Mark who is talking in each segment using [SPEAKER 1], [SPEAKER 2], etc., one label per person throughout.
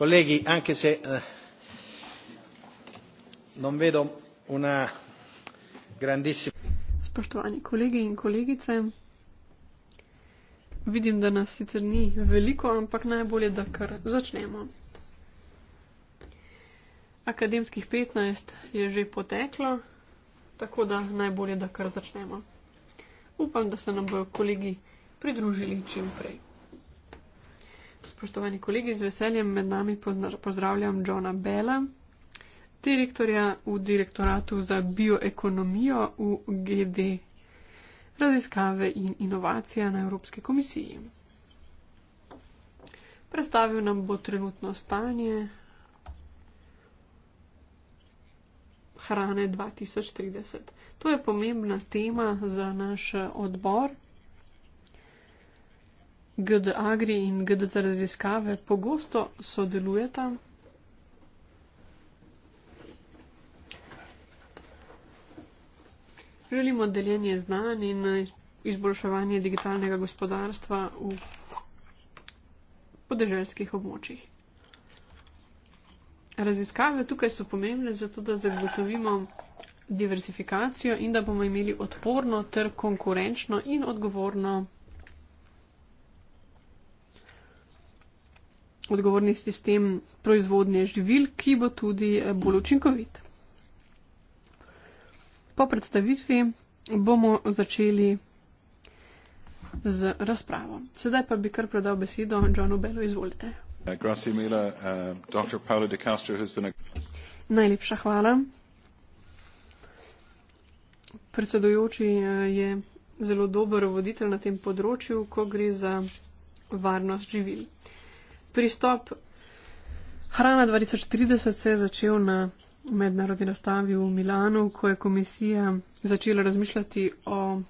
[SPEAKER 1] colleghi anche se eh, non vedo una grandissima
[SPEAKER 2] spoštovani kolegi in kolegice vidim da nas sicer ni veliko ampak najbolje da kar začnemo akademskih 15 je že poteklo tako da najbolje da kar začnemo upam da se nam bodo kolegi pridružili čim prej Spoštovani kolegi, z veseljem med nami pozdravljam Johna Bela, direktorja v direktoratu za bioekonomijo v GD raziskave in inovacije na Evropski komisiji. Predstavil nam bo trenutno stanje hrane 2030. To je pomembna tema za naš odbor. GD Agri in GDC raziskave pogosto sodelujeta? Želimo deljenje znanj in izboljševanje digitalnega gospodarstva v podeželskih območjih. Raziskave tukaj so pomembne zato, da zagotovimo diverzifikacijo in da bomo imeli odporno ter konkurenčno in odgovorno odgovorni sistem proizvodnje živil, ki bo tudi eh, bolj učinkovit. Po predstavitvi bomo začeli z razpravo. Sedaj pa bi kar predal besedo Johnu Bellu. Izvolite.
[SPEAKER 3] Uh, uh,
[SPEAKER 2] Najlepša hvala. Predsedujoči uh, je zelo dober voditelj na tem področju, ko gre za varnost živil pristop Hrana 2030 se je začel na mednarodni razstavi v Milano, ko je komisija začela razmišljati o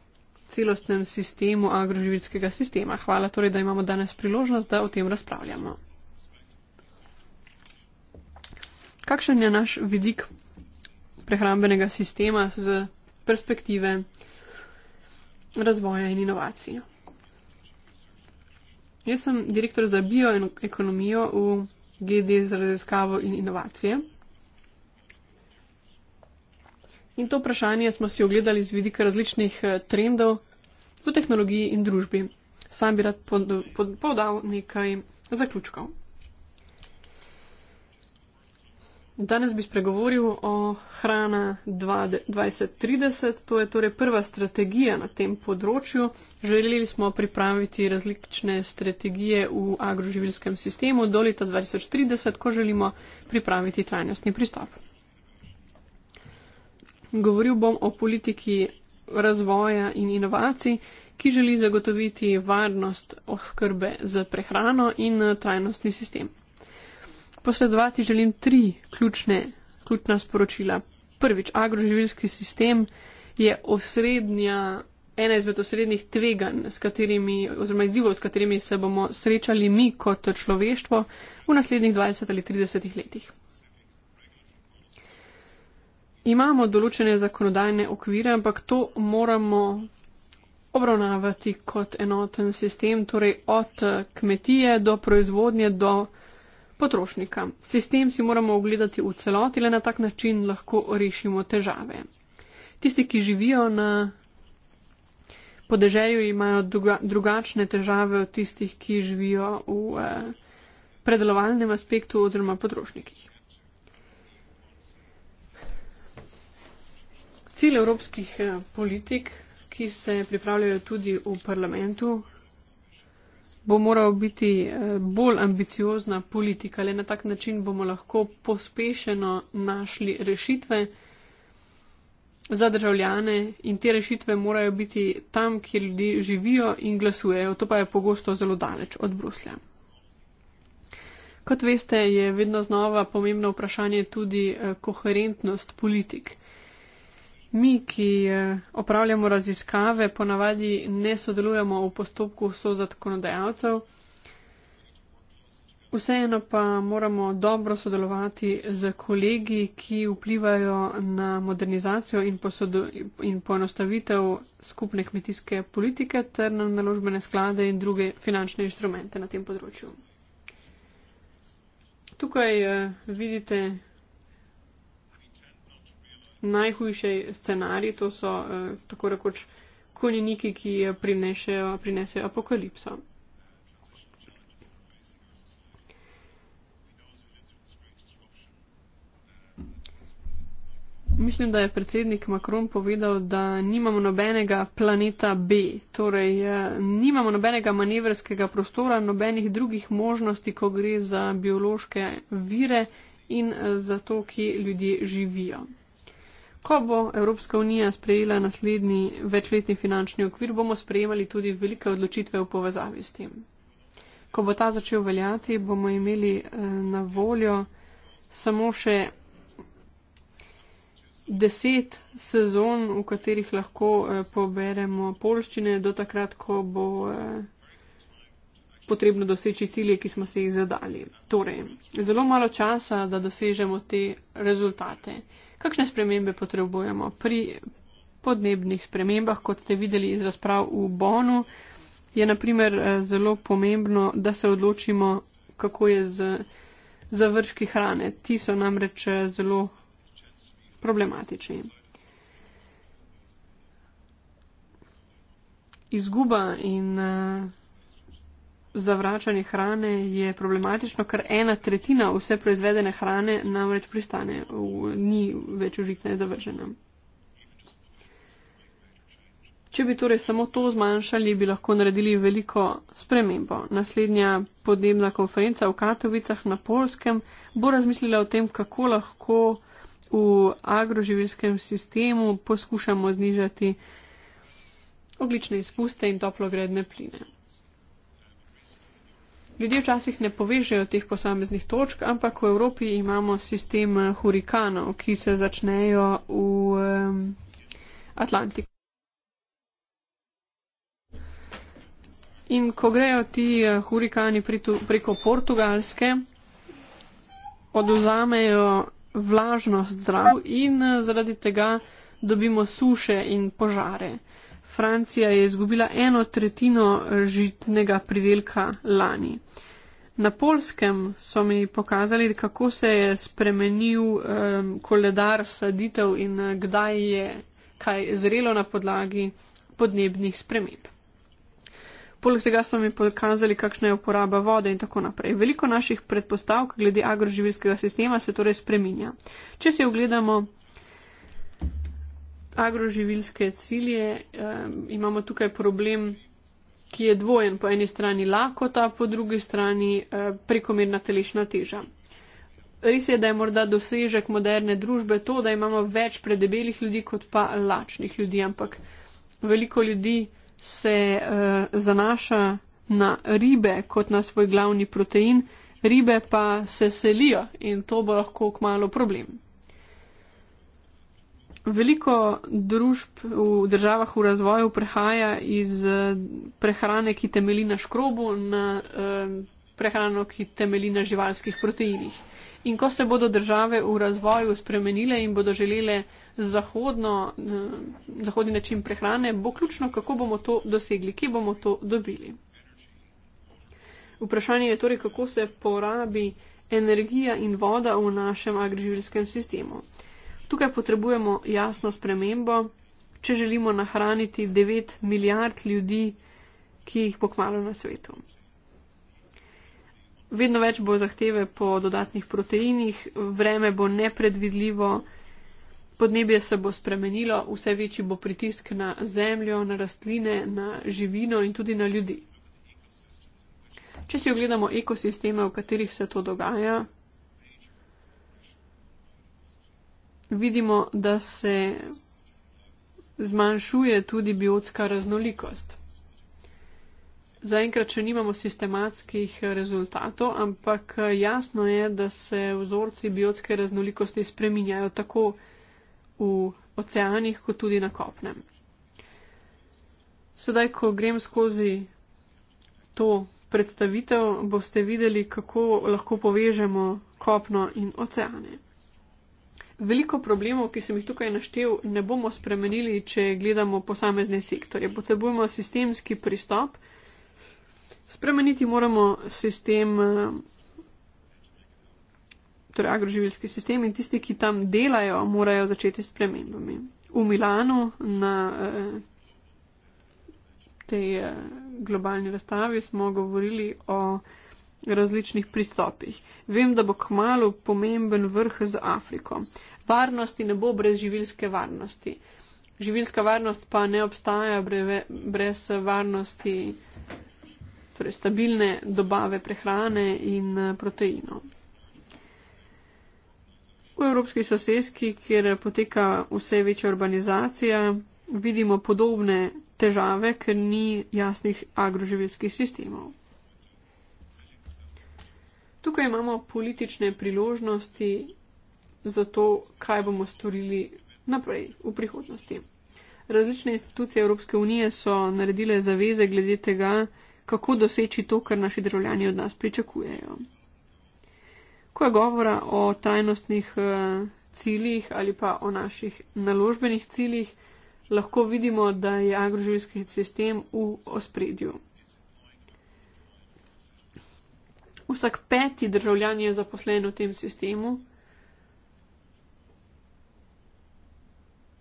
[SPEAKER 2] celostnem sistemu agroživitskega sistema. Hvala torej, da imamo danes priložnost, da o tem razpravljamo. Kakšen je naš vidik prehrambenega sistema z perspektive razvoja in inovacije? Jaz sem direktor za bioekonomijo v GD za raziskavo in inovacije. In to vprašanje smo si ogledali z vidika različnih eh, trendov v tehnologiji in družbi. Sam bi rad podal nekaj zaključkov. Danes bi spregovoril o hrana 2030, to je torej prva strategija na tem področju. Želeli smo pripraviti različne strategije v agroživilskem sistemu do leta 2030, ko želimo pripraviti trajnostni pristop. Govoril bom o politiki razvoja in inovacij, ki želi zagotoviti varnost oskrbe z prehrano in trajnostni sistem posredovati želim tri ključne, ključna sporočila. Prvič, agroživilski sistem je osrednja, ena izmed osrednjih tveganj, s katerimi, oziroma izzivov, s katerimi se bomo srečali mi kot človeštvo v naslednjih 20 ali 30 letih. Imamo določene zakonodajne okvire, ampak to moramo obravnavati kot enoten sistem, torej od kmetije do proizvodnje, do proizvodnje potrošnika. Sistem si moramo ogledati v celoti, le na tak način lahko rešimo težave. Tisti, ki živijo na podeželju, imajo druga, drugačne težave od tistih, ki živijo v eh, predelovalnem aspektu oziroma potrošnikih. Cilj evropskih eh, politik, ki se pripravljajo tudi v parlamentu, bo morala biti eh, bolj ambiciozna politika, le na tak način bomo lahko pospešeno našli rešitve za državljane in te rešitve morajo biti tam, kjer ljudje živijo in glasujejo. To pa je pogosto zelo daleč od Bruslja. Kot veste, je vedno znova pomembno vprašanje tudi eh, koherentnost politik. Mi, ki eh, opravljamo raziskave, ponavadi ne sodelujemo v postopku sozakonodajalcev. Vseeno pa moramo dobro sodelovati z kolegi, ki vplivajo na modernizacijo in, in poenostavitev skupne kmetijske politike ter na naložbene sklade in druge finančne inštrumente na tem področju. Tukaj eh, vidite najhujši scenarij, to so uh, tako rekoč konjeniki, ki prinesejo apokalipso. Mislim, da je predsednik Macron povedal, da nimamo nobenega planeta B, torej eh, nimamo nobenega manevrskega prostora, nobenih drugih možnosti, ko gre za biološke vire in eh, za to, kje ljudje živijo. Ko bo Evropska unija sprejela naslednji večletni finančni okvir, bomo sprejemali tudi velike odločitve v povezavi s tem. Ko bo ta začel veljati, bomo imeli eh, na voljo samo še deset sezon, v katerih lahko eh, poberemo polščine, do takrat, ko bo eh, potrebno doseči cilje, ki smo se jih zadali. Torej, zelo malo časa, da dosežemo te rezultate kakšne spremembe potrebujemo. Pri podnebnih spremembah, kot ste videli iz razprav v Bonu, je naprimer eh, zelo pomembno, da se odločimo, kako je z završki hrane. Ti so namreč eh, zelo problematični. Izguba in uh, zavračanje hrane je problematično, ker ena tretjina vse proizvedene hrane namreč pristane, v, ni več užitna in zavržena. Če bi torej samo to zmanjšali, bi lahko naredili veliko spremembo. Naslednja podnebna konferenca v Katovicah na Polskem bo razmislila o tem, kako lahko v agroživljenskem sistemu poskušamo znižati oglične izpuste in toplogredne pline ljudje včasih ne povežejo teh posameznih točk, ampak v Evropi imamo sistem eh, hurikanov, ki se začnejo v um, Atlantiku. In ko grejo ti eh, hurikani preko Portugalske, oduzamejo vlažnost zdrav in eh, zaradi tega dobimo suše in požare. Francija je izgubila eno tretjino žitnega pridelka lani. Na polskem so mi pokazali, kako se je spremenil um, koledar saditev in eh, kdaj je kaj zrelo na podlagi podnebnih sprememb. Poleg tega so mi pokazali, kakšna je uporaba vode in tako naprej. Veliko naših predpostavk glede agroživilskega sistema se torej spreminja. Če se ogledamo agroživilske cilje, eh, imamo tukaj problem, ki je dvojen. Po eni strani lakota, po drugi strani eh, prekomerna telešna teža. Res je, da je morda dosežek moderne družbe to, da imamo več predebelih ljudi kot pa lačnih ljudi, ampak veliko ljudi se eh, zanaša na ribe kot na svoj glavni protein, ribe pa se selijo in to bo lahko kmalo problem. Veliko družb v državah v razvoju prehaja iz eh, prehrane, ki temeli na škrobu, na eh, prehrano, ki temeli na živalskih proteinih. In ko se bodo države v razvoju spremenile in bodo želele zahodno, eh, zahodni način prehrane, bo ključno, kako bomo to dosegli, kje bomo to dobili. Vprašanje je torej, kako se porabi energija in voda v našem agriživljskem sistemu. Tukaj potrebujemo jasno spremembo, če želimo nahraniti 9 milijard ljudi, ki jih bo kmalo na svetu. Vedno več bo zahteve po dodatnih proteinih, vreme bo nepredvidljivo, podnebje se bo spremenilo, vse večji bo pritisk na zemljo, na rastline, na živino in tudi na ljudi. Če si ogledamo ekosisteme, v katerih se to dogaja, vidimo, da se zmanjšuje tudi biotska raznolikost. Zaenkrat še nimamo sistematskih rezultatov, ampak jasno je, da se vzorci biotske raznolikosti spreminjajo tako v oceanih, kot tudi na kopnem. Sedaj, ko grem skozi to predstavitev, boste videli, kako lahko povežemo kopno in oceane veliko problemov, ki sem jih tukaj naštel, ne bomo spremenili, če gledamo posamezne sektorje. Potrebujemo sistemski pristop. Spremeniti moramo sistem, eh, torej agroživljski sistem in tisti, ki tam delajo, morajo začeti s premembami. V Milanu na eh, tej eh, globalni razstavi smo govorili o različnih pristopih. Vem, da bo kmalo pomemben vrh z Afriko. Varnosti ne bo brez živilske varnosti. Živilska varnost pa ne obstaja brez varnosti, torej stabilne dobave prehrane in proteinov. V evropski soseski, kjer poteka vse večja urbanizacija, vidimo podobne težave, ker ni jasnih agroživilskih sistemov. Tukaj imamo politične priložnosti za to, kaj bomo storili naprej v prihodnosti. Različne institucije Evropske unije so naredile zaveze glede tega, kako doseči to, kar naši državljani od nas pričakujejo. Ko je govora o trajnostnih eh, ciljih ali pa o naših naložbenih ciljih, lahko vidimo, da je agroživljski sistem v ospredju. Vsak peti državljan je zaposlen v tem sistemu.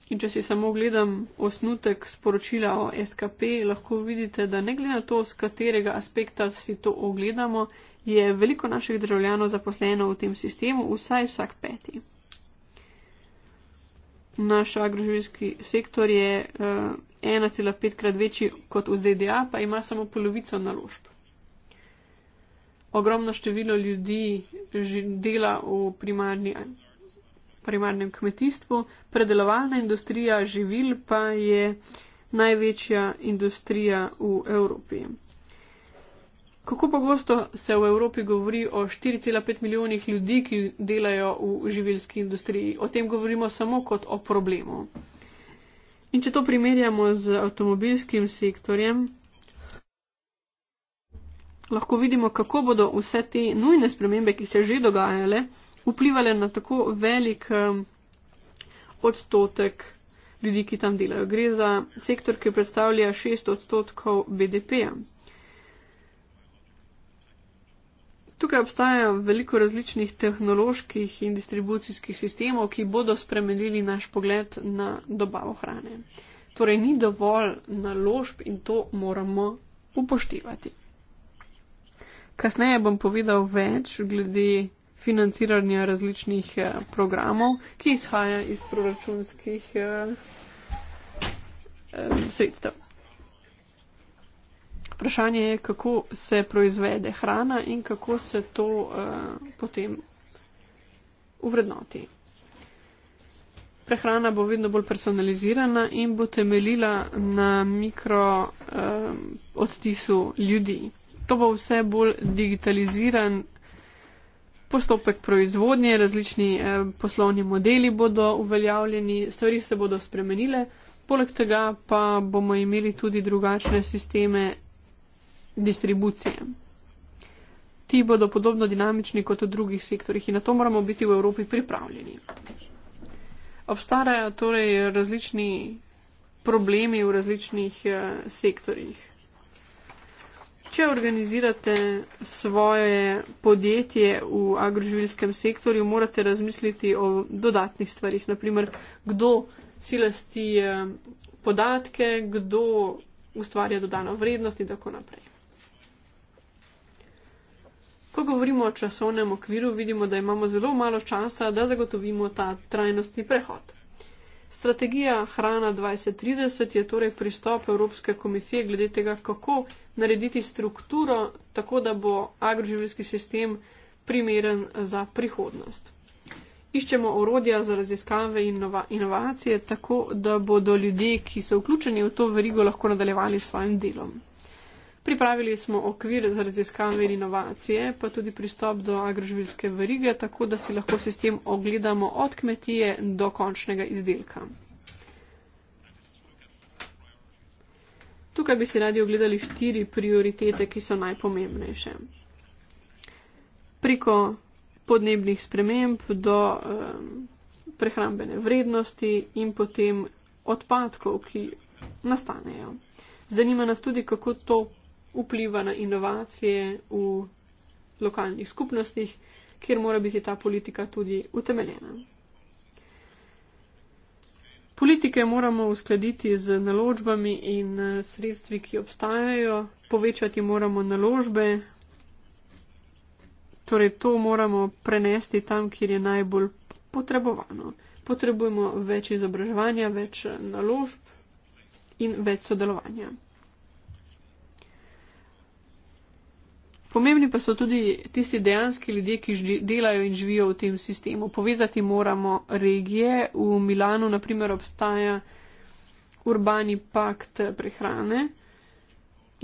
[SPEAKER 2] In če si samo gledam osnutek sporočila o SKP, lahko vidite, da ne glede na to, z katerega aspekta si to ogledamo, je veliko naših državljanov zaposleno v tem sistemu, vsaj vsak peti. Naš agroživljski sektor je 1,5 eh, krat večji kot v ZDA, pa ima samo polovico naložb ogromno število ljudi že dela v primarni, primarnem kmetijstvu. Predelovalna industrija živil pa je največja industrija v Evropi. Kako pogosto se v Evropi govori o 4,5 milijonih ljudi, ki delajo v živilski industriji? O tem govorimo samo kot o problemu. In če to primerjamo z avtomobilskim sektorjem, lahko vidimo, kako bodo vse te nujne spremembe, ki se že dogajale, vplivali na tako velik odstotek ljudi, ki tam delajo. Gre za sektor, ki predstavlja 6 odstotkov BDP-ja. Tukaj obstajajo veliko različnih tehnoloških in distribucijskih sistemov, ki bodo spremenili naš pogled na dobavo hrane. Torej, ni dovolj naložb in to moramo upoštevati. Kasneje bom povedal več glede financiranja različnih eh, programov, ki izhaja iz proračunskih eh, eh, sredstev. Vprašanje je, kako se proizvede hrana in kako se to potem uvrednoti. Prehrana bo vedno bolj personalizirana in bo temeljila na mikro eh, odtisu ljudi to bo vse bolj digitaliziran postopek proizvodnje, različni eh, poslovni modeli bodo uveljavljeni, stvari se bodo spremenile, poleg tega pa bomo imeli tudi drugačne sisteme distribucije. Ti bodo podobno dinamični kot v drugih sektorjih in na to moramo biti v Evropi pripravljeni. Obstarajo torej različni problemi v različnih eh, sektorjih. Če organizirate svoje podjetje v agroživljskem sektorju, morate razmisliti o dodatnih stvarih. Naprimer, kdo silasti eh, podatke, kdo ustvarja dodano vrednost in tako naprej. Ko govorimo o časovnem okviru, vidimo, da imamo zelo malo časa, da zagotovimo ta trajnostni prehod. Strategija Hrana 2030 je torej pristop Evropske komisije glede tega, kako narediti strukturo tako, da bo agroživljski sistem primeren za prihodnost. Iščemo orodja za raziskave in inova inovacije, tako da bodo ljudje, ki so vključeni v to verigo, lahko nadaljevali s svojim delom. Pripravili smo okvir za raziskave in inovacije, pa tudi pristop do agroživljske verige, tako da si lahko sistem ogledamo od kmetije do končnega izdelka. Tukaj bi si radi ogledali štiri prioritete, ki so najpomembnejše. Preko podnebnih sprememb do um, prehrambene vrednosti in potem odpadkov, ki nastanejo. Zanima nas tudi, kako to vpliva na inovacije v lokalnih skupnostih, kjer mora biti ta politika tudi utemeljena. Politike moramo uskladiti z naložbami in eh, sredstvi, ki obstajajo, povečati moramo naložbe, torej to moramo prenesti tam, kjer je najbolj potrebovano. Potrebujemo več izobraževanja, več eh, naložb in več sodelovanja. Pomembni pa so tudi tisti dejanski ljudje, ki delajo in živijo v tem sistemu. Povezati moramo regije. V Milanu, naprimer, obstaja urbani pakt prehrane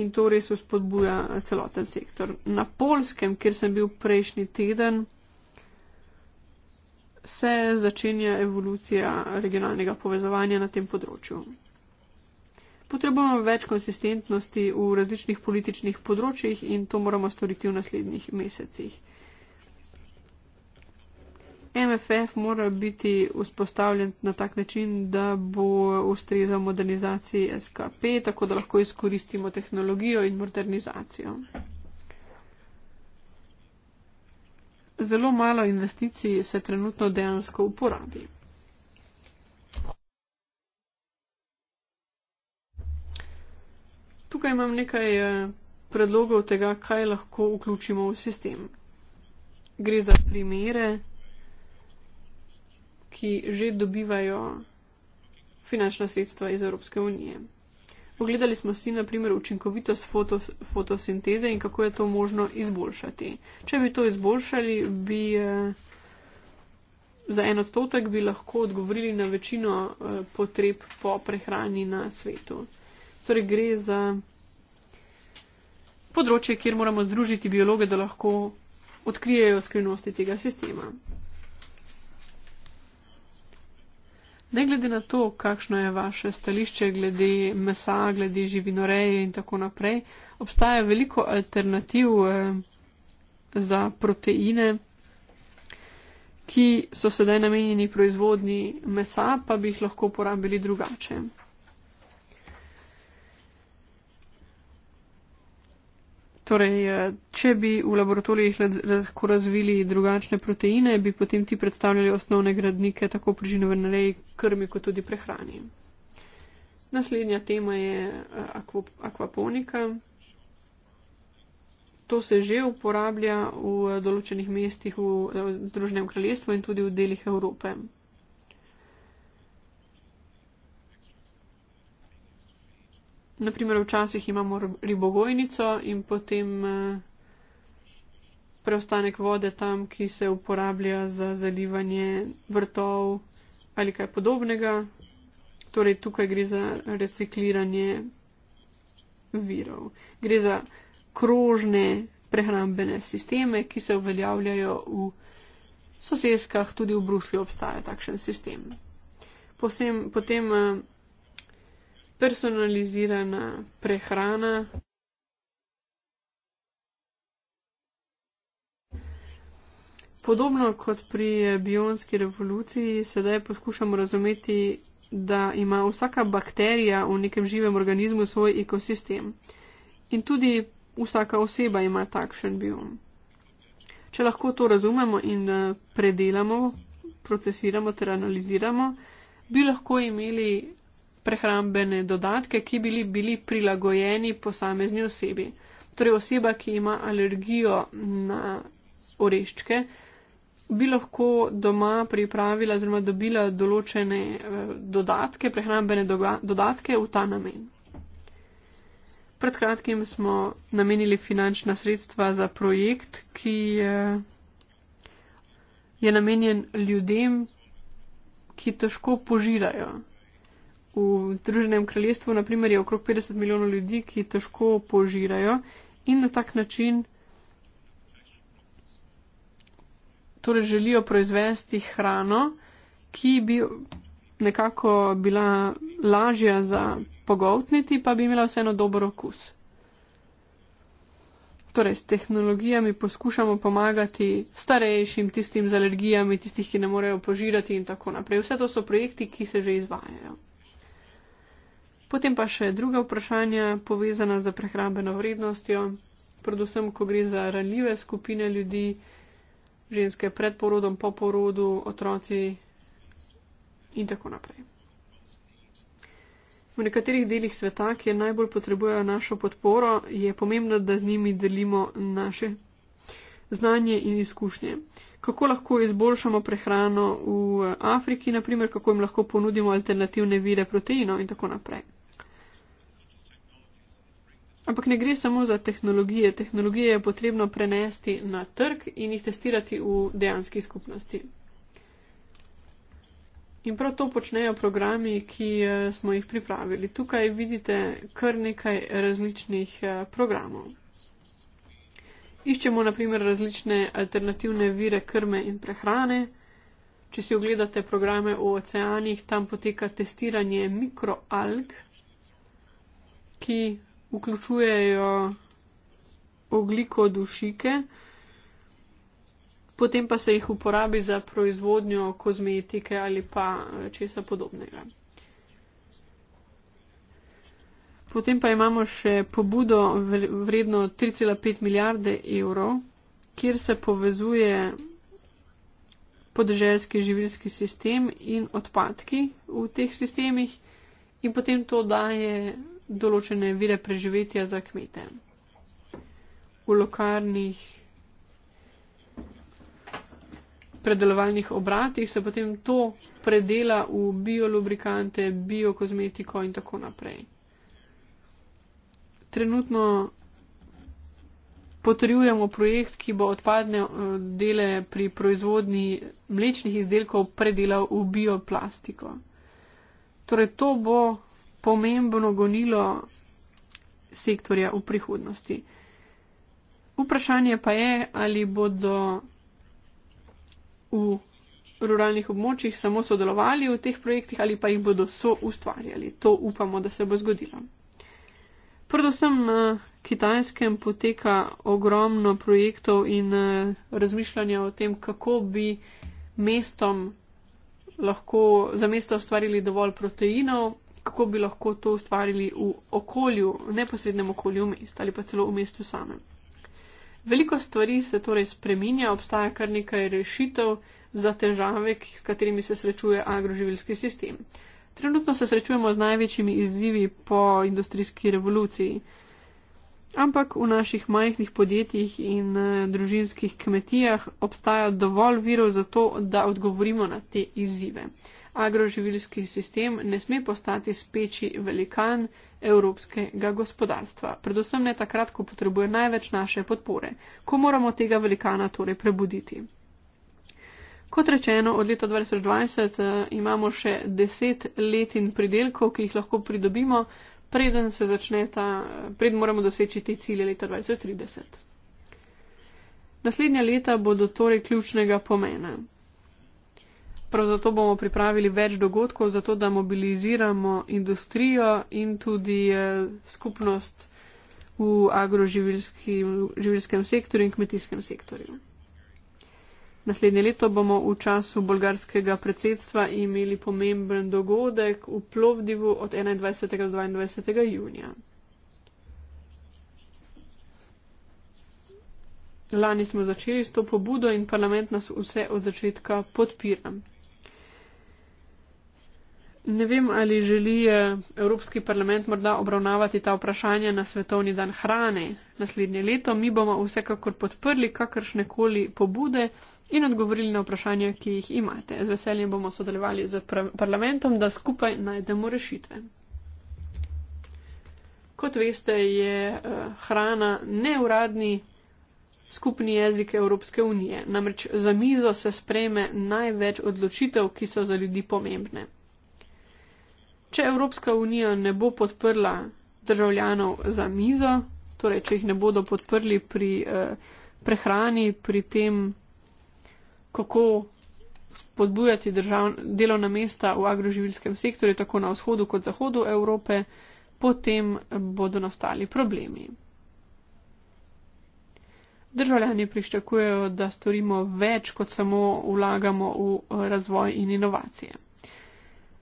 [SPEAKER 2] in to res vzpodbuja celoten sektor. Na polskem, kjer sem bil prejšnji teden, se začenja evolucija regionalnega povezovanja na tem področju. Potrebujemo več konsistentnosti v različnih političnih področjih in to moramo storiti v naslednjih mesecih. MFF mora biti vzpostavljen na tak način, da bo ustrezal modernizaciji SKP, tako da lahko izkoristimo tehnologijo in modernizacijo. Zelo malo investicij se trenutno dejansko uporabi. Tukaj imam nekaj eh, predlogov tega, kaj lahko vključimo v sistem. Gre za primere, ki že dobivajo finančna sredstva iz Evropske unije. Pogledali smo si, na primer, učinkovitost fotos fotosinteze in kako je to možno izboljšati. Če bi to izboljšali, bi eh, za en odstotek lahko odgovorili na večino eh, potreb po prehrani na svetu. Torej gre za področje, kjer moramo združiti biologe, da lahko odkrijejo skrivnosti tega sistema. Ne glede na to, kakšno je vaše stališče glede mesa, glede živinoreje in tako naprej, obstaja veliko alternativ eh, za proteine, ki so sedaj namenjeni proizvodni mesa, pa bi jih lahko porabili drugače. Torej, eh, če bi v laboratorijih lahko razvili drugačne proteine, bi potem ti predstavljali osnovne gradnike tako pri živinoreji krmi, kot tudi prehrani. Naslednja tema je eh, akvaponika. To se že uporablja v eh, določenih mestih v Združenem kraljestvu in tudi v delih Evrope. naprimer, včasih imamo ribogojnico in potem eh, preostanek vode tam, ki se uporablja za zalivanje vrtov ali kaj podobnega. Torej, tukaj gre za recikliranje virov. Gre za krožne prehrambene sisteme, ki se uveljavljajo v soseskah, tudi v Bruslju obstaja takšen sistem. Posem, potem. Uh, personalizirana prehrana. Podobno kot pri bionski revoluciji, sedaj poskušamo razumeti, da ima vsaka bakterija v nekem živem organizmu svoj ekosistem. In tudi vsaka oseba ima takšen biom. Če lahko to razumemo in eh, predelamo, procesiramo ter analiziramo, bi lahko imeli prehrambene dodatke, ki bili, bili prilagojeni posamezni osebi. Torej, oseba, ki ima alergijo na oreščke, bi lahko doma pripravila oziroma dobila določene eh, dodatke, prehrambene dodatke v ta namen. Pred kratkim smo namenili finančna sredstva za projekt, ki je, eh, je namenjen ljudem, ki težko požirajo. V Združenem kraljestvu naprimer, je okrog 50 milijonov ljudi, ki težko požirajo in na tak način torej želijo proizvesti hrano, ki bi nekako bila lažja za pogoltniti, pa bi imela vseeno dober okus. Torej, s tehnologijami poskušamo pomagati starejšim, tistim z alergijami, tistih, ki ne morejo požirati in tako naprej. Vse to so projekti, ki se že izvajajo. Potem pa še druga vprašanja povezana z prehrambeno vrednostjo, predvsem, ko gre za ranljive skupine ljudi, ženske pred porodom, po porodu, otroci in tako naprej. V nekaterih delih sveta, kjer najbolj potrebujejo našo podporo, je pomembno, da z njimi delimo naše znanje in izkušnje. Kako lahko izboljšamo prehrano v Afriki, naprimer, kako jim lahko ponudimo alternativne vire proteinov in tako naprej. Ampak ne gre samo za tehnologije. Tehnologije je potrebno prenesti na trg in jih testirati v dejanski skupnosti. In prav to počnejo programi, ki eh, smo jih pripravili. Tukaj vidite kar nekaj različnih eh, programov. Iščemo naprimer različne alternativne vire krme in prehrane. Če si ogledate programe v oceanih, tam poteka testiranje mikroalg, ki vključujejo oglikodušike, potem pa se jih uporabi za proizvodnjo kozmetike ali pa eh, česa podobnega. Potem pa imamo še pobudo vredno 3,5 milijarde evrov, kjer se povezuje podeželski živilski sistem in odpadki v teh sistemih in potem to daje določene vire preživetja za kmete. V lokalnih predelovalnih obratih se potem to predela v biolubrikante, biokozmetiko in tako naprej. Trenutno potrjujemo projekt, ki bo odpadne eh, dele pri proizvodni mlečnih izdelkov predelal v bioplastiko. Torej, to bo pomembno gonilo sektorja v prihodnosti. Vprašanje pa je, ali bodo v ruralnih območjih samo sodelovali v teh projektih ali pa jih bodo so ustvarjali. To upamo, da se bo zgodilo. Predvsem na kitajskem poteka ogromno projektov in eh, razmišljanja o tem, kako bi mestom lahko za mesto ustvarili dovolj proteinov, kako bi lahko to ustvarili v okolju, v neposrednem okolju mesta ali pa celo v mestu samem. Veliko stvari se torej spreminja, obstaja kar nekaj rešitev za težave, s katerimi se srečuje agroživilski sistem. Trenutno se srečujemo z največjimi izzivi po industrijski revoluciji, ampak v naših majhnih podjetjih in eh, družinskih kmetijah obstaja dovolj virov za to, da odgovorimo na te izzive agroživilski sistem ne sme postati speči velikan evropskega gospodarstva. Predvsem ne takrat, ko potrebuje največ naše podpore. Ko moramo tega velikana torej prebuditi? Kot rečeno, od leta 2020 uh, eh, imamo še deset let in pridelkov, ki jih lahko pridobimo, preden se začne ta, eh, preden moramo doseči te cilje leta 2030. Naslednja leta bodo torej ključnega pomena. Prav zato bomo pripravili več dogodkov, zato da mobiliziramo industrijo in tudi eh, skupnost v agroživilskem sektorju in kmetijskem sektorju. Naslednje leto bomo v času bolgarskega predsedstva imeli pomemben dogodek v Plovdivu od 21. do 22. junija. Lani smo začeli s to pobudo in parlament nas vse od začetka podpira. Ne vem, ali želi eh, Evropski parlament morda obravnavati ta vprašanja na svetovni dan hrane naslednje leto. Mi bomo vsekakor podprli kakršne koli pobude in odgovorili na vprašanja, ki jih imate. Z veseljem bomo sodelovali z parlamentom, da skupaj najdemo rešitve. Kot veste, je eh, hrana neuradni skupni jezik Evropske unije. Namreč za mizo se spreme največ odločitev, ki so za ljudi pomembne. Če Evropska unija ne bo podprla državljanov za mizo, torej če jih ne bodo podprli pri eh, prehrani, pri tem, kako spodbujati držav, delovna mesta v agroživilskem sektorju, tako na vzhodu kot zahodu Evrope, potem bodo nastali problemi. Državljani priščakujejo, da storimo več, kot samo vlagamo v eh, razvoj in inovacije.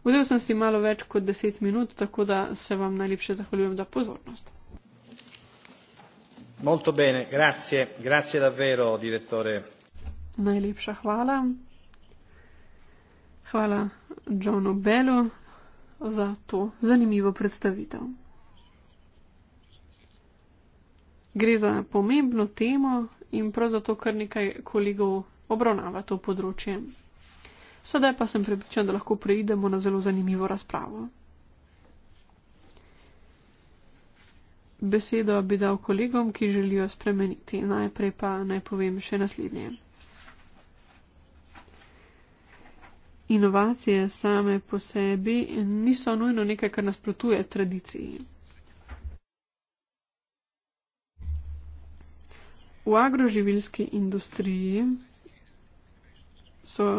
[SPEAKER 2] Vzel sem si malo več kot 10 minut, tako da se vam najlepše zahvaljujem za pozornost.
[SPEAKER 1] Molto bene, grazie, grazie davvero, direttore.
[SPEAKER 2] Najlepša hvala. Hvala Johnu Bellu za to zanimivo predstavitev. Gre za pomembno temo in prav zato kar nekaj kolegov obravnava to področje sedaj pa sem prepričan, da lahko preidemo na zelo zanimivo razpravo. Besedo bi dal kolegom, ki želijo spremeniti. Najprej pa naj povem še naslednje. Inovacije same po sebi niso nujno nekaj, kar nasprotuje tradiciji. V agroživilski industriji so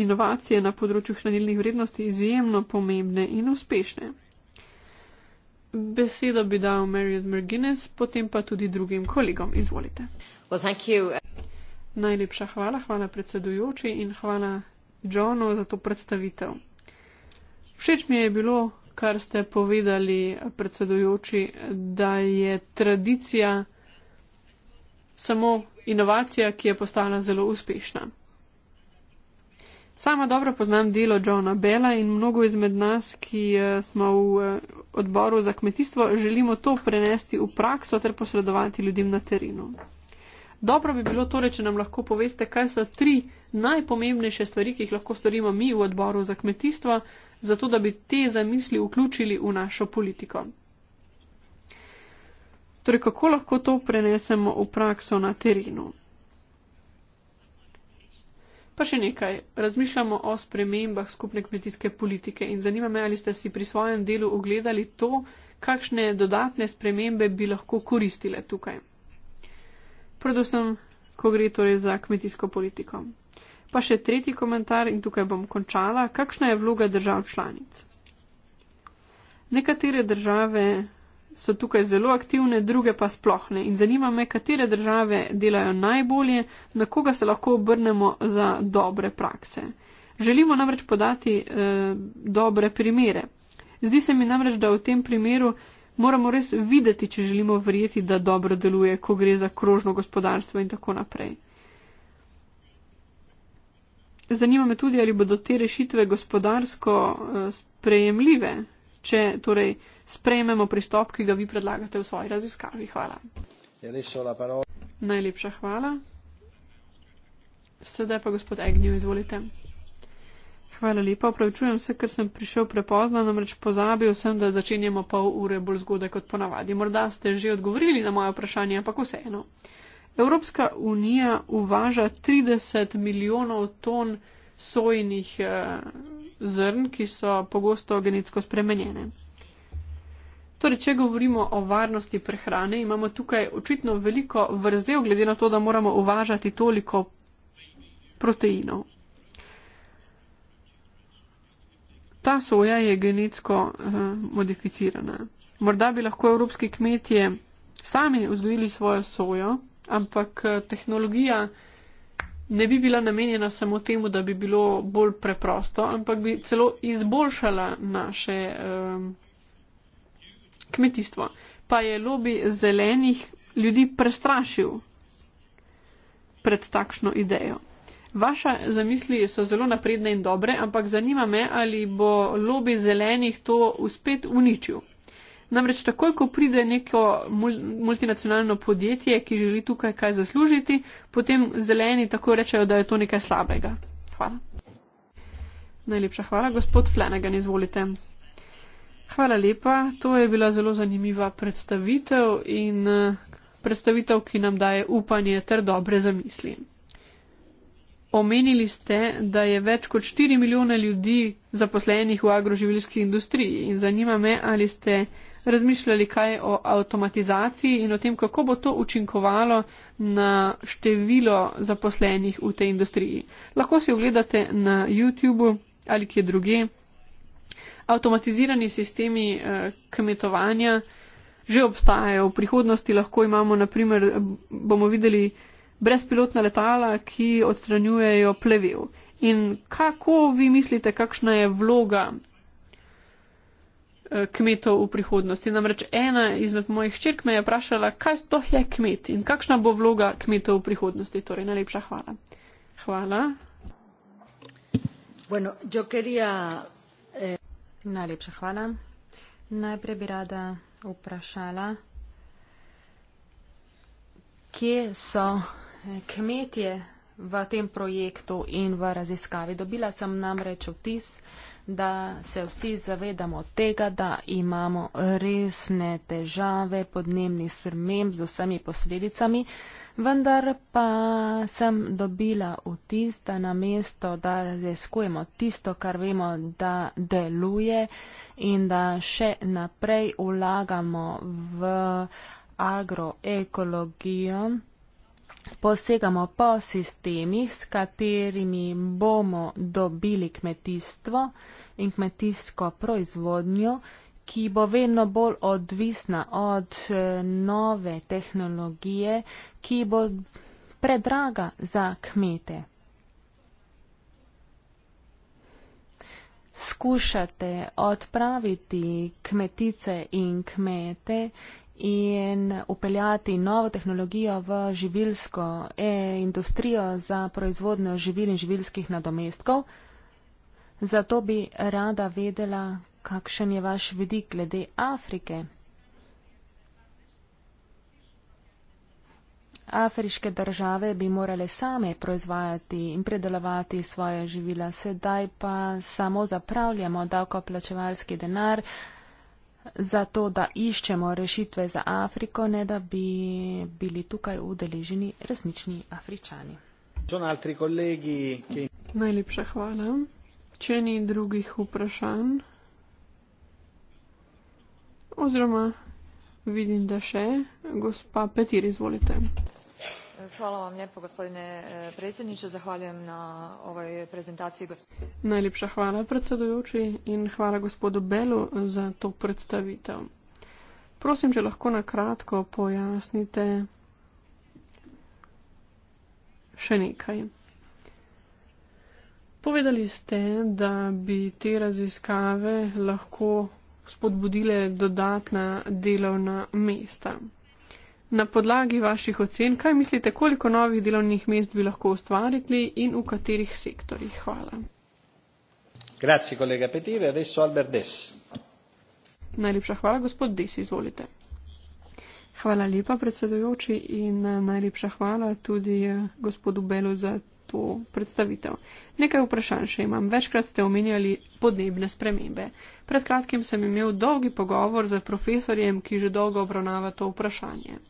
[SPEAKER 2] inovacije na področju hranilnih vrednosti izjemno pomembne in uspešne. Besedo bi dal Marriott Merginez, potem pa tudi drugim kolegom. Izvolite. Najlepša hvala, hvala predsedujoči in hvala Johnu za to predstavitev. Všeč mi je bilo, kar ste povedali, predsedujoči, da je tradicija samo inovacija, ki je postala zelo uspešna. Sama dobro poznam delo Johna Bela in mnogo izmed nas, ki eh, smo v eh, odboru za kmetijstvo, želimo to prenesti v prakso ter posredovati ljudem na terenu. Dobro bi bilo torej, če nam lahko poveste, kaj so tri najpomembnejše stvari, ki jih lahko storimo mi v odboru za kmetijstvo, zato da bi te zamisli vključili v našo politiko. Torej, kako lahko to prenesemo v prakso na terenu? Pa še nekaj, razmišljamo o spremembah skupne kmetijske politike in zanima me, ali ste si pri svojem delu ogledali to, kakšne dodatne spremembe bi lahko koristile tukaj. Predvsem, ko gre torej za kmetijsko politiko. Pa še tretji komentar in tukaj bom končala, kakšna je vloga držav članic. Nekatere države so tukaj zelo aktivne, druge pa sploh ne. In zanima me, katere države delajo najbolje, na koga se lahko obrnemo za dobre prakse. Želimo namreč podati eh, dobre primere. Zdi se mi namreč, da v tem primeru moramo res videti, če želimo verjeti, da dobro deluje, ko gre za krožno gospodarstvo in tako naprej. Zanima me tudi, ali bodo te rešitve gospodarsko eh, sprejemljive če torej sprejmemo pristop, ki ga vi predlagate v svoji raziskavi. Hvala. Ja, Najlepša hvala. Sedaj pa gospod Egnjo, izvolite. Hvala lepa, opravičujem se, ker sem prišel prepozno, namreč pozabil sem, da začenjamo pol ure bolj zgodaj kot ponavadi. Morda ste že odgovorili na moje vprašanje, ampak vseeno. Evropska unija uvaža 30 milijonov ton sojnih eh, zrn, ki so pogosto genetsko spremenjene. Torej, če govorimo o varnosti prehrane, imamo tukaj očitno veliko vrzel, glede na to, da moramo uvažati toliko proteinov. Ta soja je genetsko uh, modificirana. Morda bi lahko evropski kmetje sami vzgojili svojo sojo, ampak eh, tehnologija ne bi bila namenjena samo temu, da bi bilo bolj preprosto, ampak bi celo izboljšala naše um, kmetijstvo. Pa je lobby zelenih ljudi prestrašil pred takšno idejo. Vaša zamisli so zelo napredne in dobre, ampak zanima me, ali bo lobby zelenih to uspet uničil. Namreč takoj, ko pride neko multinacionalno podjetje, ki želi tukaj kaj zaslužiti, potem zeleni tako rečejo, da je to nekaj slabega. Hvala. Najlepša hvala, gospod Flanagan, izvolite. Hvala lepa, to je bila zelo zanimiva predstavitev in eh, predstavitev, ki nam daje upanje ter dobre zamisli. Omenili ste, da je več kot 4 milijone ljudi zaposlenih v agroživilski industriji in zanima me, ali ste razmišljali kaj o avtomatizaciji in o tem, kako bo to učinkovalo na število zaposlenih v tej industriji. Lahko si ogledate na YouTubu ali kje druge. Avtomatizirani sistemi eh, kmetovanja že obstajajo. V prihodnosti lahko imamo, naprimer, bomo videli brezpilotna letala, ki odstranjujejo plevel. In kako vi mislite, kakšna je vloga Eh, kmetov v prihodnosti. Namreč ena izmed mojih ščirk me je vprašala, kaj sploh je kmet in kakšna bo vloga kmetov v prihodnosti. Torej, najlepša
[SPEAKER 4] hvala. Hvala. Bueno, quería, eh... Najlepša hvala. Najprej bi rada vprašala, kje so eh, kmetje v tem projektu in v raziskavi. Dobila sem namreč vtis, da se vsi zavedamo tega, da imamo resne težave podnebnih sprememb z vsemi posledicami, vendar pa sem dobila vtis, da na mesto, da raziskujemo tisto, kar vemo, da deluje in da še naprej ulagamo v agroekologijo posegamo po sistemih, s katerimi bomo dobili kmetijstvo in kmetijsko proizvodnjo, ki bo vedno bolj odvisna od eh, nove tehnologije, ki bo predraga za kmete. Skušate odpraviti kmetice in kmete in upeljati novo tehnologijo v živilsko e industrijo za proizvodnjo živil in živilskih nadomestkov. Zato bi rada vedela, kakšen je vaš vidik glede Afrike. Afriške države bi morale same proizvajati in predelovati svoje živila, sedaj pa samo zapravljamo davkoplačevalski denar, zato, da iščemo rešitve za Afriko, ne da bi bili tukaj udeleženi resnični Afričani.
[SPEAKER 1] Kolegi, ki...
[SPEAKER 4] Najlepša hvala. Če ni drugih
[SPEAKER 2] vprašanj, oziroma vidim, da še, gospa Petir, izvolite.
[SPEAKER 5] Hvala vam lijepo, gospodine e,
[SPEAKER 4] predsjedniče. Zahvaljujem na ovoj prezentaciji.
[SPEAKER 2] Najlepša hvala, predsedujoči, in hvala gospodu Belu za to predstavitev. Prosim, če lahko na kratko pojasnite še nekaj. Povedali ste, da bi te raziskave lahko spodbudile dodatna delovna mesta. Na podlagi vaših ocen, kaj mislite, koliko novih delovnih mest bi lahko ustvarili in v katerih sektorjih? Hvala.
[SPEAKER 1] Grazie, kolega Petir. Adesso Albert Des.
[SPEAKER 2] Najlepša hvala, gospod Des, izvolite. Hvala lepa, predsedujoči, in eh, najlepša hvala tudi eh, gospodu Belu za to predstavitev. Nekaj vprašanj še imam. Večkrat ste omenjali podnebne spremembe. Pred kratkim sem imel dolgi pogovor z profesorjem, ki že dolgo obravnava to vprašanje.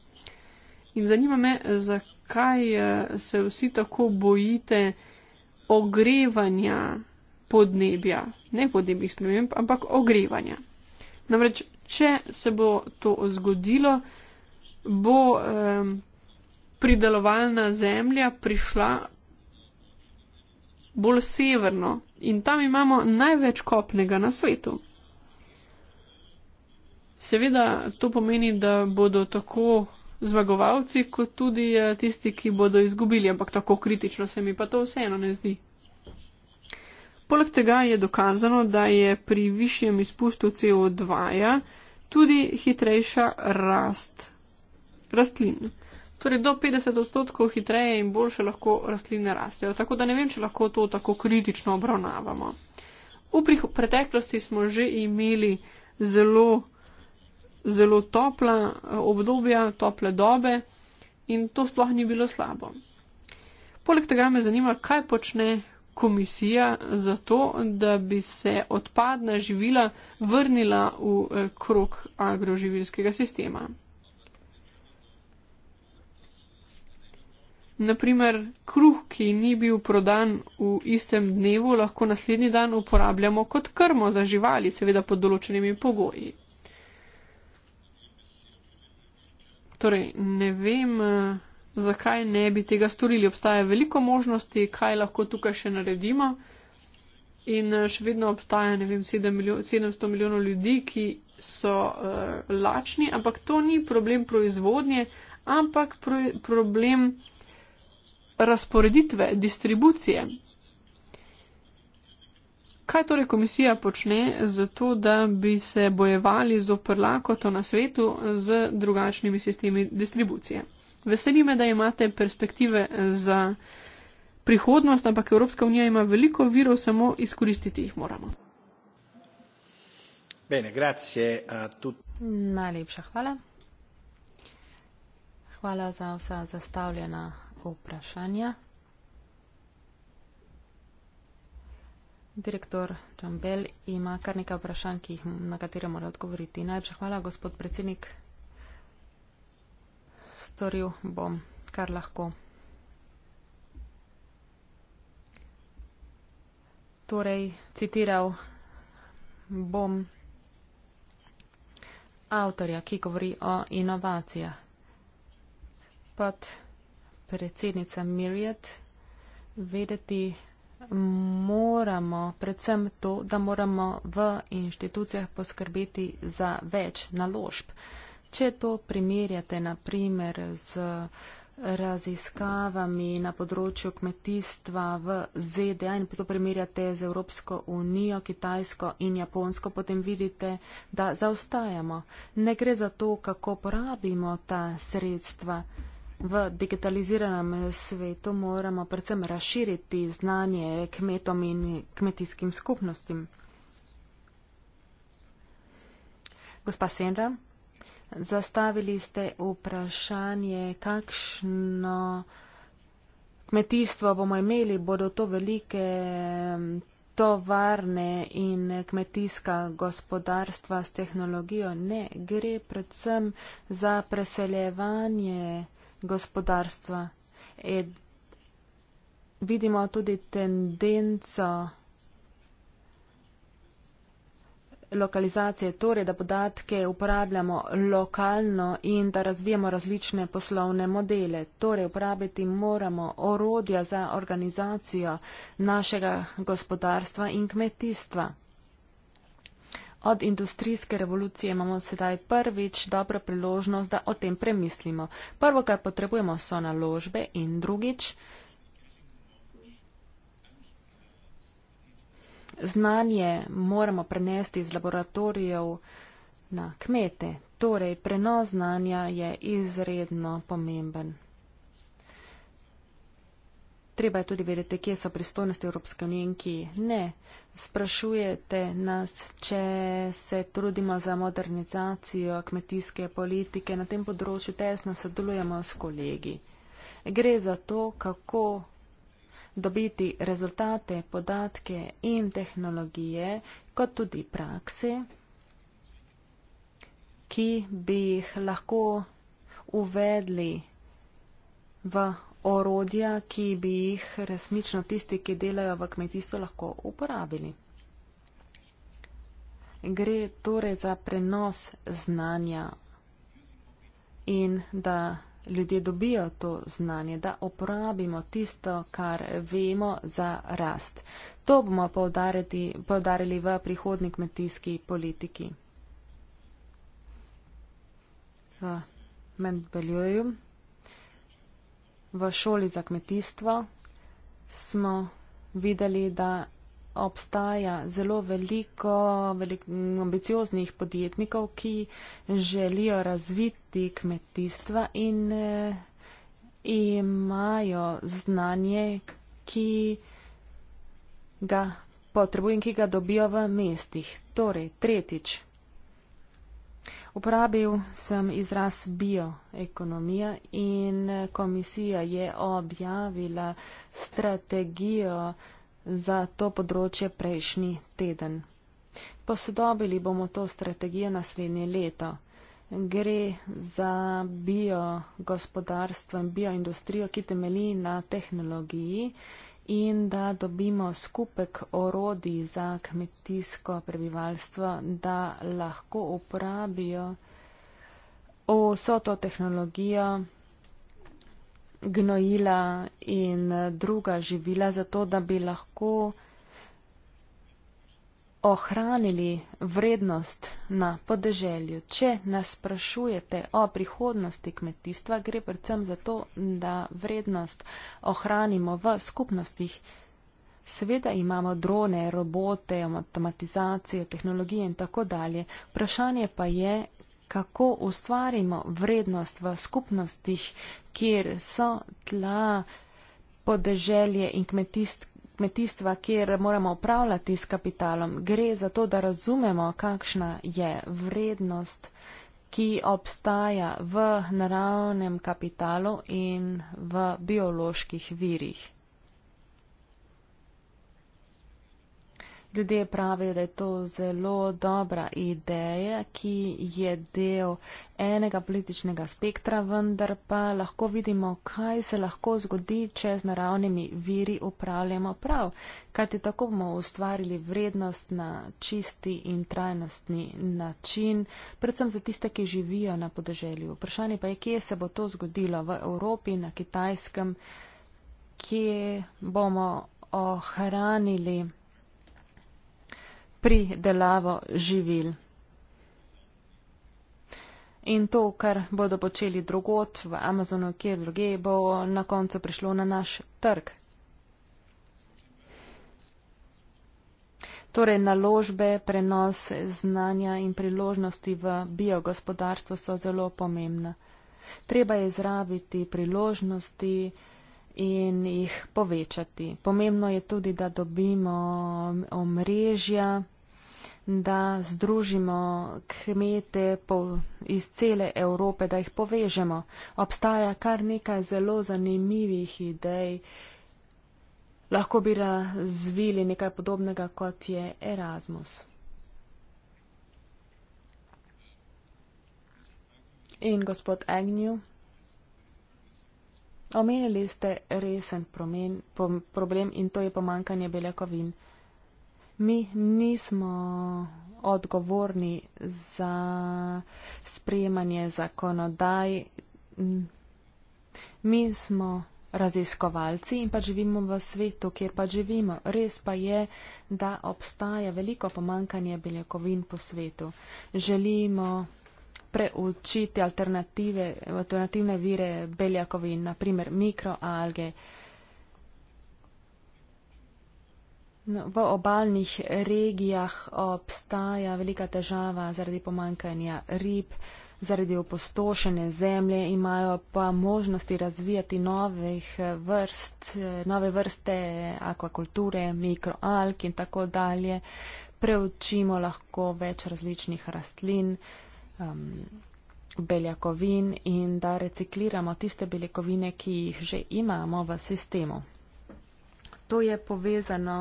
[SPEAKER 2] In zanima me, zakaj eh, se vsi tako bojite ogrevanja podnebja, ne podnebnih sprememb, ampak ogrevanja. Namreč, če se bo to zgodilo, bo um, pridelovalna zemlja prišla bolj severno in tam imamo največ kopnega na svetu. Seveda, to pomeni, da bodo tako zmagovalci, kot tudi eh, tisti, ki bodo izgubili, ampak tako kritično se mi pa to vseeno ne zdi. Poleg tega je dokazano, da je pri višjem izpustu CO2 -ja tudi hitrejša rast rastlin. Torej do 50 odstotkov hitreje in boljše lahko rastline rastejo, tako da ne vem, če lahko to tako kritično obravnavamo. V preteklosti smo že imeli zelo zelo topla eh, obdobja, tople dobe in to sploh ni bilo slabo. Poleg tega me zanima, kaj počne komisija za to, da bi se odpadna živila vrnila v eh, krok agroživilskega sistema. Naprimer, kruh, ki ni bil prodan v istem dnevu, lahko naslednji dan uporabljamo kot krmo za živali, seveda pod določenimi pogoji. Torej, ne vem, eh, zakaj ne bi tega storili. Obstaja veliko možnosti, kaj lahko tukaj še naredimo. In eh, še vedno obstaja, ne vem, 700 milijonov ljudi, ki so uh, lačni, ampak to ni problem proizvodnje, ampak pro problem razporeditve, distribucije. Kaj torej komisija počne za to, da bi se bojevali z oprlakoto na svetu z drugačnimi sistemi distribucije? Veseli me, da imate perspektive za prihodnost, ampak Evropska unija ima veliko virov, samo izkoristiti jih moramo.
[SPEAKER 1] Bene, grazie, tut...
[SPEAKER 4] Najlepša hvala. Hvala za vsa zastavljena vprašanja. Direktor Čambel ima kar nekaj vprašanj, na katere mora odgovoriti. Najlepša hvala, gospod predsednik. Storil bom, kar lahko. Torej, citiral bom avtorja, ki govori o inovacijah. Pod predsednica Miriet vedeti, moramo, predvsem to, da moramo v inštitucijah poskrbeti za več naložb. Če to primerjate naprimer z raziskavami na področju kmetijstva v ZDA in to primerjate z Evropsko unijo, Kitajsko in Japonsko, potem vidite, da zaostajamo. Ne gre za to, kako porabimo ta sredstva. V digitaliziranem svetu moramo predvsem razširiti znanje kmetom in kmetijskim skupnostim. Gospa Senra, zastavili ste vprašanje, kakšno kmetijstvo bomo imeli, bodo to velike tovarne in kmetijska gospodarstva s tehnologijo. Ne, gre predvsem za preseljevanje gospodarstva. E, vidimo tudi tendenco lokalizacije, torej da podatke uporabljamo lokalno in da razvijamo različne poslovne modele. Torej uporabiti moramo orodja za organizacijo našega gospodarstva in kmetijstva. Od industrijske revolucije imamo sedaj prvič dobro priložnost, da o tem premislimo. Prvo, kar potrebujemo, so naložbe in drugič znanje moramo prenesti iz laboratorijev na kmete. Torej, prenos znanja je izredno pomemben treba je tudi vedeti, kje so pristojnosti Evropske unije in kje ne. Sprašujete nas, če se trudimo za modernizacijo kmetijske politike na tem področju, tesno sodelujemo s kolegi. Gre za to, kako dobiti rezultate, podatke in tehnologije, kot tudi prakse, ki bi jih lahko uvedli v orodja, ki bi jih resnično tisti, ki delajo v kmetijstvu, lahko uporabili. Gre torej za prenos znanja in da ljudje dobijo to znanje, da uporabimo tisto, kar vemo za rast. To bomo povdarili v prihodni kmetijski politiki. Med beljujem v šoli za kmetijstvo smo videli, da obstaja zelo veliko velik, ambicioznih podjetnikov, ki želijo razviti kmetijstva in eh, imajo znanje, ki ga potrebujem, ki ga dobijo v mestih. Torej, tretjič. Uporabil sem izraz bioekonomija in komisija je objavila strategijo za to področje prejšnji teden. Posodobili bomo to strategijo naslednje leto. Gre za biogospodarstvo in bioindustrijo, ki temeli na tehnologiji, in da dobimo skupek orodij za kmetijsko prebivalstvo, da lahko uporabijo vso to tehnologijo, gnojila in druga živila, zato da bi lahko ohranili vrednost na podeželju. Če nas sprašujete o prihodnosti kmetijstva, gre predvsem za to, da vrednost ohranimo v skupnostih. Seveda imamo drone, robote, automatizacijo, tehnologije in tako dalje. Vprašanje pa je, kako ustvarimo vrednost v skupnostih, kjer so tla, podeželje in kmetijstvo kmetijstva, kjer moramo upravljati s kapitalom, gre za to, da razumemo, kakšna je vrednost, ki obstaja v naravnem kapitalu in v bioloških virih. Ljudje pravijo, da je to zelo dobra ideja, ki je del enega političnega spektra, vendar pa lahko vidimo, kaj se lahko zgodi, če z naravnimi viri upravljamo prav, kajti tako bomo ustvarili vrednost na čisti in trajnostni način, predvsem za tiste, ki živijo na podeželju. Vprašanje pa je, kje se bo to zgodilo v Evropi, na kitajskem, kje bomo ohranili pridelavo živil. In to, kar bodo počeli drugot v Amazonu, kjer druge, bo na koncu prišlo na naš trg. Torej, naložbe, prenos znanja in priložnosti v biogospodarstvo so zelo pomembna. Treba je zraviti priložnosti in jih povečati. Pomembno je tudi, da dobimo omrežja da združimo kmete po, iz cele Evrope, da jih povežemo. Obstaja kar nekaj zelo zanimivih idej. Lahko bi razvili nekaj podobnega, kot je Erasmus. In gospod Agnew, omenili ste resen promen, pom, problem in to je pomankanje beljakovin mi nismo odgovorni za sprejemanje zakonodaj. Mi smo raziskovalci in pa živimo v svetu, kjer pa živimo. Res pa je, da obstaja veliko pomankanje beljakovin po svetu. Želimo preučiti alternativne vire beljakovin, naprimer mikroalge. No, v obaljnih regijah obstaja velika težava zaradi pomankanja rib, zaradi opostošene zemlje imajo pa možnosti razvijati novih vrst, nove vrste akvakulture, mikroalk in tako dalje. Preučimo lahko več različnih rastlin, um, beljakovin in da recikliramo tiste beljakovine, ki jih že imamo v sistemu. To je povezano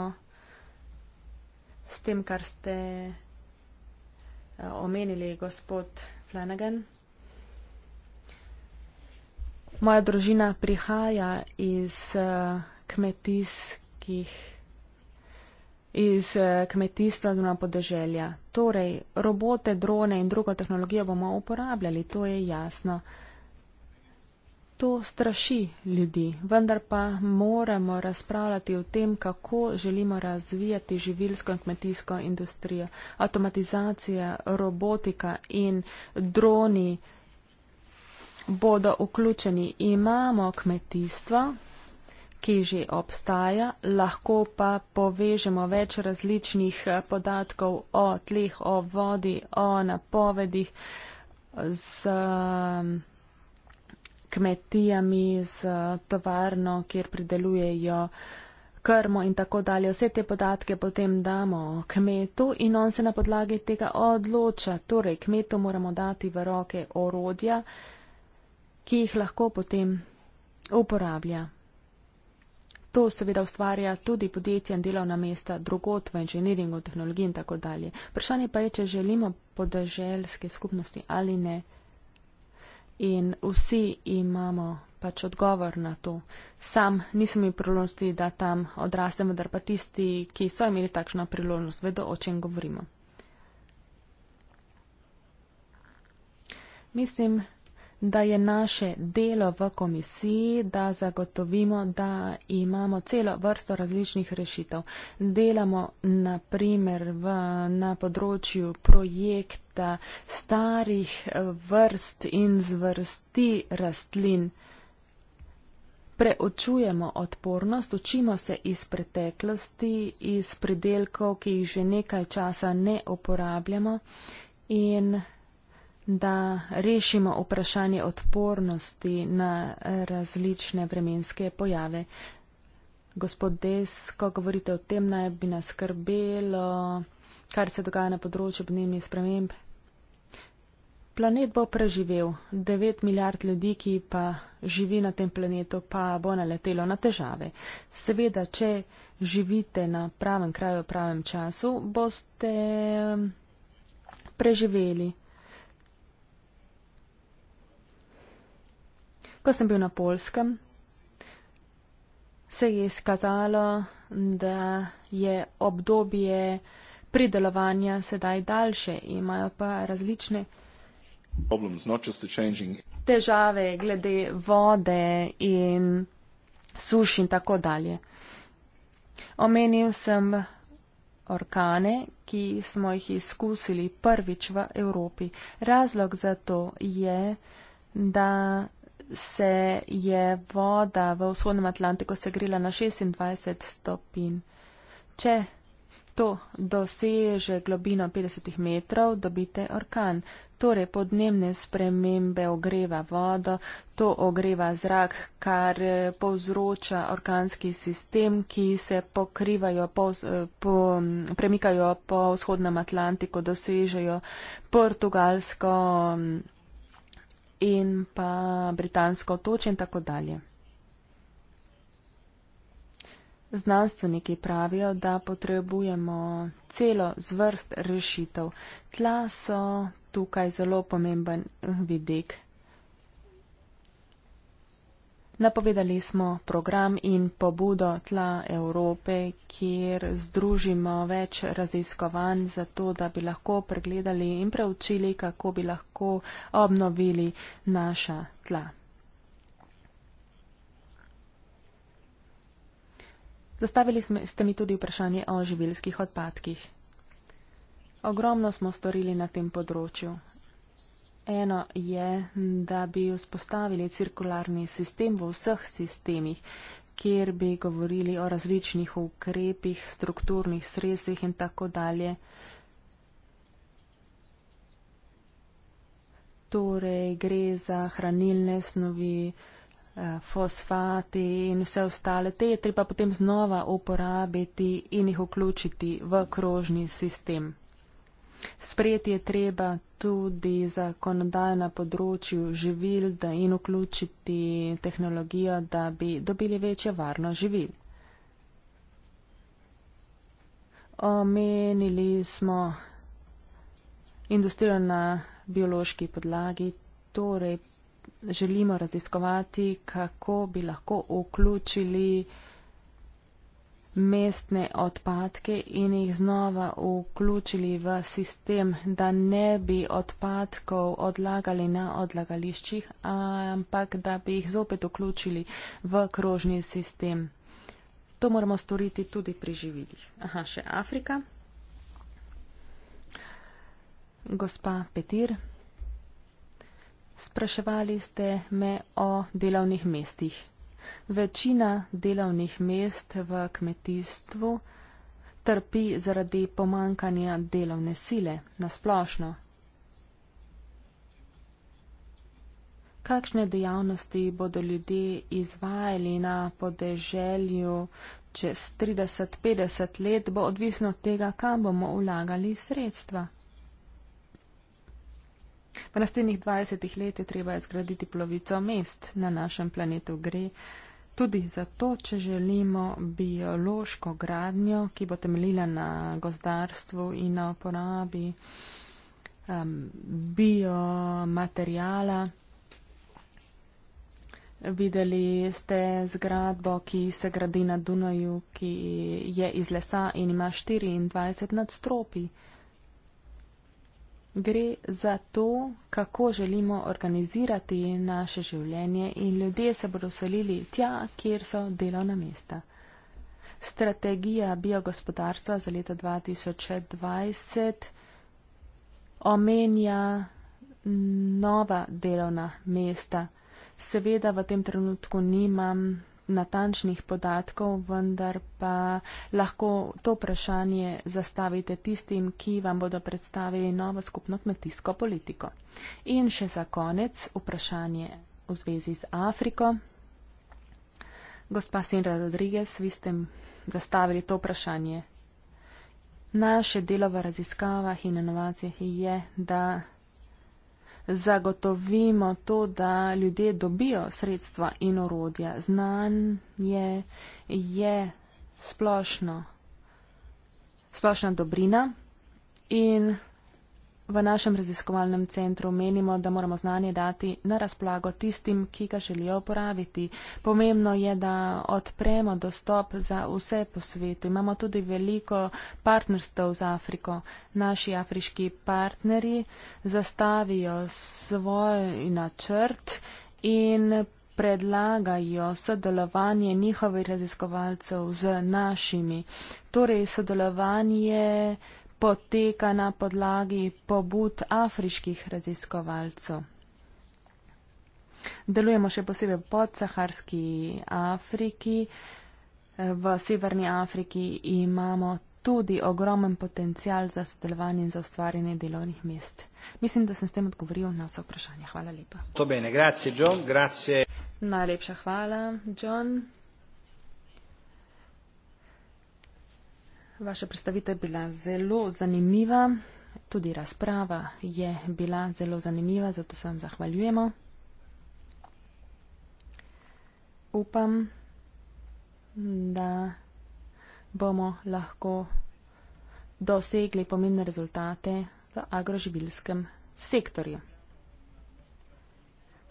[SPEAKER 4] s tem, kar ste eh, omenili, gospod Flanagan. Moja družina prihaja iz eh, kmetijskih iz eh, kmetijstva na podeželja. Torej, robote, drone in drugo tehnologijo bomo uporabljali, to je jasno. Uh, to straši ljudi, vendar pa moramo razpravljati o tem, kako želimo razvijati živilsko in kmetijsko industrijo. Automatizacija, robotika in droni bodo vključeni. Imamo kmetijstvo, ki že obstaja, lahko pa povežemo več različnih podatkov o tleh, o vodi, o napovedih z. Um, kmetijami, z eh, tovarno, kjer pridelujejo krmo in tako dalje. Vse te podatke potem damo kmetu in on se na podlagi tega odloča. Torej, kmetu moramo dati v roke orodja, ki jih lahko potem uporablja. To seveda ustvarja tudi podjetja in delovna mesta drugot v inženiringu, tehnologiji in tako dalje. Vprašanje pa je, če želimo podeželske skupnosti ali ne in vsi imamo pač odgovor na to. Sam nisem imel priložnosti, da tam odrastem, vendar pa tisti, ki so imeli takšno priložnost, vedo, o čem govorimo. Mislim, da je naše delo v komisiji, da zagotovimo, da imamo celo vrsto različnih rešitev. Delamo naprimer v, na področju projekta starih vrst in zvrsti rastlin. Preučujemo odpornost, učimo se iz preteklosti, iz predelkov, ki jih že nekaj časa ne uporabljamo in da rešimo vprašanje odpornosti na eh, različne vremenske pojave. Gospod Des, ko govorite o tem, naj bi nas skrbelo, kar se dogaja na področju podnebnih sprememb. Planet bo preživel, 9 milijard ljudi, ki pa živi na tem planetu, pa bo naletelo na težave. Seveda, če živite na pravem kraju, pravem času, boste eh, preživeli. Ko sem bil na polskem, se je izkazalo, da je obdobje pridelovanja sedaj daljše, imajo pa različne težave glede vode in suš in tako dalje. Omenil sem orkane, ki smo jih izkusili prvič v Evropi. Razlog za to je, da se je voda v vzhodnem Atlantiku segrela na 26 stopin. Če to doseže globino 50 metrov, dobite orkan. Torej, podnebne spremembe ogreva vodo, to ogreva zrak, kar povzroča orkanski sistem, ki se pokrivajo, po, po, premikajo po vzhodnem Atlantiku, dosežejo portugalsko in pa Britansko otočje in tako dalje. Znanstveniki pravijo, da potrebujemo celo zvrst rešitev. Tla so tukaj zelo pomemben eh, vidik Napovedali smo program in pobudo tla Evrope, kjer združimo več raziskovanj za to, da bi lahko pregledali in preučili, kako bi lahko obnovili naša tla. Zastavili ste mi tudi vprašanje o živilskih odpadkih. Ogromno smo storili na tem področju. Eno je, da bi vzpostavili cirkularni sistem v vseh sistemih, kjer bi govorili o različnih ukrepih, strukturnih sredstvih in tako dalje. Torej, gre za hranilne snovi, eh, fosfati in vse ostale. Te je treba potem znova uporabiti in jih vključiti v krožni sistem. Sprejeti je treba tudi zakonodaj na področju živil da in vključiti tehnologijo, da bi dobili večjo varno živil. Omenili smo industrijo na biološki podlagi, torej želimo raziskovati, kako bi lahko vključili mestne odpadke in jih znova vključili v sistem, da ne bi odpadkov odlagali na odlagališčih, ampak da bi jih zopet vključili v krožni sistem. To moramo storiti tudi pri živilih. Aha, še Afrika. Gospa Petir, spraševali ste me o delovnih mestih. Večina delovnih mest v kmetijstvu trpi zaradi pomankanja delovne sile na splošno. Kakšne dejavnosti bodo ljudje izvajali na podeželju čez 30-50 let, bo odvisno od tega, kam bomo vlagali sredstva. V naslednjih 20 let je treba zgraditi polovico mest na našem planetu gre. Tudi zato, če želimo biološko gradnjo, ki bo temeljila na gozdarstvu in na uporabi um, biomaterjala. Videli ste zgradbo, ki se gradi na Dunaju, ki je iz lesa in ima 24 nadstropij. Gre za to, kako želimo organizirati naše življenje in ljudje se bodo selili tja, kjer so delovna mesta. Strategija biogospodarstva za leto 2020 omenja nova delovna mesta. Seveda v tem trenutku nimam natančnih podatkov, vendar pa lahko to vprašanje zastavite tistim, ki vam bodo predstavili novo skupno kmetijsko politiko. In še za konec vprašanje v zvezi z Afriko. Gospa Sinra Rodriguez, vi ste zastavili to vprašanje. Naše delo v raziskavah in inovacijah je, da zagotovimo to, da ljudje dobijo sredstva in orodja. Znanje je splošno, splošna dobrina in V našem raziskovalnem centru menimo, da moramo znanje dati na razplago tistim, ki ga želijo uporabiti. Pomembno je, da odpremo dostop za vse po svetu. Imamo tudi veliko partnerstv z Afriko. Naši afriški partnerji zastavijo svoj načrt in predlagajo sodelovanje njihovih raziskovalcev z našimi. Torej, sodelovanje poteka na podlagi pobud afriških raziskovalcev. Delujemo še posebej v podsaharski Afriki. V Severni Afriki imamo tudi ogromen potencial za sodelovanje in za ustvarjanje delovnih mest. Mislim, da sem s tem odgovoril na vse vprašanje. Hvala lepa.
[SPEAKER 1] To bene, grazie, John. Grazie.
[SPEAKER 4] Najlepša hvala, John. Vaša predstavitev je bila zelo zanimiva, tudi razprava je bila zelo zanimiva, zato se vam zahvaljujemo. Upam, da bomo lahko dosegli pomembne rezultate v agroživilskem sektorju.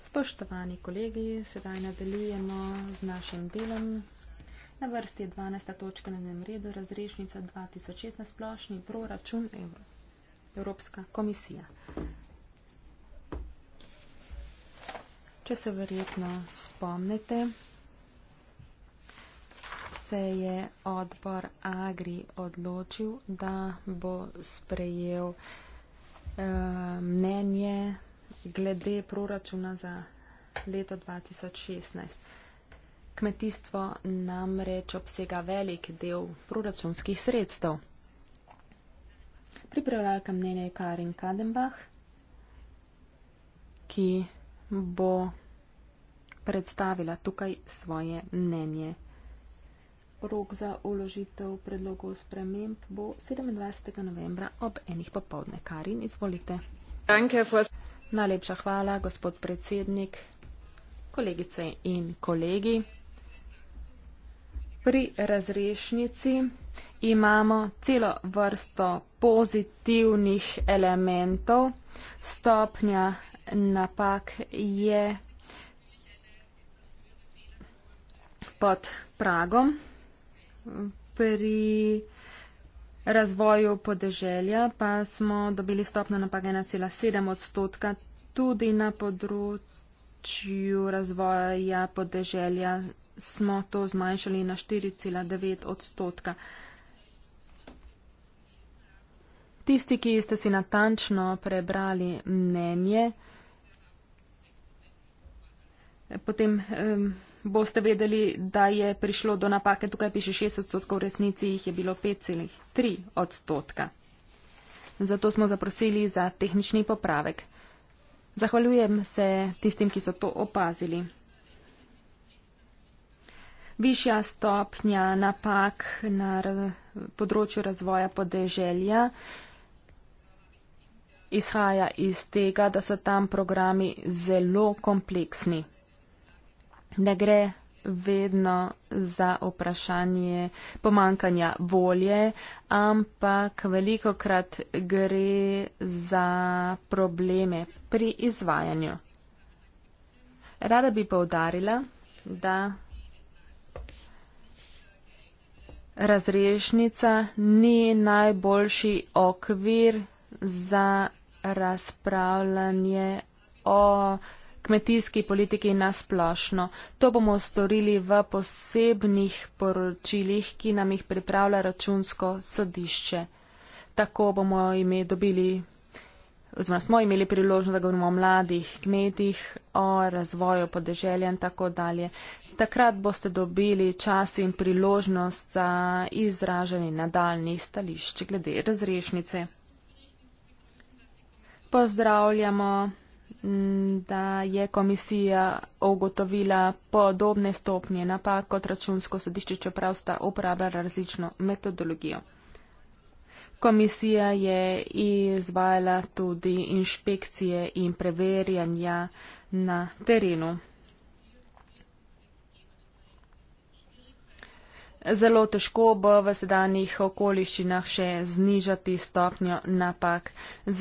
[SPEAKER 4] Spoštovani kolegi, sedaj nadaljujemo z našim delom. Na vrsti je 12. točka na njem redu razrešnica 2016 splošni proračun Evro. Evropska komisija. Če se verjetno spomnite, se je odbor Agri odločil, da bo sprejel eh, mnenje glede proračuna za leto 2016. Kmetijstvo namreč obsega velik del proračunskih sredstev. Pripravljalka mnenja je Karin Kadenbach, ki bo predstavila tukaj svoje mnenje. Rok za uložitev predlogov sprememb bo 27. novembra ob enih popovdne. Karin, izvolite. Najlepša hvala, gospod predsednik, kolegice in kolegi pri razrešnici imamo celo vrsto pozitivnih elementov. Stopnja napak je pod pragom pri razvoju podeželja pa smo dobili stopno napak 1,7 odstotka tudi na področju razvoja podeželja smo to zmanjšali na 4,9 odstotka. Tisti, ki ste si natančno prebrali mnenje, potem um, boste vedeli, da je prišlo do napake. Tukaj piše 6 odstotkov, v resnici jih je bilo 5,3 odstotka. Zato smo zaprosili za tehnični popravek. Zahvaljujem se tistim, ki so to opazili višja stopnja napak na področju razvoja podeželja izhaja iz tega, da so tam programi zelo kompleksni. Ne gre vedno za vprašanje pomankanja volje, ampak veliko krat gre za probleme pri izvajanju. Rada bi povdarila, da razrešnica ni najboljši okvir za razpravljanje o kmetijski politiki nasplošno. To bomo storili v posebnih poročilih, ki nam jih pripravlja računsko sodišče. Tako bomo ime dobili oziroma smo imeli priložnost, da govorimo o mladih kmetih, o razvoju podeželja in tako dalje. Takrat boste dobili čas in priložnost za izražanje nadaljnih stališč glede razrešnice. Pozdravljamo, da je komisija ugotovila podobne stopnje napak kot računsko sodišče, čeprav sta uporabljala različno metodologijo. Komisija je izvajala tudi inšpekcije in preverjanja na terenu. Zelo težko bo v sedanjih okoliščinah še znižati stopnjo napak,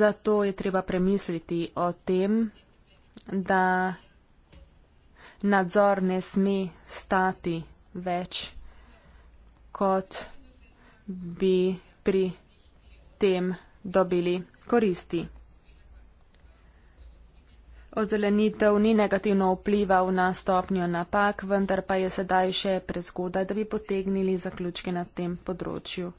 [SPEAKER 4] zato je treba premisliti o tem, da nadzor ne sme stati več kot bi pri tem dobili koristi. Ozelenitev ni negativno vplival na stopnjo napak, vendar pa je sedaj še prezgodaj, da bi potegnili zaključke na tem področju.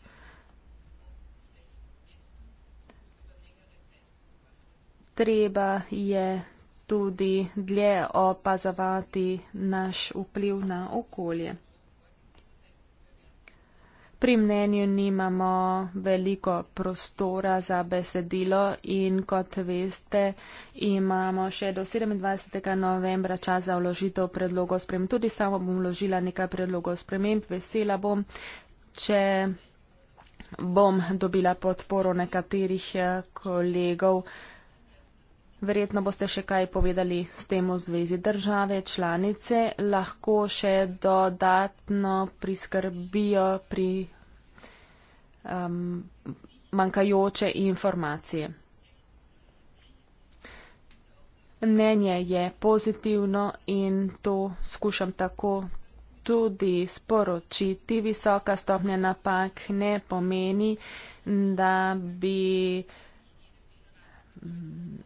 [SPEAKER 4] Treba je tudi dlje opazovati naš vpliv na okolje pri mnenju nimamo veliko prostora za besedilo in kot veste, imamo še do 27. novembra čas za vložitev predlogov sprememb. Tudi sama bom vložila nekaj predlogov sprememb. Vesela bom, če bom dobila podporo nekaterih eh, kolegov. Verjetno boste še kaj povedali s tem v zvezi države, članice, lahko še dodatno priskrbijo pri um, manjkajoče informacije. Mnenje je pozitivno in to skušam tako tudi sporočiti. Visoka stopnja napak ne pomeni, da bi mm,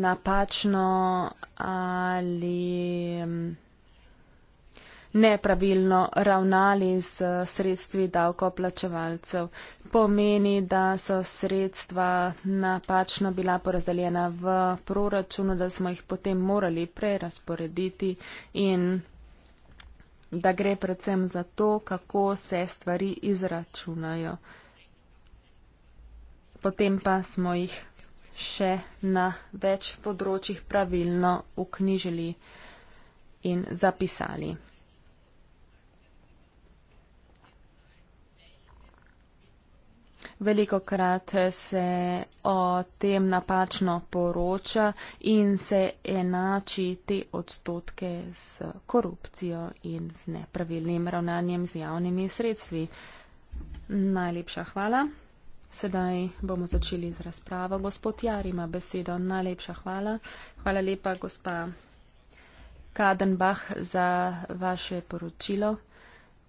[SPEAKER 4] napačno ali. Mm, nepravilno ravnali s sredstvi davkoplačevalcev. Pomeni, da so sredstva napačno bila porazdeljena v proračunu, da smo jih potem morali prerasporediti in da gre predvsem za to, kako se stvari izračunajo. Potem pa smo jih še na več področjih pravilno uknjižili in zapisali. veliko krat se o tem napačno poroča in se enači te odstotke s korupcijo in z nepravilnim ravnanjem z javnimi sredstvi. Najlepša hvala. Sedaj bomo začeli z razpravo. Gospod Jar ima besedo. Najlepša hvala. Hvala lepa, gospa Kadenbach, za vaše poročilo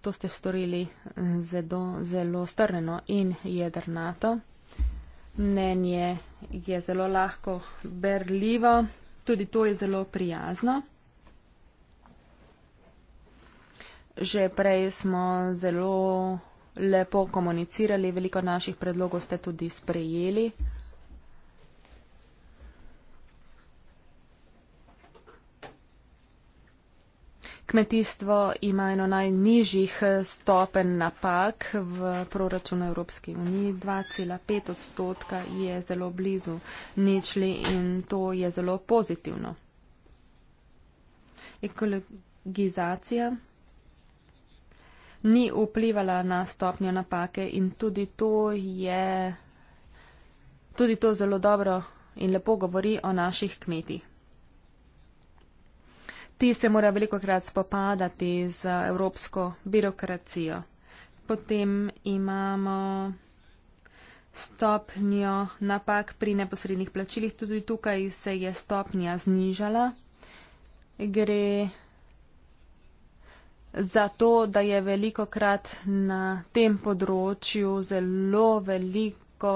[SPEAKER 4] to ste storili eh, zelo, zelo strneno in jedrnato. Mnenje je zelo lahko berljivo, tudi to je zelo prijazno. Že prej smo zelo lepo komunicirali, veliko naših predlogov ste tudi sprejeli. kmetijstvo ima eno najnižjih eh, stopen napak v proračunu Evropske unije. 2,5 odstotka je zelo blizu ničli in to je zelo pozitivno. Ekologizacija ni vplivala na stopnjo napake in tudi to je tudi to zelo dobro in lepo govori o naših kmetih ti se morajo veliko krat spopadati z evropsko birokracijo. Potem imamo stopnjo napak pri neposrednih plačilih. Tudi tukaj se je stopnja znižala. Gre za to, da je veliko krat na tem področju zelo veliko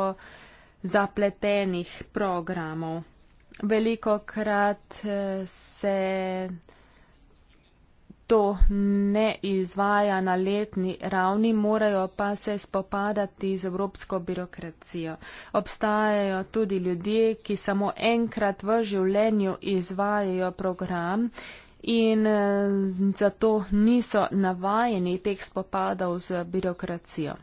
[SPEAKER 4] zapletenih programov. Veliko krat eh, se to ne izvaja na letni ravni, morajo pa se spopadati z evropsko birokracijo. Obstajajo tudi ljudje, ki samo enkrat v življenju izvajajo program in eh, zato niso navajeni teh spopadov z birokracijo.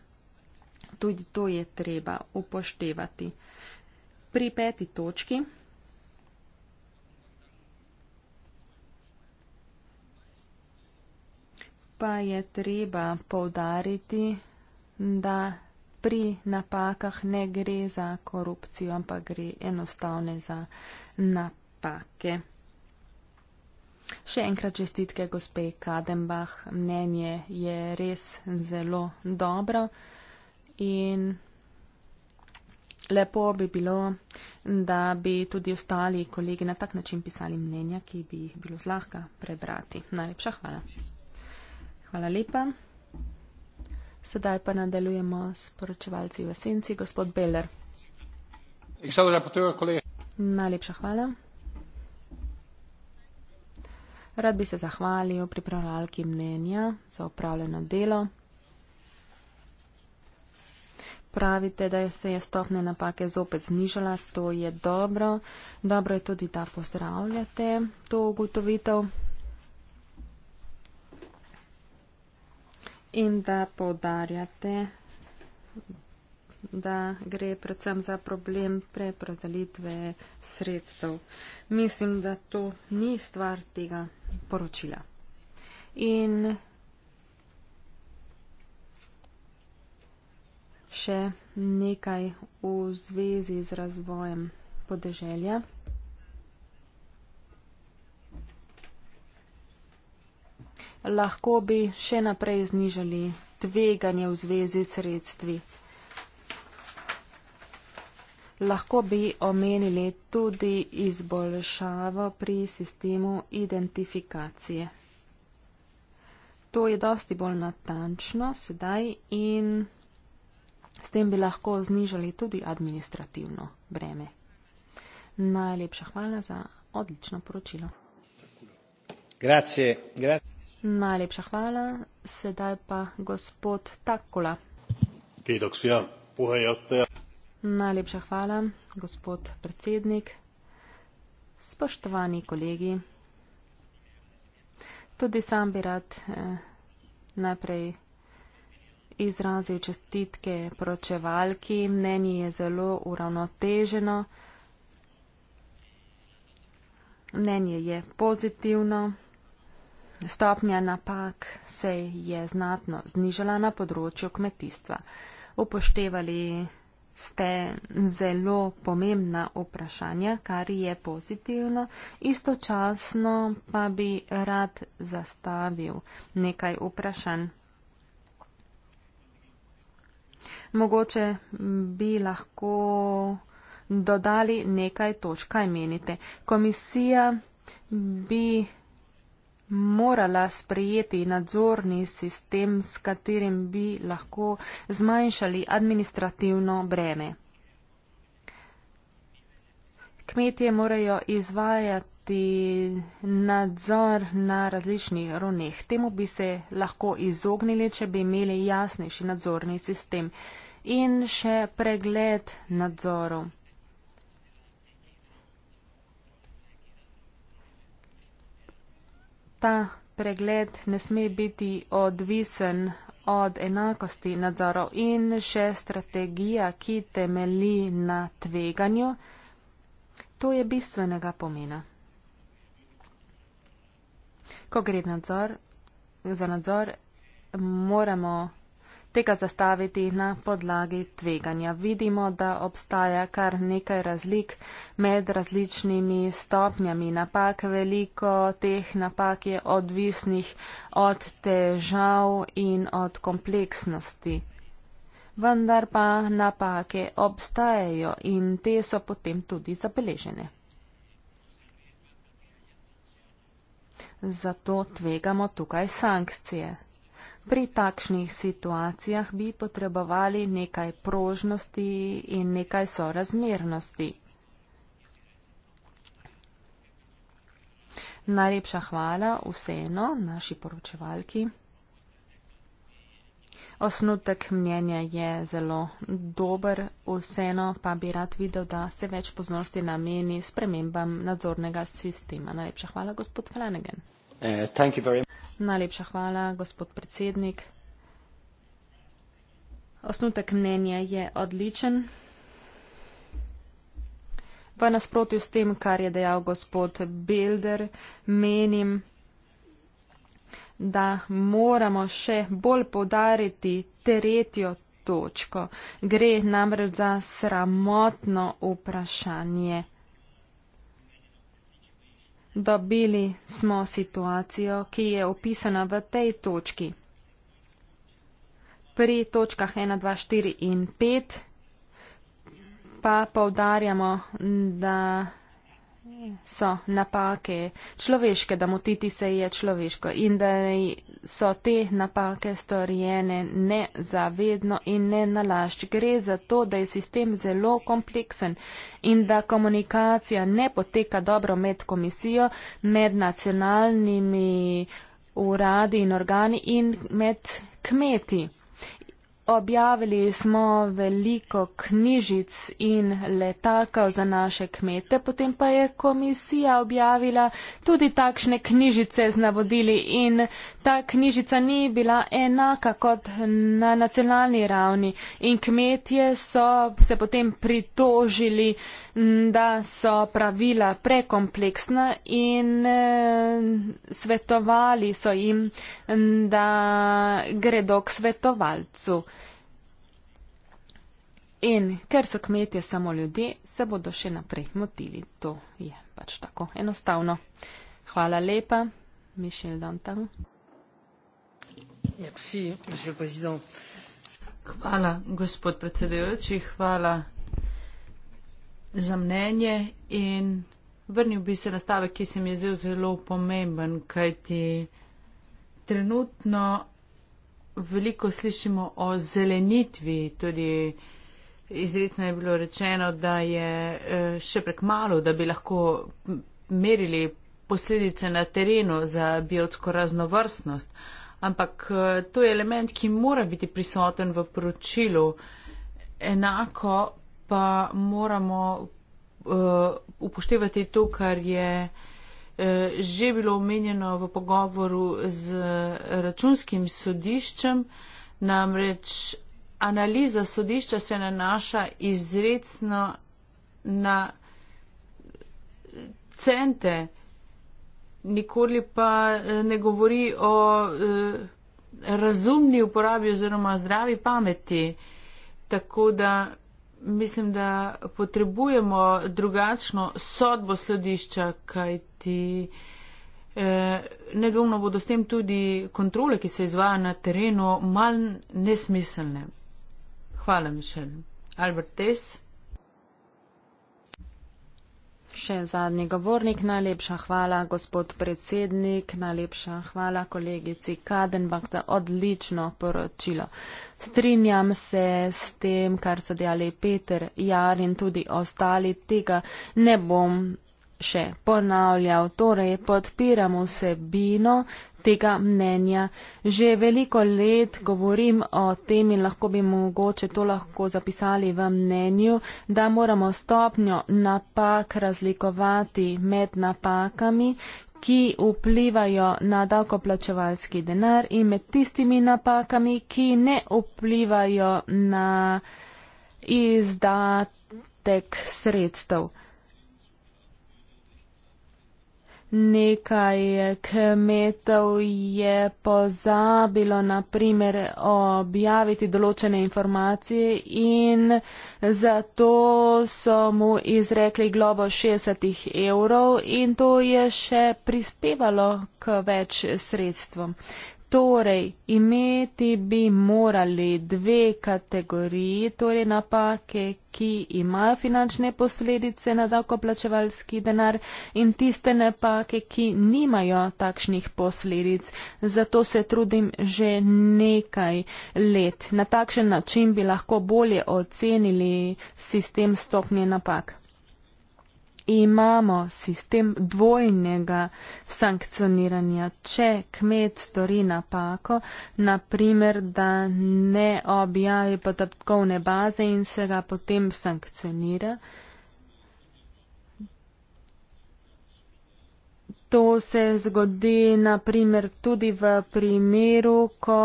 [SPEAKER 4] Tudi to je treba upoštevati. Pri peti točki. pa je treba povdariti, da pri napakah ne gre za korupcijo, ampak gre enostavne za napake. Še enkrat čestitke gospe Kadenbach, mnenje je res zelo dobro in lepo bi bilo, da bi tudi ostali kolegi na tak način pisali mnenja, ki bi jih bilo zlahka prebrati. Najlepša hvala. Hvala lepa. Sedaj pa nadaljujemo s poročevalci v senci, gospod Beller. Najlepša hvala. Rad bi se zahvalil pripravljalki mnenja za opravljeno delo. Pravite, da se je stopne napake zopet znižala, to je dobro. Dobro je tudi, da pozdravljate to ugotovitev. in da podarjate, da gre predvsem za problem preprodelitve sredstev. Mislim, da to ni stvar tega poročila. In še nekaj v zvezi z razvojem podeželja. lahko bi še naprej znižali tveganje v zvezi s sredstvi. Lahko bi omenili tudi izboljšavo pri sistemu identifikacije. To je dosti bolj natančno sedaj in s tem bi lahko znižali tudi administrativno breme. Najlepša hvala za odlično poročilo.
[SPEAKER 1] Grazie, grazie.
[SPEAKER 4] Najlepša hvala. Sedaj pa gospod Takula.
[SPEAKER 1] Kiitoksia, puheenjohtaja.
[SPEAKER 4] Najlepša hvala, gospod predsednik. Spoštovani kolegi, tudi sam bi rad eh, najprej izrazil čestitke pročevalki. Mnenje je zelo uravnoteženo. Mnenje je pozitivno. Stopnja napak se je znatno znižala na področju kmetijstva. Upoštevali ste zelo pomembna vprašanja, kar je pozitivno, istočasno pa bi rad zastavil nekaj vprašanj. Mogoče bi lahko dodali nekaj točk, kaj menite. Komisija bi morala sprejeti nadzorni sistem, s katerim bi lahko zmanjšali administrativno breme. Kmetje morajo izvajati nadzor na različnih ravneh. Temu bi se lahko izognili, če bi imeli jasnejši nadzorni sistem in še pregled nadzorov. ta pregled ne sme biti odvisen od enakosti nadzorov in še strategija, ki temeli na tveganju. To je bistvenega pomena. Ko gre nadzor, za nadzor, moramo tega zastaviti na podlagi tveganja. Vidimo, da obstaja kar nekaj razlik med različnimi stopnjami napak. Veliko teh napak je odvisnih od težav in od kompleksnosti. Vendar pa napake obstajajo in te so potem tudi zabeležene. Zato tvegamo tukaj sankcije. Pri takšnih situacijah bi potrebovali nekaj prožnosti in nekaj sorazmernosti. Najlepša hvala vseeno naši poročevalki. Osnutek mnenja je zelo dober, vseeno pa bi rad videl, da se več pozornosti nameni spremembam nadzornega sistema. Najlepša hvala, gospod Flanagan.
[SPEAKER 3] Uh,
[SPEAKER 4] Najlepša hvala, gospod predsednik. Osnutek mnenja je odličen. V nasprotju s tem, kar je dejal gospod Bilder, menim, da moramo še bolj podariti tretjo točko. Gre namreč za sramotno vprašanje. Dobili smo situacijo, ki je opisana v tej točki. Pri točkah 1, 2, 4 in 5 pa povdarjamo, da so napake človeške, da motiti se je človeško in da so te napake storjene nezavedno in ne nalašč. Gre za to, da je sistem zelo kompleksen in da komunikacija ne poteka dobro med komisijo, med nacionalnimi uradi in organi in med kmeti objavili smo veliko knjižic in letakov za naše kmete, potem pa je komisija objavila tudi takšne knjižice z navodili in ta knjižica ni bila enaka kot na nacionalni ravni in kmetje so se potem pritožili, da so pravila prekompleksna in e, svetovali so jim, da gredo k svetovalcu. In ker so kmetje samo ljudje, se bodo še naprej motili. To je pač tako enostavno. Hvala
[SPEAKER 5] lepa, Mišel Dantan. Hvala, gospod predsedujoči, hvala za mnenje in vrnil bi se na stavek, ki se mi je zdel zelo pomemben, kajti trenutno veliko slišimo o zelenitvi, tudi Izredno je bilo rečeno, da je eh, še prek malo, da bi lahko merili posledice na terenu za biotsko raznovrstnost, ampak eh, to je element, ki mora biti prisoten v poročilu. Enako pa moramo eh, upoštevati to, kar je že bilo omenjeno v pogovoru z računskim sodiščem, namreč analiza sodišča se nanaša izredno na cente, nikoli pa eh, ne govori o eh, razumni uporabi oziroma zdravi pameti. Tako da mislim, da potrebujemo drugačno sodbo sodišča, kajti eh, nedvomno bodo s tem tudi kontrole, ki se izvaja na terenu, manj nesmiselne. Hvala, Mišel. Albert Tes.
[SPEAKER 4] Še zadnji govornik, najlepša hvala, gospod predsednik, najlepša hvala kolegici Kadenbach za odlično poročilo. Strinjam se s tem, kar so dejali Peter, Jar in tudi ostali. Tega ne bom še ponavljal, torej podpiramo vsebino tega mnenja. Že veliko let govorim o tem in lahko bi mogoče to lahko zapisali v mnenju, da moramo stopnjo napak razlikovati med napakami ki vplivajo na davkoplačevalski denar in med tistimi napakami, ki ne vplivajo na izdatek sredstev. Nekaj kmetov je pozabilo, naprimer, objaviti določene informacije in zato so mu izrekli globo 60 evrov in to je še prispevalo k več sredstvom. Torej, imeti bi morali dve kategoriji, torej napake, ki imajo finančne posledice na davkoplačevalski denar in tiste napake, ki nimajo takšnih posledic. Zato se trudim že nekaj let. Na takšen način bi lahko bolje ocenili sistem stopnje napak imamo sistem dvojnega sankcioniranja. Če kmet stori napako, naprimer, da ne objavi podatkovne baze in se ga potem sankcionira, To se zgodi naprimer tudi v primeru, ko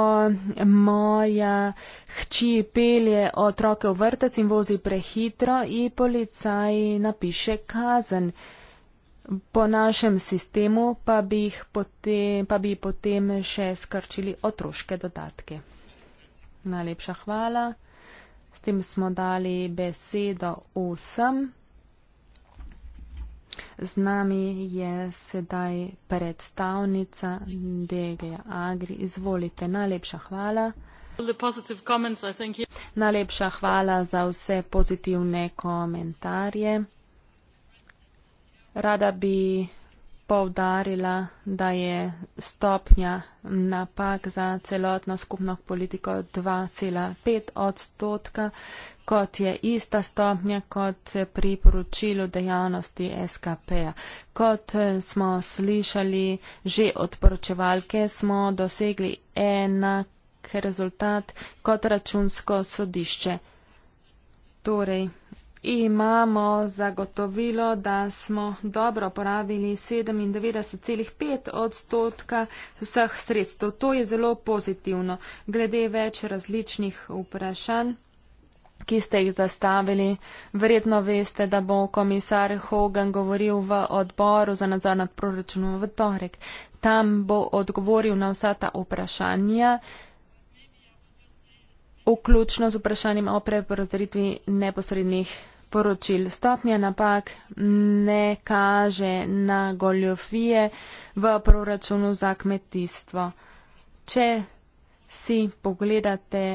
[SPEAKER 4] moja hči pelje otroke v vrtec in vozi prehitro in policaj napiše kazen. Po našem sistemu pa bi, potem, pa bi potem še skrčili otroške dodatke. Najlepša hvala. S tem smo dali besedo vsem. Z nami je sedaj predstavnica DGA Agri. Izvolite, najlepša hvala.
[SPEAKER 5] Comments, think, yeah.
[SPEAKER 4] Najlepša hvala za vse pozitivne komentarje. Rada bi poudarila, da je stopnja napak za celotno skupno politiko 2,5 odstotka, kot je ista stopnja kot pri poročilu dejavnosti SKP-a. Kot eh, smo slišali že od poročevalke, smo dosegli enak rezultat kot računsko sodišče. Torej, imamo zagotovilo, da smo dobro porabili 97,5 odstotka vseh sredstev. To je zelo pozitivno. Glede več različnih vprašanj, ki ste jih zastavili, verjetno veste, da bo komisar Hogan govoril v odboru za nadzor nad proračunom v torek. Tam bo odgovoril na vsa ta vprašanja vključno z vprašanjem o preprozoritvi neposrednih poročil. Stopnja napak ne kaže na goljofije v proračunu za kmetijstvo. Če si pogledate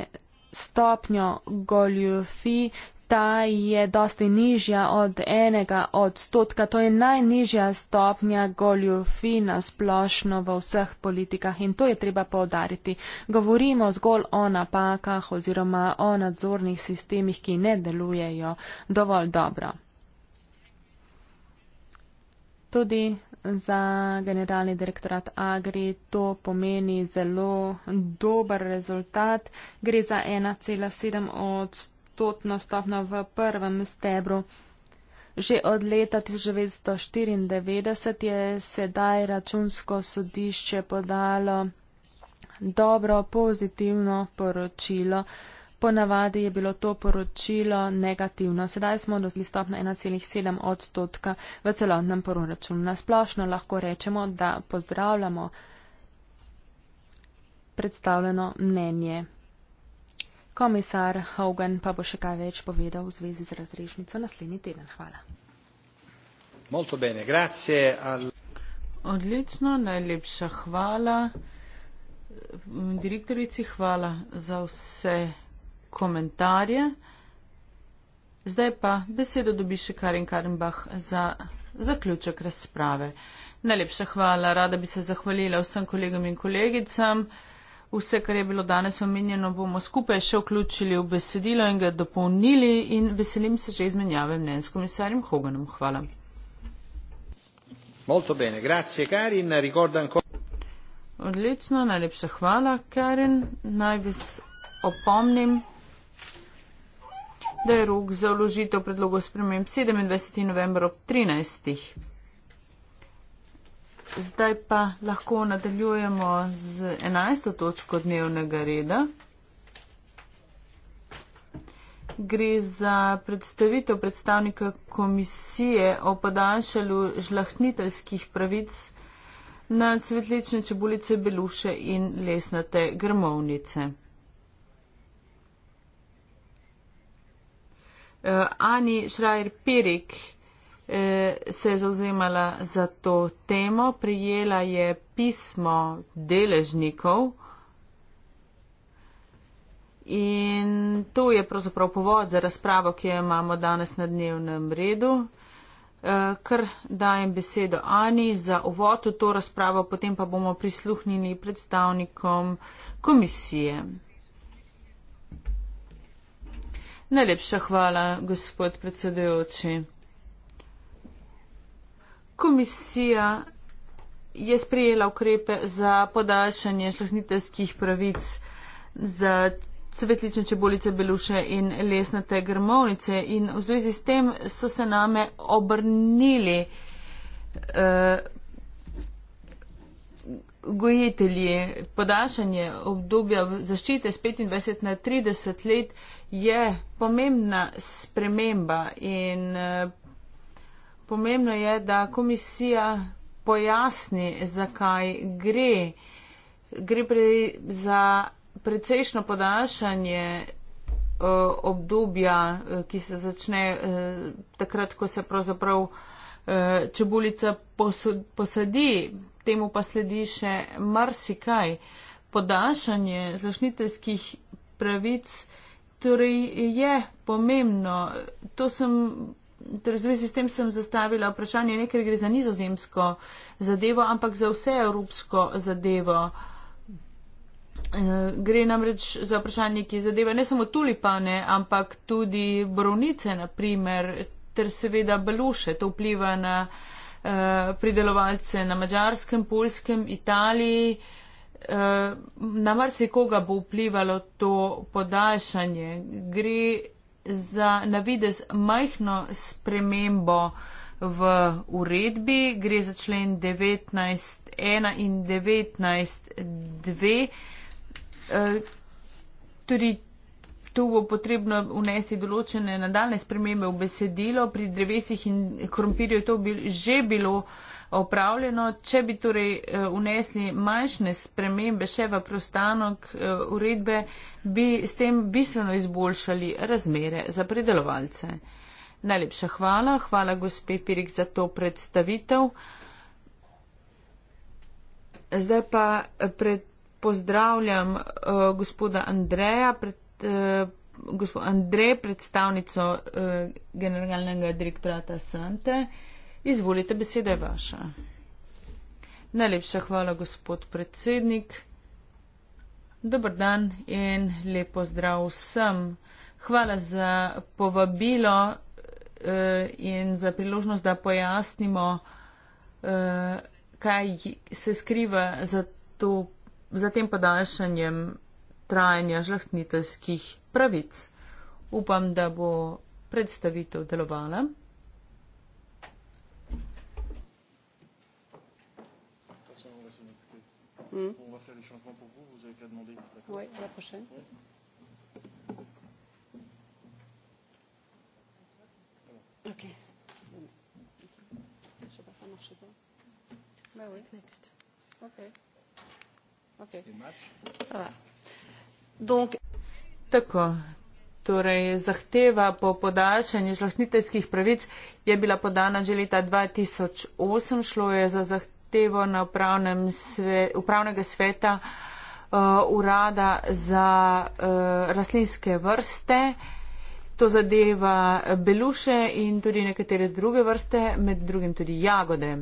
[SPEAKER 4] stopnjo goljofij, ta je dosti nižja od enega odstotka, to je najnižja stopnja goljofina splošno v vseh politikah in to je treba povdariti. Govorimo zgolj o napakah oziroma o nadzornih sistemih, ki ne delujejo dovolj dobro. Tudi za generalni direktorat Agri to pomeni zelo dober rezultat. Gre za 1,7 odstotka stotna stopna v prvem stebru. Že od leta 1994 je sedaj računsko sodišče podalo dobro pozitivno poročilo. Ponavadi je bilo to poročilo negativno. Sedaj smo dosli stopno 1,7 odstotka v celotnem proračunu. Na splošno lahko rečemo, da pozdravljamo predstavljeno mnenje. Komisar Hogan pa bo še kaj več povedal v zvezi z razrešnico naslednji teden.
[SPEAKER 5] Hvala.
[SPEAKER 1] Odlično,
[SPEAKER 5] najlepša hvala. Direktorici hvala za vse komentarje. Zdaj pa besedo dobi še Karin Karimbah za zaključek razprave. Najlepša hvala, rada bi se zahvalila vsem kolegom in kolegicam. Vse, kar je bilo danes omenjeno, bomo skupaj še vključili v besedilo in ga dopolnili in veselim se že izmenjave mnen s komisarjem Hoganom. Hvala. Odlično, najlepša hvala, Karen. Naj vas opomnim, da je rok za vložitev predlogov sprememb 27. novembra ob 13. Zdaj pa lahko nadaljujemo z 11. točko dnevnega reda. Gre za predstavitev predstavnika komisije o podaljšalu žlahniteljskih pravic na cvetlične čebulice Beluše in lesnate grmovnice. Eh, Ani Šrajer Pirik Eh, se je zauzemala za to temo, prijela je pismo deležnikov in to je pravzaprav povod za razpravo, ki jo imamo danes na dnevnem redu. Eh, kar dajem besedo Ani za uvod v to razpravo, potem pa bomo prisluhnili predstavnikom komisije. Najlepša hvala, gospod predsedujoči komisija je sprejela ukrepe za podaljšanje šlahniteljskih pravic za cvetlične čebolice Beluše in lesnate grmovnice in v zvezi s tem so se name obrnili uh, gojitelji. Podaljšanje obdobja zaščite z 25 na 30 let je pomembna sprememba in uh, pomembno je, da komisija pojasni, zakaj gre. Gre pre, za precejšno podaljšanje eh, obdobja, eh, ki se začne eh, takrat, ko se pravzaprav čebulica posadi, temu pa sledi še marsikaj. Podaljšanje zaštiteljskih pravic torej je pomembno. To sem Torej, v zvezi s tem sem zastavila vprašanje, ne ker gre za nizozemsko zadevo, ampak za vse evropsko zadevo. Eh, gre namreč za vprašanje, ki zadeva ne samo tulipane, ampak tudi borovnice, naprimer, ter seveda beluše. To vpliva na uh, pridelovalce na mačarskem, polskem, Italiji. Uh, na marsikoga bo vplivalo to podaljšanje. Gre za navidez majhno spremembo v uredbi, gre za člen 19.1 in 19.2. Eh, tudi tu bo potrebno unesti določene nadaljne spremembe v besedilo. Pri drevesih in krompirju to bi že bilo opravljeno. Če bi torej eh, unesli manjšne spremembe še v prostanok eh, uredbe, bi s tem bistveno izboljšali razmere za predelovalce. Najlepša hvala. Hvala gospe Pirik za to predstavitev. Zdaj pa eh, pred, pozdravljam uh, gospoda Andreja, pred, uh, gospod Andrej, predstavnico uh, generalnega direktorata Sante. Uh, Izvolite, beseda je vaša. Najlepša hvala, gospod predsednik. Dobr dan in lepo zdrav vsem. Hvala za povabilo eh, in za priložnost, da pojasnimo, eh, kaj se skriva za, to, za tem podaljšanjem trajanja žlahtniteljskih pravic. Upam, da bo predstavitev delovala.
[SPEAKER 3] Mmh. On va faire les changements pour vous, vous avez qu'à demander. Oui, à la prochaine. Ouais. Ok.
[SPEAKER 2] Je sais pas, ça marche pas. Bah
[SPEAKER 3] oui. Next. Ok. Ok.
[SPEAKER 5] Ça va. Donc. D'accord. Torej, zahteva po podaljšanju žlahtniteljskih pravic je bila podana že leta 2008, šlo je za zahtevo zahtevo na upravnega sveta uh, urada za uh, rastlinske vrste. To zadeva beluše in tudi nekatere druge vrste, med drugim tudi jagode.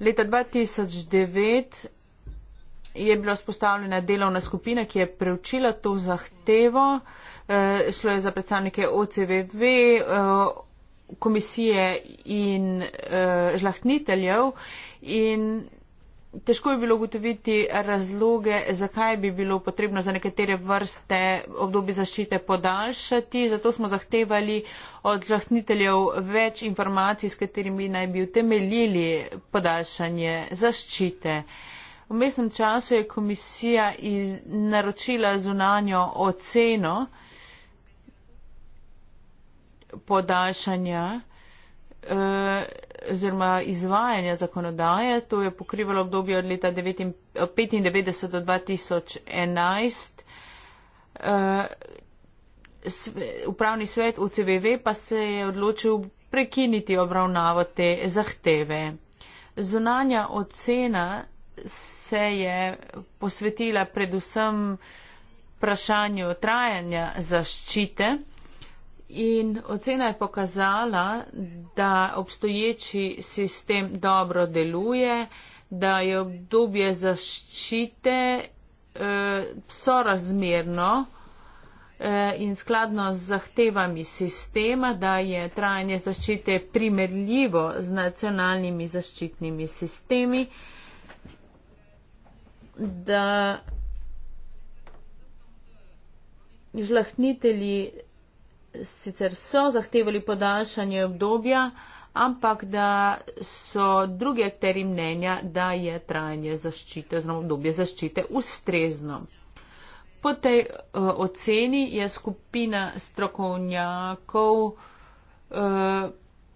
[SPEAKER 5] Leta 2009 je bila spostavljena delovna skupina, ki je preučila to zahtevo. E, šlo je za predstavnike OCVV, e, uh, komisije in e, žlahtniteljev In težko je bilo ugotoviti razloge, zakaj bi bilo potrebno za nekatere vrste obdobje zaščite podaljšati. Zato smo zahtevali od žahniteljev več informacij, s katerimi naj bi utemeljili podaljšanje zaščite. V mestnem času je komisija naročila zunanjo oceno podaljšanja. Eh, oziroma izvajanja zakonodaje. To je pokrivalo obdobje od leta 1995 do 2011. Eh, upravni svet UCVV pa se je odločil prekiniti obravnavo te zahteve. Zunanja ocena se je posvetila predvsem vprašanju trajanja zaščite. In ocena je pokazala, da obstoječi sistem dobro deluje, da je obdobje zaščite eh, sorazmerno eh, in skladno z zahtevami sistema, da je trajanje zaščite primerljivo z nacionalnimi zaščitnimi sistemi, da žlahnitelji sicer so zahtevali podaljšanje obdobja, ampak da so drugi akteri mnenja, da je trajanje zaščite oziroma obdobje zaščite ustrezno. Po tej uh, oceni je skupina strokovnjakov uh,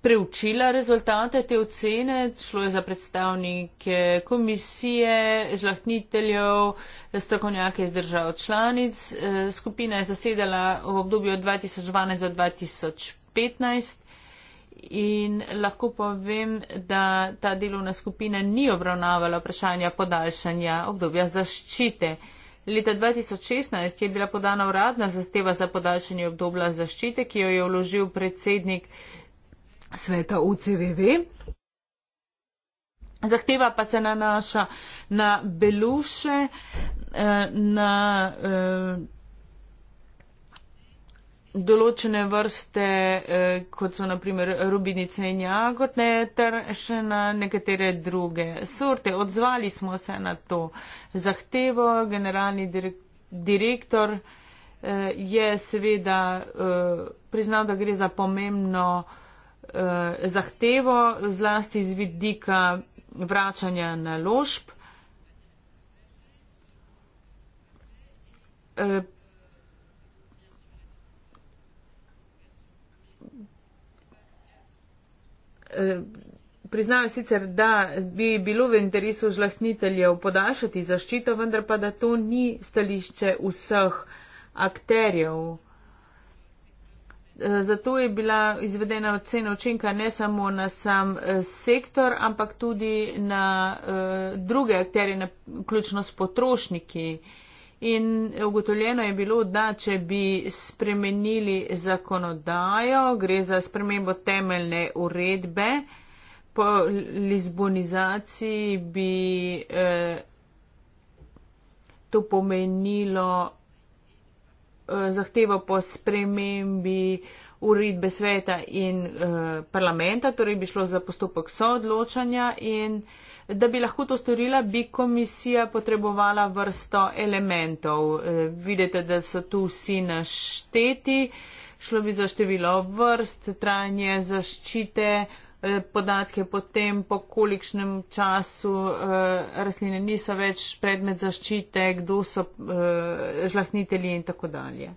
[SPEAKER 5] preučila rezultate te ocene, šlo je za predstavnike komisije, žlahniteljev, strokovnjake iz držav članic. E, skupina je zasedala v obdobju od 2012 do 2015 in lahko povem, da ta delovna skupina ni obravnavala vprašanja podaljšanja obdobja zaščite. Leta 2016 je bila podana uradna zahteva za podaljšanje obdobja zaščite, ki jo je vložil predsednik sveta UCVV. Zahteva pa se nanaša na beluše, eh, na eh, določene vrste, eh, kot so naprimer rubinice in jagodne, ter še na nekatere druge sorte. Odzvali smo se na to zahtevo. Generalni direktor je seveda priznal, da gre za pomembno eh, zahtevo, zlasti z vidika vračanja na ložb. Eh, eh, priznajo sicer, da bi bilo v interesu žlahniteljev podaljšati zaščito, vendar pa da to ni stališče vseh akterjev. Eh, zato je bila izvedena ocena učinka ne samo na sam eh, sektor, ampak tudi na eh, druge akterje, vključno s potrošniki. In ugotovljeno je bilo, da če bi spremenili zakonodajo, gre za spremembo temeljne uredbe, po lizbonizaciji bi eh, to pomenilo Eh, zahtevo po spremembi uredbe sveta in eh, parlamenta, torej bi šlo za postopek soodločanja in da bi lahko to storila, bi komisija potrebovala vrsto elementov. Eh, vidite, da so tu vsi našteti. Šlo bi za število vrst, trajanje zaščite, Eh, podatke potem, po kolikšnem času eh, rastline niso več predmet zaščite, kdo so eh, žlahnitelji in tako dalje.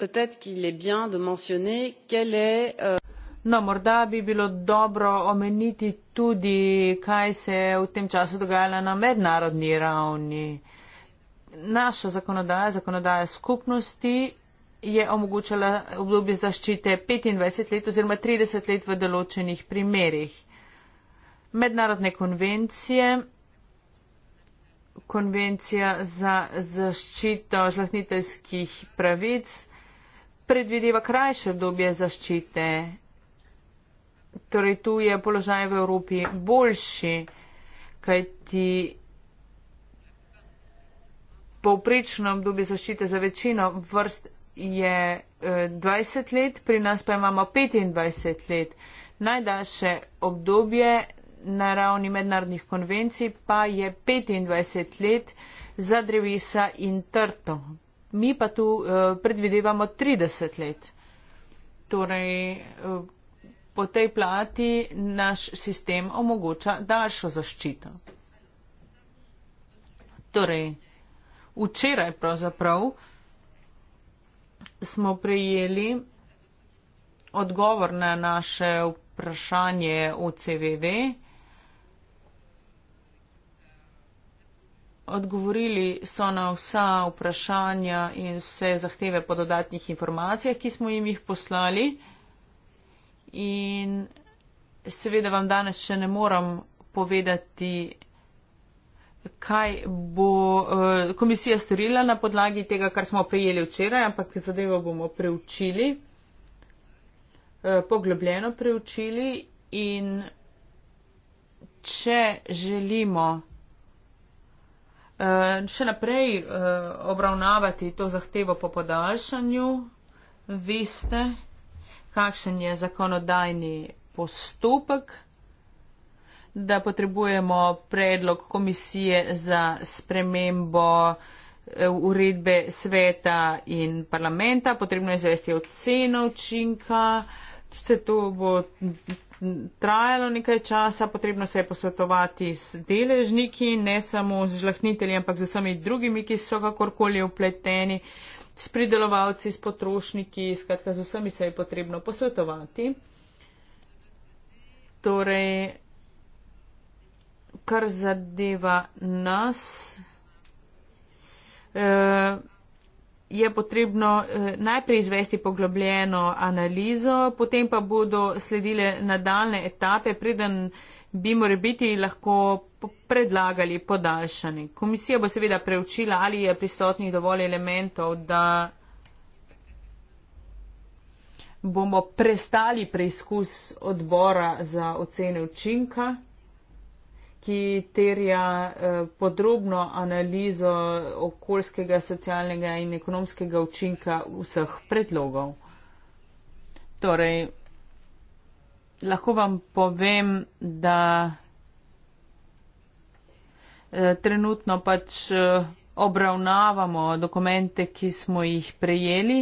[SPEAKER 5] Euh, no, morda bi bilo dobro omeniti tudi, kaj se je v tem času dogajalo na mednarodni ravni. Naša zakonodaja, zakonodaja skupnosti je omogočala obdobje zaščite 25 let oziroma 30 let v določenih primerjih. Mednarodne konvencije, konvencija za zaščito žlahniteljskih pravic, predvideva krajše obdobje zaščite. Torej, tu je položaj v Evropi boljši, kajti povprečno obdobje zaščite za večino vrst je 20 eh, let, pri nas pa imamo 25 let. Najdaljše obdobje na ravni mednarodnih konvencij pa je 25 let za drevesa in trto. Mi pa tu eh, predvidevamo 30 let. Torej, eh, po tej plati naš sistem omogoča daljšo zaščito. Torej, včeraj pravzaprav smo prejeli odgovor na naše vprašanje v CVV. Odgovorili so na vsa vprašanja in vse zahteve po dodatnih informacijah, ki smo jim jih poslali. In seveda vam danes še ne moram povedati kaj bo eh, komisija storila na podlagi tega, kar smo prejeli včeraj, ampak zadevo bomo preučili, eh, poglobljeno preučili in če želimo eh, še naprej obravnavati to zahtevo po podaljšanju, veste, kakšen je zakonodajni postopek da potrebujemo predlog komisije za spremembo eh, uredbe sveta in parlamenta. Potrebno je zvesti oceno učinka. Vse to bo trajalo nekaj časa, potrebno se je posvetovati s deležniki, ne samo z žlahnitelji, ampak z vsemi drugimi, ki so kakorkoli upleteni, s pridelovalci, s potrošniki, skratka z vsemi se je potrebno posvetovati. Torej, kar zadeva nas, eh, je potrebno eh, najprej izvesti poglobljeno analizo, potem pa bodo sledile nadaljne etape, preden bi more biti lahko predlagali podaljšani. Komisija bo seveda preučila, ali je prisotnih dovolj elementov, da bomo prestali preizkus odbora za ocene učinka ki terja eh, podrobno analizo okoljskega, socialnega in ekonomskega učinka vseh predlogov. Torej, lahko vam povem, da eh, trenutno pač eh, obravnavamo dokumente, ki smo jih prejeli.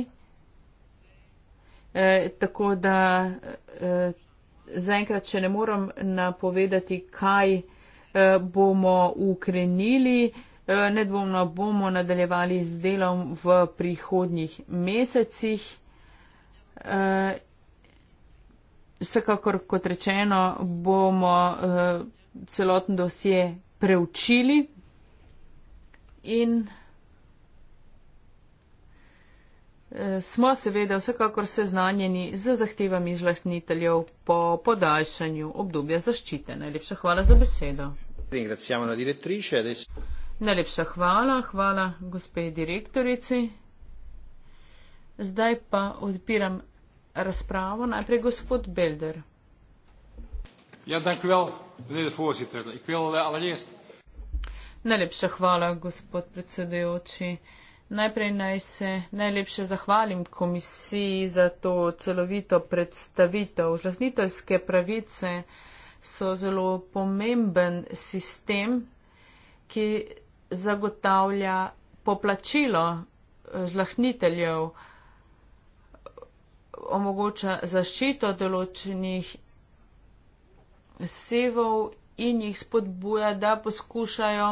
[SPEAKER 5] E, tako da e, zaenkrat še ne moram napovedati, kaj Eh, bomo ukrenili. Eh, nedvomno bomo nadaljevali z delom v prihodnjih mesecih. Eh, vsekakor, kot rečeno, bomo celoten dosje preučili in Eh, smo seveda vsekakor seznanjeni z zahtevami žlahtniteljev po podaljšanju obdobja zaščite. Najlepša hvala za besedo. Najlepša hvala, hvala gospe direktorici. Zdaj pa odpiram razpravo. Najprej gospod Belder. Ja, eh, Najlepša hvala, gospod predsedujoči. Najprej naj se najlepše zahvalim komisiji za to celovito predstavitev. Žlahniteljske pravice so zelo pomemben sistem, ki zagotavlja poplačilo eh, žlahniteljev, omogoča zaščito določenih sevov in jih spodbuja, da poskušajo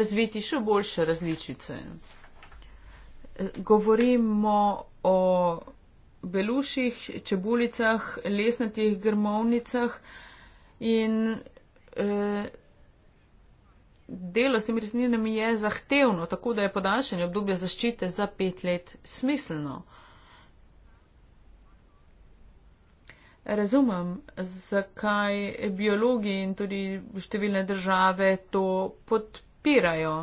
[SPEAKER 5] razviti še boljše različice govorimo o belušjih, čebulicah, lesnatih grmovnicah in eh, delo s temi resninami je zahtevno, tako da je podaljšanje obdobja zaščite za pet let smiselno. Razumem, zakaj biologi in tudi številne države to podpirajo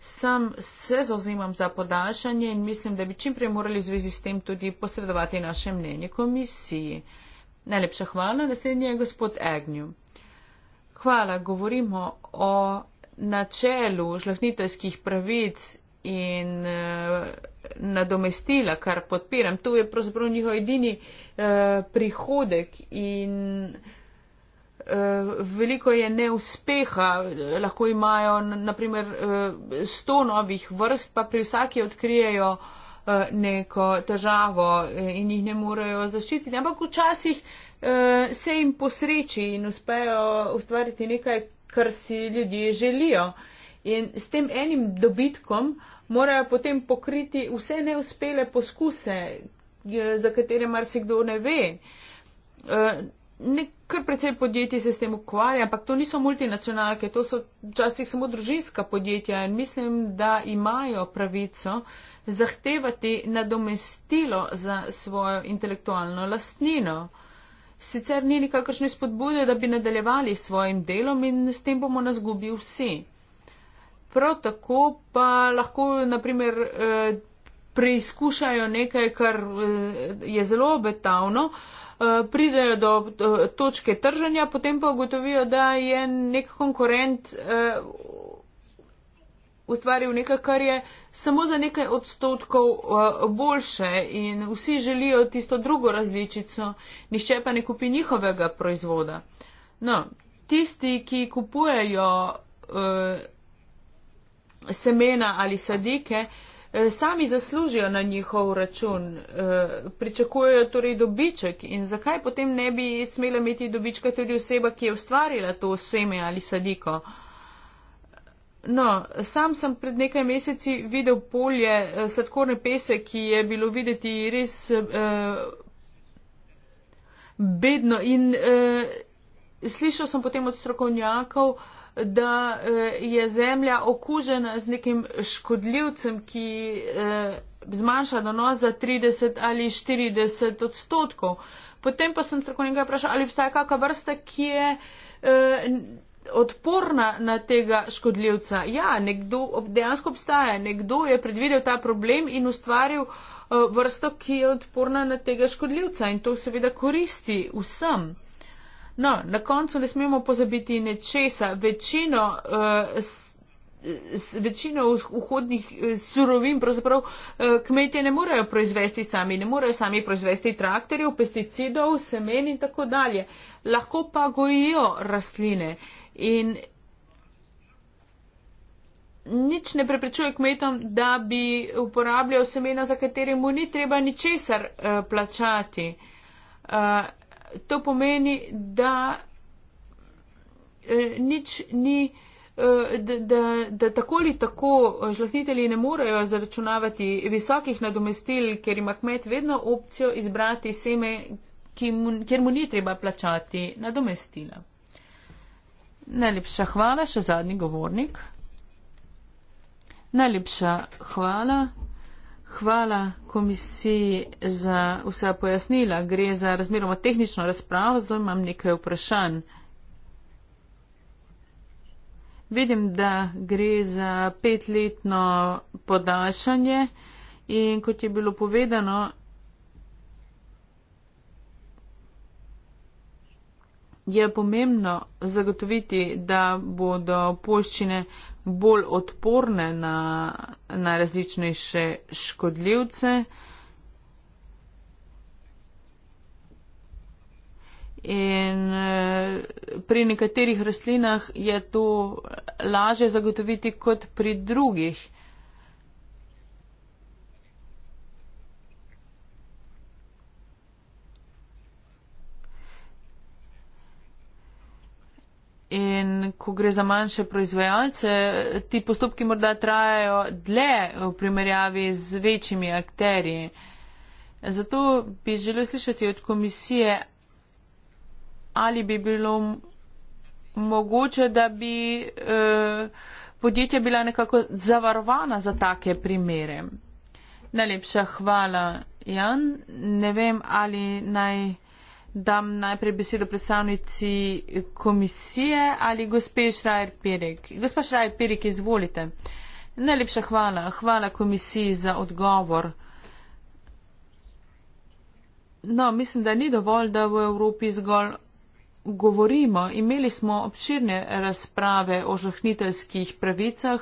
[SPEAKER 5] sam se zauzemam za podaljšanje in mislim, da bi čim prej morali v zvezi s tem tudi posredovati naše mnenje komisiji. Najlepša hvala, naslednji je gospod Agnew. Hvala, govorimo o načelu žlahniteljskih pravic in e, nadomestila, kar podpiram. To je pravzaprav njihov edini e, prihodek in Eh, veliko je neuspeha, lahko imajo naprimer 100 eh, novih vrst, pa pri vsaki odkrijejo eh, neko težavo in jih ne morejo zaščititi. Ampak včasih se jim posreči in uspejo ustvariti nekaj, kar si ljudje želijo. In s tem enim dobitkom morajo potem pokriti vse neuspele poskuse, za katere marsikdo ne ve. Kar precej podjetij se s tem ukvarja, ampak to niso multinacionalke, to so včasih samo družinska podjetja in mislim, da imajo pravico zahtevati nadomestilo za svojo intelektualno lastnino. Sicer ni nikakršne spodbude, da bi nadaljevali s svojim delom in s tem bomo nas gubili vsi. Prav tako pa lahko, naprimer, eh, preizkušajo nekaj, kar eh, je zelo obetavno. Eh, pridejo do točke trženja, potem pa ugotovijo, da je nek konkurent eh, ustvaril nekaj, kar je samo za nekaj odstotkov eh, boljše in vsi želijo tisto drugo različico, nihče pa ne kupi njihovega proizvoda. No, tisti, ki kupujejo semena ali sadike, uh, Eh, sami zaslužijo na njihov račun, eh, pričakujejo torej dobiček in zakaj potem ne bi smela imeti dobička tudi oseba, ki je ustvarila to seme ali sadiko. No, sam sem pred nekaj meseci videl polje eh, sladkorne pese, ki je bilo videti res eh, bedno in eh, slišal sem potem od strokovnjakov, eh, da eh, je zemlja okužena z nekim škodljivcem, ki eh, zmanjša donos za 30 ali 40 odstotkov. Potem pa sem strokovnjaka vprašal, ali obstaja kakšna vrsta, ki je eh, odporna na tega škodljivca. Ja, nekdo dejansko obstaja, nekdo je predvidel ta problem in ustvaril vrsto, ki je odporna na tega škodljivca in to seveda koristi vsem. No, na koncu ne smemo pozabiti nečesa. Večino, uh, s, s, večino vhodnih eh, surovin pravzaprav uh, kmetje ne morejo proizvesti sami, ne morejo sami proizvesti traktorjev, pesticidov, semen in tako dalje. Lahko pa gojijo rastline. In nič ne preprečuje kmetom, da bi uporabljal semena, za katere mu ni treba ničesar uh, plačati. Uh, to pomeni, da eh, nič ni, eh, da, da, da tako ali tako žlahtitelji ne morejo zaračunavati visokih nadomestil, ker ima kmet vedno opcijo izbrati seme, mu, kjer mu ni treba plačati nadomestila. Najlepša hvala, še zadnji govornik. Najlepša hvala. Hvala komisiji za vsa pojasnila. Gre za razmeroma tehnično razpravo, zdaj imam nekaj vprašanj. Vidim, da gre za petletno podaljšanje in kot je bilo povedano, je pomembno zagotoviti, da bodo poščine bolj odporne na, na različnejše škodljivce. In eh, pri nekaterih rastlinah je to lažje zagotoviti kot pri drugih. In ko gre za manjše proizvajalce, ti postopki morda trajajo dlje v primerjavi z večjimi akterji. Zato bi želel slišati od komisije, ali bi bilo mogoče, da bi eh, podjetja bila nekako zavarovana za take primere. Najlepša hvala, Jan. Ne vem, ali naj dam najprej besedo predstavnici komisije ali gospe Šrajer Perek. Gospa Šrajer Perek, izvolite. Najlepša hvala. Hvala komisiji za odgovor. No, mislim, da ni dovolj, da v Evropi zgolj govorimo. Imeli smo obširne razprave o žahniteljskih pravicah.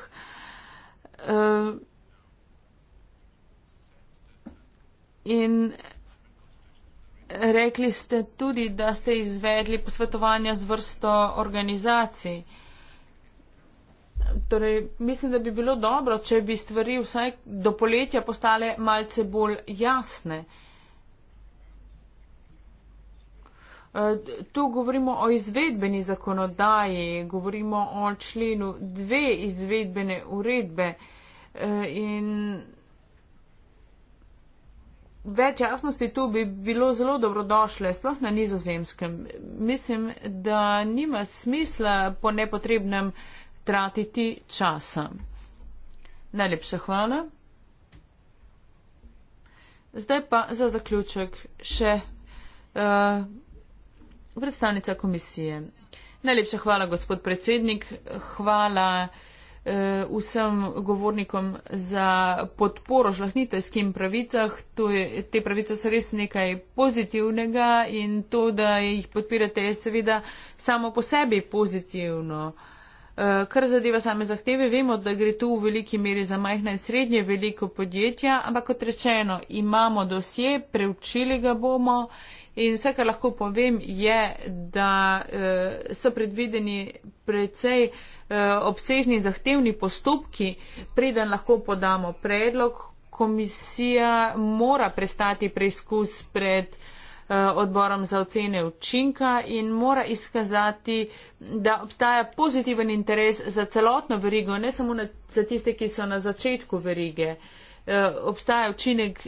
[SPEAKER 5] Eh, in rekli ste tudi, da ste izvedli posvetovanja z vrsto organizacij. Torej, mislim, da bi bilo dobro, če bi stvari vsaj do poletja postale malce bolj jasne. Tu govorimo o izvedbeni zakonodaji, govorimo o členu dve izvedbene uredbe eh, in več jasnosti tu bi bilo zelo dobrodošle, sploh na nizozemskem. Mislim, da nima smisla po nepotrebnem tratiti časa. Najlepša hvala. Zdaj pa za zaključek še uh, predstavnica komisije. Najlepša hvala, gospod predsednik. Hvala eh, vsem govornikom za podporo žlahniteljskim pravicah. Je, te pravice so res nekaj pozitivnega in to, da jih podpirate, je seveda samo po sebi pozitivno. Eh, kar zadeva same zahteve, vemo, da gre tu v veliki meri za majhna in srednje veliko podjetja, ampak kot rečeno, imamo dosje, preučili ga bomo. In vse, kar lahko povem, je, da e, so predvideni precej Eh, obsežni zahtevni postopki, preden lahko podamo predlog. Komisija mora prestati preizkus pred eh, odborom za ocene učinka in mora izkazati, da obstaja pozitiven interes za celotno verigo, ne samo za tiste, ki so na začetku verige. Eh, obstaja učinek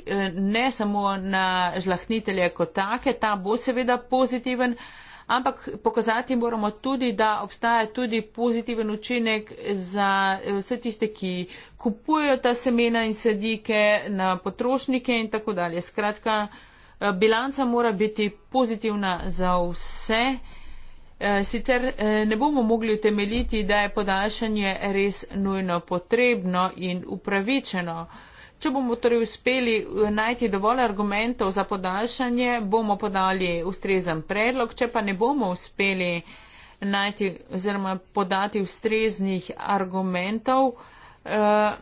[SPEAKER 5] ne samo na žlahnitelje kot take, ta bo seveda pozitiven, ampak pokazati moramo tudi, da obstaja tudi pozitiven učinek za eh, vse tiste, ki kupujo ta semena in sadike na potrošnike in tako dalje. Skratka, eh, bilanca mora biti pozitivna za vse. Eh, sicer ne bomo mogli utemeljiti, da je podaljšanje res nujno potrebno in upravičeno. Če bomo torej uspeli eh, najti dovolj argumentov za podaljšanje, bomo podali ustrezen predlog. Če pa ne bomo uspeli najti oziroma podati ustreznih argumentov, eh,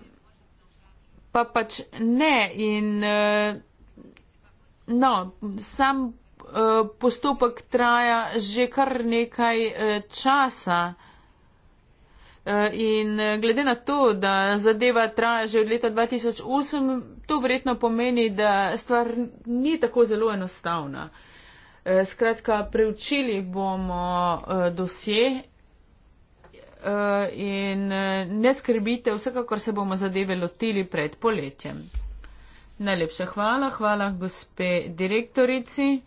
[SPEAKER 5] pa pač ne. In, eh, no, sam postopek traja že kar nekaj časa. Eh, in eh, glede na to, da zadeva traja že od leta 2008, to verjetno pomeni, da stvar ni tako zelo enostavna. Eh, skratka, preučili bomo dosje in ne skrbite, vsekakor se bomo zadeve lotili pred poletjem. Najlepša hvala, hvala gospe direktorici.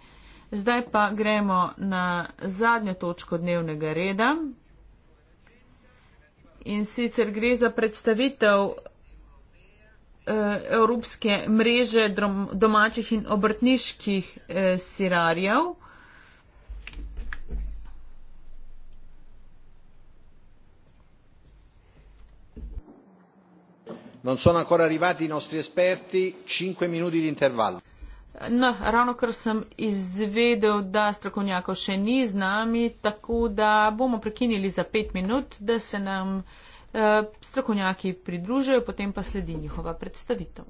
[SPEAKER 5] Zdaj pa gremo na zadnjo točko dnevnega reda in sicer gre za predstavitev eh, Evropske mreže domačih in obrtniških eh, sirarjev.
[SPEAKER 1] Non sono ancora arrivati i nostri esperti, 5 minuti di intervallo.
[SPEAKER 5] No, ravno kar sem izvedel, da strokovnjakov še ni z nami, tako da bomo prekinili za pet minut, da se nam eh, strokovnjaki pridružijo, potem pa sledi njihova predstavitev.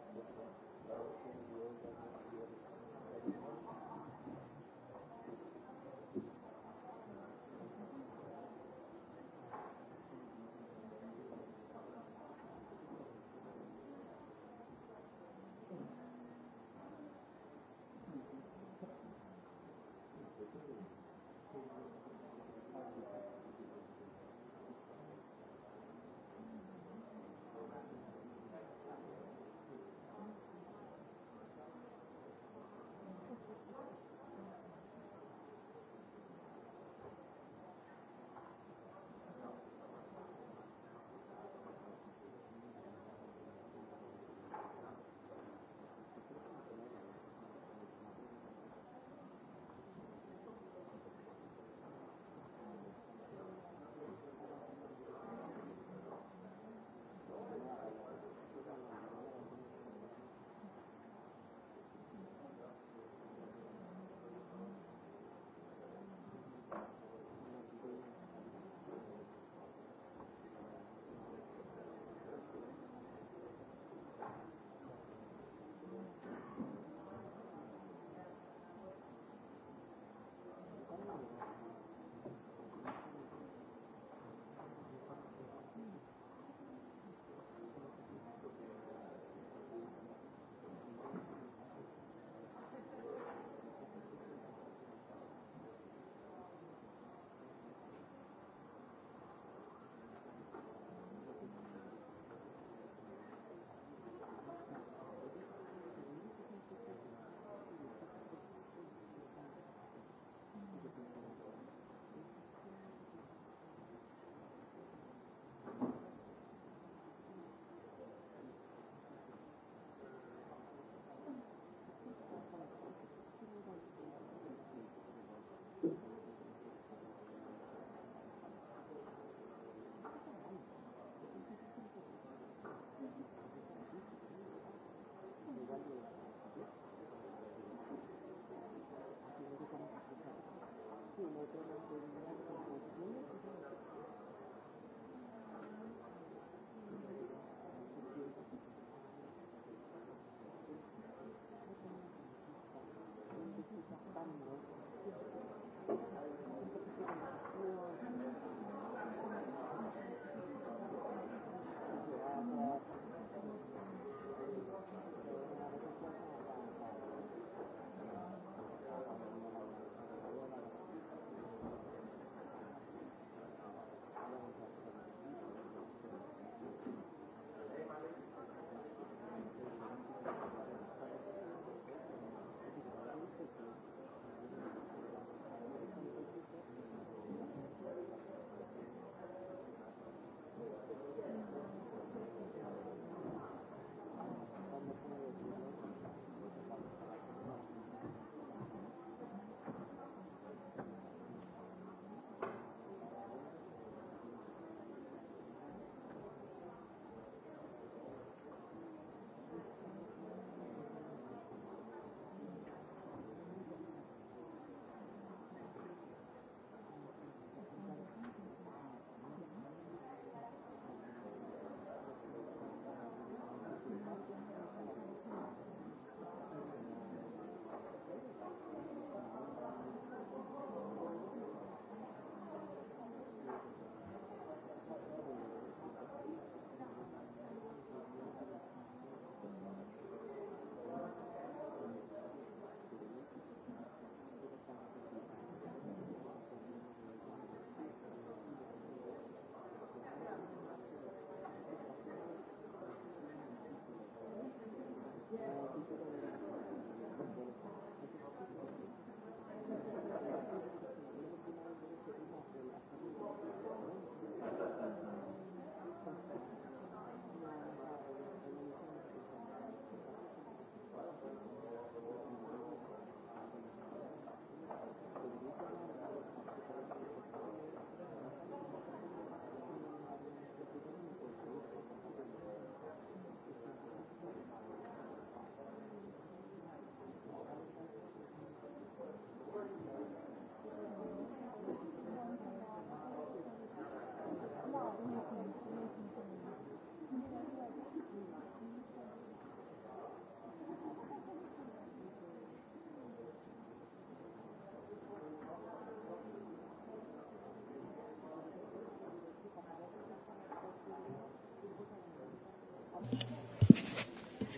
[SPEAKER 3] Thank you.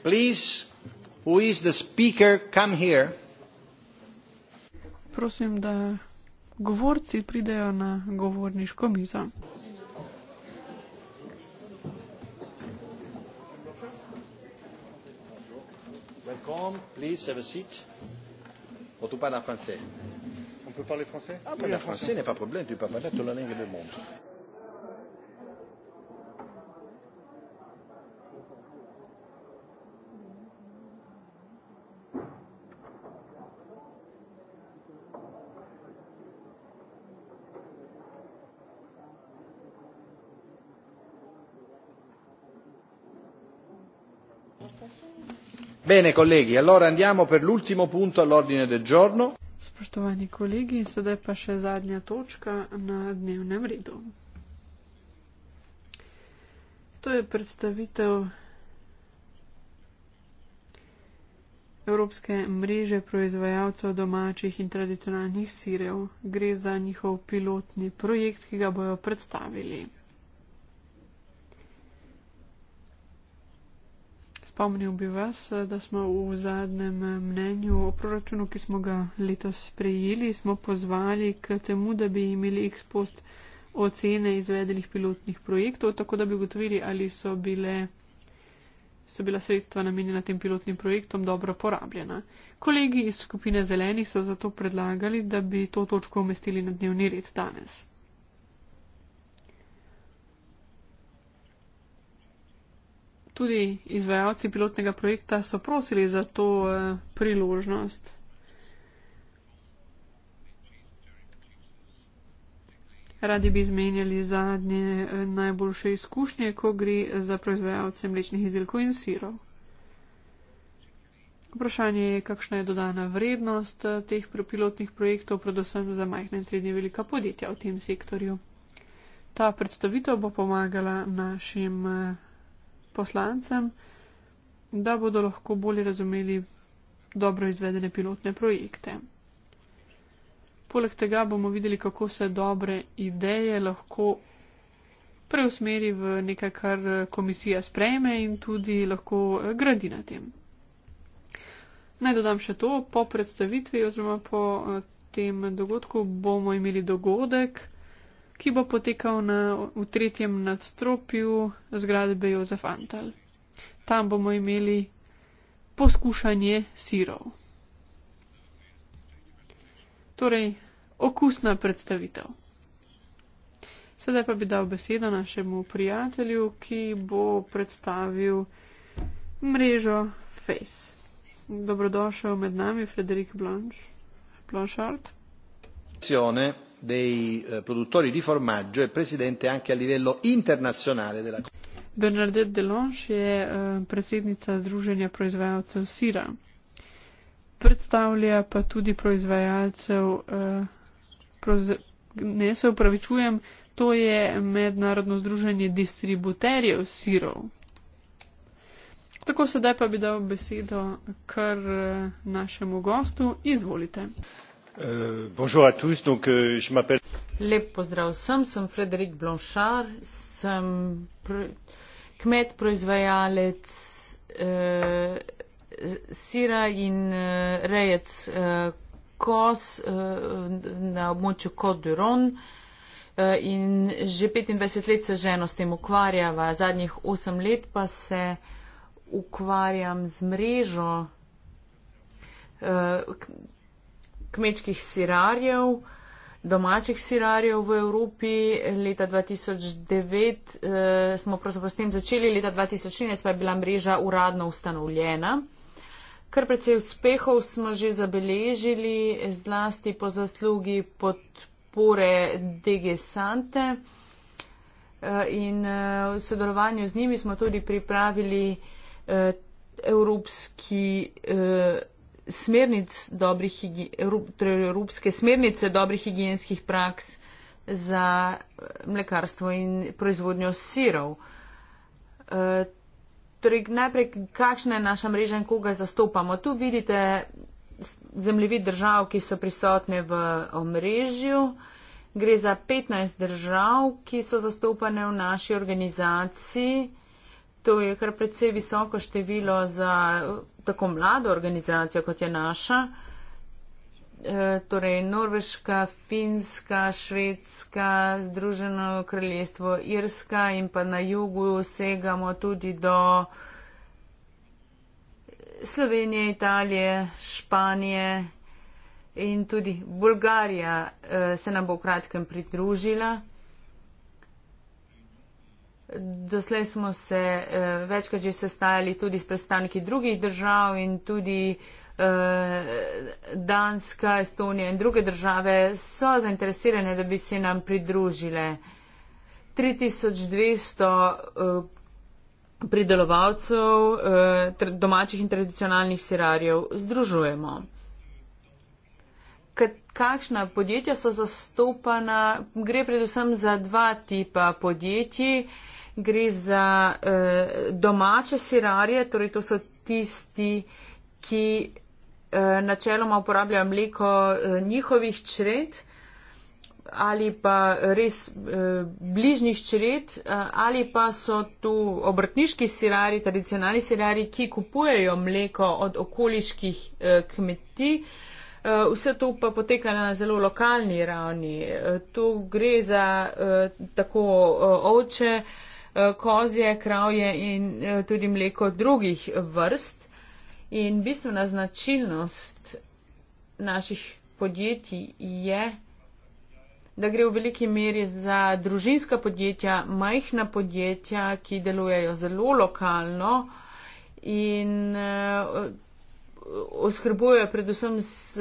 [SPEAKER 1] please, who is the speaker, come here.
[SPEAKER 2] Prosim, da govorci pridejo na govorniško mizo.
[SPEAKER 1] Welcome, please have a seat. Oh, tu parles français. On peut parler français? Ah, parler oui, français n'est pas un problème, tu peux parler toute la langue du monde. Bene, colleghi, allora andiamo per l'ultimo punto all'ordine del giorno.
[SPEAKER 2] Spoštovani kolegi, sedaj pa še zadnja točka na dnevnem redu. To je predstavitev Evropske mreže proizvajalcev domačih in tradicionalnih sirev. Gre za njihov pilotni projekt, ki ga bojo predstavili. Spomnil bi vas, da smo v zadnjem mnenju o proračunu, ki smo ga letos sprejeli, smo pozvali k temu, da bi imeli ekspost ocene izvedenih pilotnih projektov, tako da bi ugotovili, ali so, bile, so bila sredstva namenjena tem pilotnim projektom dobro porabljena. Kolegi iz skupine zelenih so zato predlagali, da bi to točko umestili na dnevni red danes. tudi izvajalci pilotnega projekta so prosili za to eh, priložnost. Radi bi izmenjali zadnje eh, najboljše izkušnje, ko gre za proizvajalce mlečnih izdelkov in sirov. Vprašanje je, kakšna je dodana vrednost eh, teh pilotnih projektov, predvsem za majhne in srednje velika podjetja v tem sektorju. Ta predstavitev bo pomagala našim. Eh, poslancem, da bodo lahko bolje razumeli dobro izvedene pilotne projekte. Poleg tega bomo videli, kako se dobre ideje lahko preusmeri v nekaj, kar komisija sprejme in tudi lahko gradi na tem. Naj dodam še to, po predstavitvi oziroma po eh, tem dogodku bomo imeli dogodek, ki bo potekal na, v tretjem nadstropju zgradbe Jozef Antal. Tam bomo imeli poskušanje sirov. Torej, okusna predstavitev. Sedaj pa bi dal besedo našemu prijatelju, ki bo predstavil mrežo Face. Dobrodošel med nami, Frederik Blanchard
[SPEAKER 1] dei eh, produttori di formaggio e presidente anche a livello internazionale della
[SPEAKER 2] Bernadette Delonge je eh, predsednica Združenja proizvajalcev sira. Predstavlja pa tudi proizvajalcev, eh, ne se upravičujem, to je mednarodno združenje distributerjev sirov. Tako sedaj pa bi dal besedo kar našemu gostu. Izvolite.
[SPEAKER 1] Euh, euh,
[SPEAKER 5] Lep pozdrav vsem, sem Frederik Blanchard, sem kmet, proizvajalec eh, sira in eh, rejec eh, kos eh, na območju Koduron eh, in že 25 let se ženo s tem ukvarjava, zadnjih 8 let pa se ukvarjam z mrežo. Eh, kmečkih sirarjev, domačih sirarjev v Evropi. Leta 2009 eh, smo pravzaprav s tem začeli, leta 2013 pa je bila mreža uradno ustanovljena. Kar precej uspehov smo že zabeležili, zlasti po zaslugi podpore DG Sante. Eh, in eh, v sodelovanju z njimi smo tudi pripravili eh, evropski smernic dobrih, torej evropske smernice dobrih higijenskih praks za eh, mlekarstvo in proizvodnjo sirov. Eh, torej, najprej, kakšna je naša mreža in koga zastopamo? Tu vidite zemljevid držav, ki so prisotne v omrežju. Gre za 15 držav, ki so zastopane v naši organizaciji. To je kar precej visoko število za tako mlado organizacijo, kot je naša, eh, torej Norveška, Finska, Švedska, Združeno kraljestvo, Irska in pa na jugu segamo tudi do Slovenije, Italije, Španije in tudi Bolgarija eh, se nam bo v kratkem pridružila doslej smo se uh, večkrat že sestajali tudi s predstavniki drugih držav in tudi uh, Danska, Estonija in druge države so zainteresirane, da bi se nam pridružile. 3200 uh, eh, pridelovalcev uh, tr domačih in tradicionalnih sirarjev združujemo. Kakšna podjetja so zastopana? Gre predvsem za dva tipa podjetij. Uh, gre za eh, domače sirarje, torej to so tisti, ki eh, načeloma uporabljajo mleko eh, njihovih čred ali pa res eh, bližnjih čred eh, ali pa so tu obrtniški sirari, tradicionalni sirari, ki kupujejo mleko od okoliških eh, kmetij. Eh, vse to pa poteka na zelo lokalni ravni. Eh, tu gre za eh, tako ovče, Eh, kozje, kravje in eh, tudi mleko drugih vrst. In bistvena značilnost naših podjetij je, da gre v veliki meri za družinska podjetja, majhna podjetja, ki delujejo zelo lokalno in eh, oskrbujejo predvsem s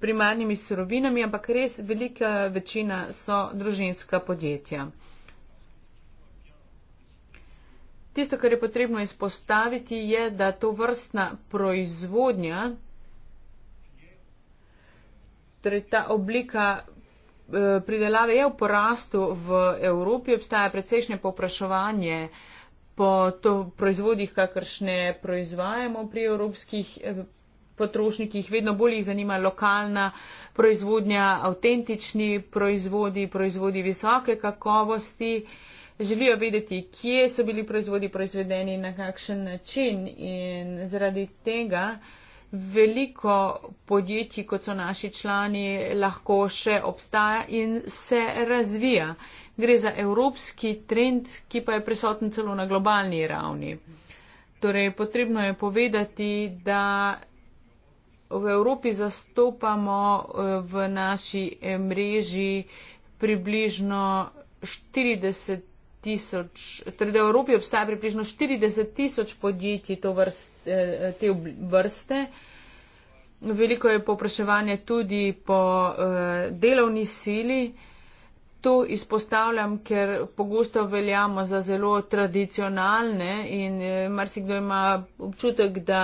[SPEAKER 5] primarnimi surovinami, ampak res velika večina so družinska podjetja. Tisto, kar je potrebno izpostaviti, je, da to vrstna proizvodnja, torej ta oblika eh, pridelave je v porastu v Evropi, obstaja precejšnje poprašovanje po to proizvodih, kakršne proizvajamo pri evropskih eh, potrošnikih. Vedno bolj jih zanima lokalna proizvodnja, avtentični proizvodi, proizvodi visoke kakovosti. Uh, želijo vedeti, kje so bili proizvodi proizvedeni in na kakšen način. In zaradi tega veliko podjetij, kot so naši člani, lahko še obstaja in se razvija. Gre za evropski trend, ki pa je prisoten celo na globalni ravni. Torej, potrebno je povedati, da v Evropi zastopamo eh, v naši eh, mreži približno 40 tisoč, torej da v Evropi obstaja približno 40 tisoč podjetij vrst, eh, te vrste. Veliko je popraševanje tudi po uh, delovni sili. To izpostavljam, ker pogosto veljamo za zelo tradicionalne in uh, marsikdo ima občutek, da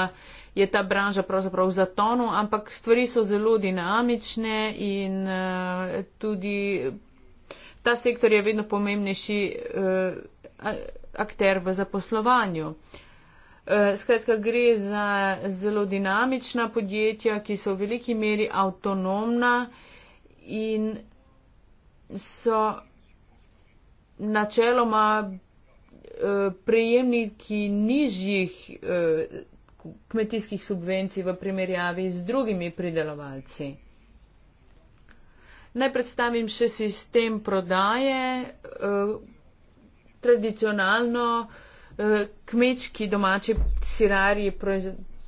[SPEAKER 5] je ta branža pravzaprav v zatonu, ampak stvari so zelo dinamične in uh, tudi ta sektor je vedno pomembnejši uh, akter v zaposlovanju. Eh, skratka, gre za zelo dinamična podjetja, ki so v veliki meri avtonomna in so načeloma eh, prejemniki nižjih kmetijskih subvencij v primerjavi z drugimi pridelovalci. Naj predstavim še sistem prodaje. Eh, tradicionalno eh, kmečki domači sirarji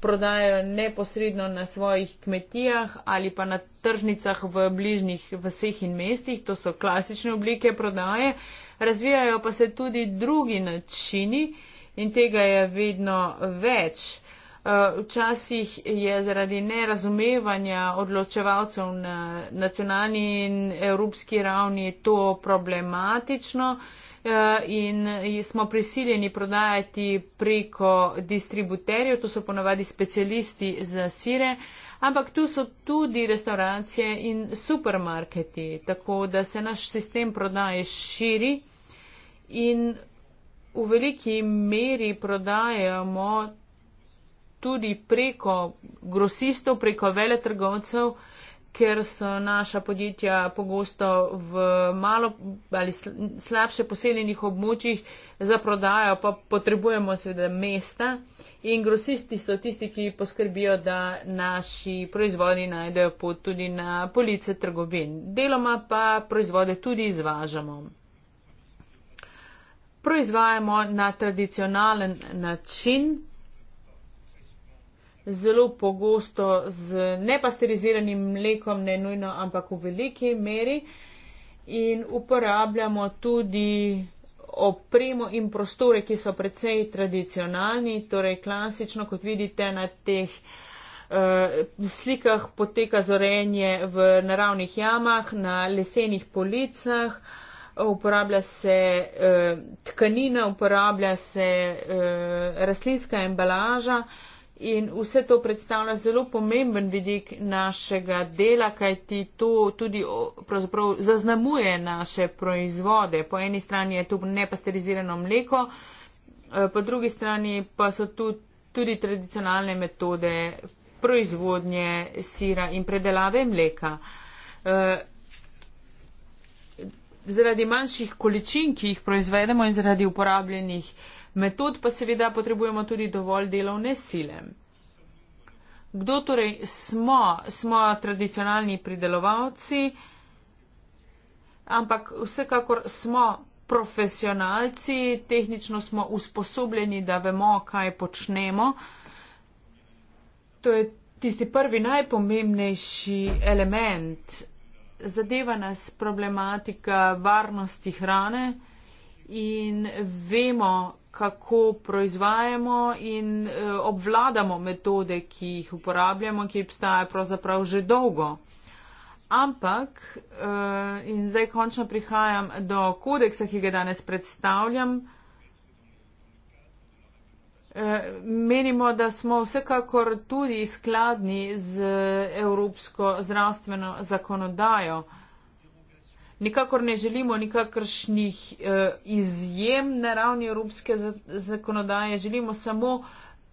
[SPEAKER 5] prodajajo neposredno na svojih kmetijah ali pa na tržnicah v bližnjih vseh in mestih. To so klasične oblike prodaje. Razvijajo pa se tudi drugi načini in tega je vedno več. Eh, včasih je zaradi nerazumevanja odločevalcev na nacionalni in evropski ravni to problematično eh, in smo prisiljeni prodajati preko distributerjev, to so ponavadi specialisti za sire, ampak tu so tudi restauracije in supermarketi, tako da se naš sistem prodaje širi in v veliki meri prodajamo tudi preko grosistov, preko veletrgovcev, ker so naša podjetja pogosto v malo ali slabše poseljenih območjih za prodajo, pa potrebujemo seveda mesta in grosisti so tisti, ki poskrbijo, da naši proizvodi najdejo pot tudi na police trgovin. Deloma pa proizvode tudi izvažamo. Proizvajamo na tradicionalen način, zelo pogosto z nepasteriziranim mlekom, ne nujno, ampak v veliki meri. In uporabljamo tudi opremo in prostore, ki so precej tradicionalni, torej klasično, kot vidite na teh uh, slikah, poteka zorenje v naravnih jamah, na lesenih policah, uporablja se uh, tkanina, uporablja se uh, rastlinska embalaža. Uh, In vse to predstavlja zelo pomemben vidik našega dela, kajti to tudi zaznamuje naše proizvode. Po eni strani je to nepasterizirano mleko, eh, po drugi strani pa so tu tudi tradicionalne metode proizvodnje sira in predelave mleka. Eh, zaradi manjših količin, ki jih proizvedemo in zaradi uporabljenih metod pa seveda potrebujemo tudi dovolj delovne sile. Kdo torej smo? Smo tradicionalni pridelovalci, ampak vsekakor smo profesionalci, tehnično smo usposobljeni, da vemo, kaj počnemo. To je tisti prvi najpomembnejši element. Zadeva nas problematika varnosti hrane in vemo, kako proizvajamo in eh, obvladamo metode, ki jih uporabljamo, ki obstajajo pravzaprav že dolgo. Ampak, eh, in zdaj končno prihajam do kodeksa, ki ga danes predstavljam, eh, menimo, da smo vsekakor tudi skladni z Evropsko zdravstveno zakonodajo nikakor ne želimo nikakršnih eh, izjem na ravni evropske zakonodaje, želimo samo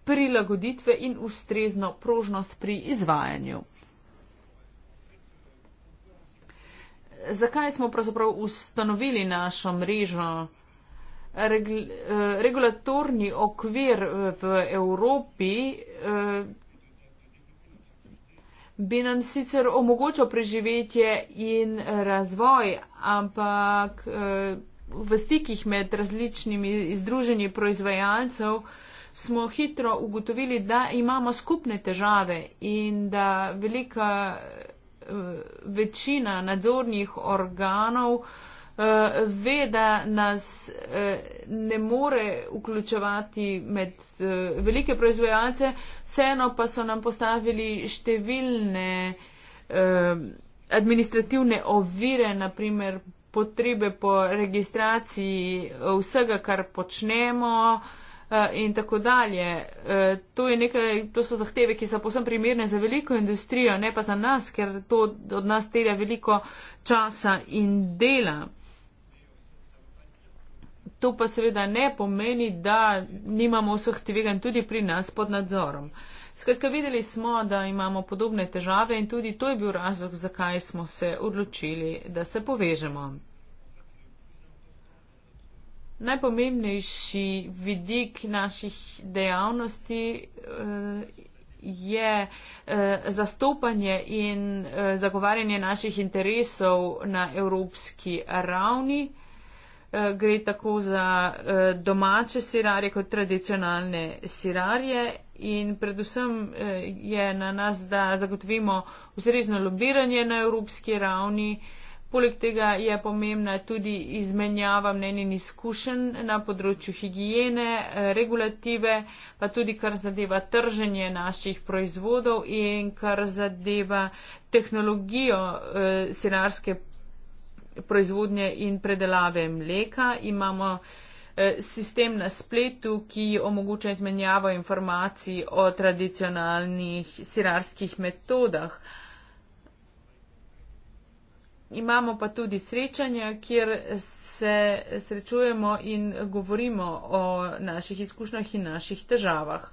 [SPEAKER 5] prilagoditve in ustrezno prožnost pri izvajanju. Zakaj smo pravzaprav ustanovili našo mrežo? Eh, regulatorni okvir eh, v Evropi eh, bi nam sicer omogočal preživetje in eh, razvoj, ampak eh, v stikih med različnimi združenji proizvajalcev smo hitro ugotovili, da imamo skupne težave in da velika eh, večina nadzornih organov uh, uh, ve, da nas uh, ne more vključevati med uh, velike proizvajalce, vseeno pa so nam postavili številne uh, administrativne ovire, naprimer potrebe po registraciji vsega, kar počnemo. In tako dalje. To, nekaj, to so zahteve, ki so posebno primerne za veliko industrijo, ne pa za nas, ker to od nas terja veliko časa in dela. To pa seveda ne pomeni, da nimamo vseh tveganj tudi pri nas pod nadzorom. Skratka, videli smo, da imamo podobne težave in tudi to je bil razlog, zakaj smo se odločili, da se povežemo. Najpomembnejši vidik naših dejavnosti eh, je eh, zastopanje in eh, zagovarjanje naših interesov na evropski ravni. Eh, gre tako za eh, domače sirarje kot tradicionalne sirarje. In predvsem eh, je na nas, da zagotovimo ustrezno lobiranje na evropski ravni. Poleg tega je pomembna tudi izmenjava mnen in izkušenj na področju higijene, regulative, pa tudi kar zadeva trženje naših proizvodov in kar zadeva tehnologijo eh, sinarske proizvodnje in predelave mleka. Imamo eh, sistem na spletu, ki omogoča izmenjavo informacij o tradicionalnih sirarskih metodah. Imamo pa tudi srečanja, kjer se srečujemo in govorimo o naših izkušnjah in naših težavah.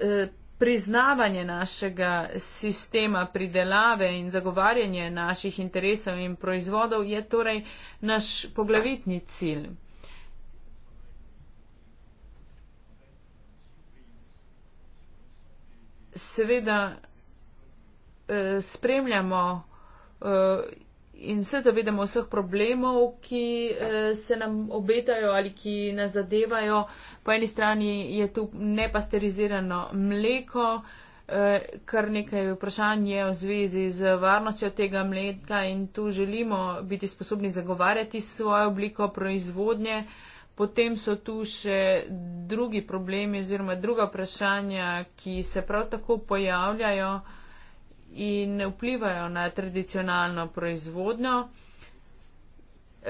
[SPEAKER 5] Eh, priznavanje našega sistema pridelave in zagovarjanje naših interesov in proizvodov je torej naš poglavitni cilj. Seveda eh, spremljamo eh, in se zavedamo vseh problemov, ki eh, se nam obetajo ali ki nas zadevajo. Po eni strani je tu nepasterizirano mleko, eh, kar nekaj vprašanj je v zvezi z varnostjo tega mleka in tu želimo biti sposobni zagovarjati svojo obliko proizvodnje. Potem so tu še drugi problemi oziroma druga vprašanja, ki se prav tako pojavljajo in vplivajo na tradicionalno proizvodnjo.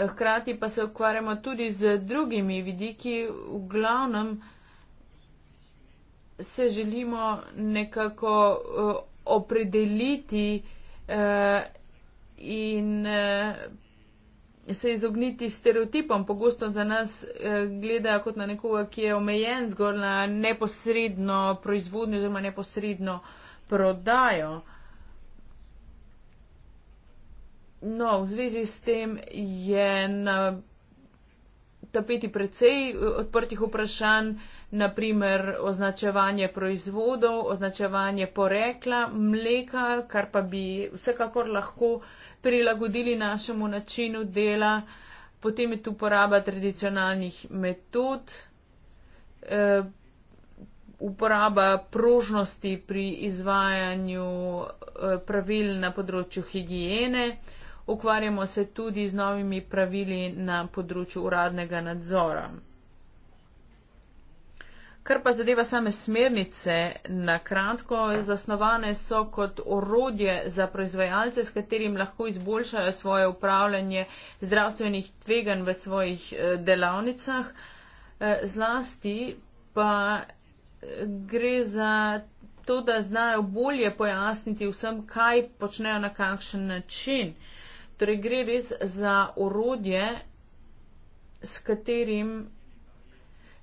[SPEAKER 5] Hkrati pa se ukvarjamo tudi z drugimi vidiki, v glavnem se želimo nekako eh, opredeliti eh, in eh, se izogniti stereotipom. Pogosto za nas gledajo kot na nekoga, ki je omejen zgolj na neposredno proizvodnjo oziroma neposredno prodajo. No, v zvezi s tem je na tapeti precej eh, odprtih vprašanj, naprimer označevanje proizvodov, označevanje porekla mleka, kar pa bi vsekakor lahko prilagodili našemu načinu dela. Potem je tu uporaba tradicionalnih metod, e, uporaba prožnosti pri izvajanju e, pravil na področju higiene. Ukvarjamo se tudi z novimi pravili na področju uradnega nadzora. Kar pa zadeva same smernice, na kratko, zasnovane so kot orodje za proizvajalce, s katerim lahko izboljšajo svoje upravljanje zdravstvenih tvegan v svojih eh, delavnicah. Eh, zlasti pa eh, gre za to, da znajo bolje pojasniti vsem, kaj počnejo na kakšen način. Torej, gre res za orodje, s katerim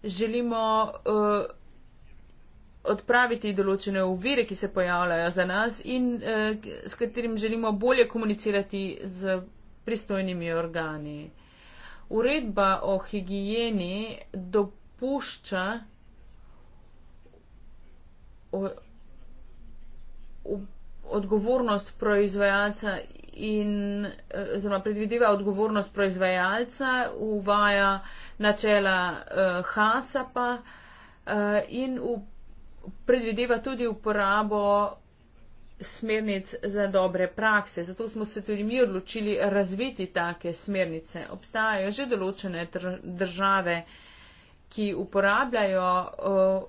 [SPEAKER 5] želimo uh, odpraviti določene uvire, ki se pojavljajo za nas in uh, s katerim želimo bolje komunicirati z pristojnimi organi. Uredba o higijeni dopušča o, o, odgovornost proizvajalca in eh, oziroma predvideva odgovornost proizvajalca, uvaja načela uh, eh, HASAPA uh, eh, in v, predvideva tudi uporabo smernic za dobre prakse. Zato smo se tudi mi odločili razviti take smernice. Obstajajo že določene države, ki uporabljajo uh,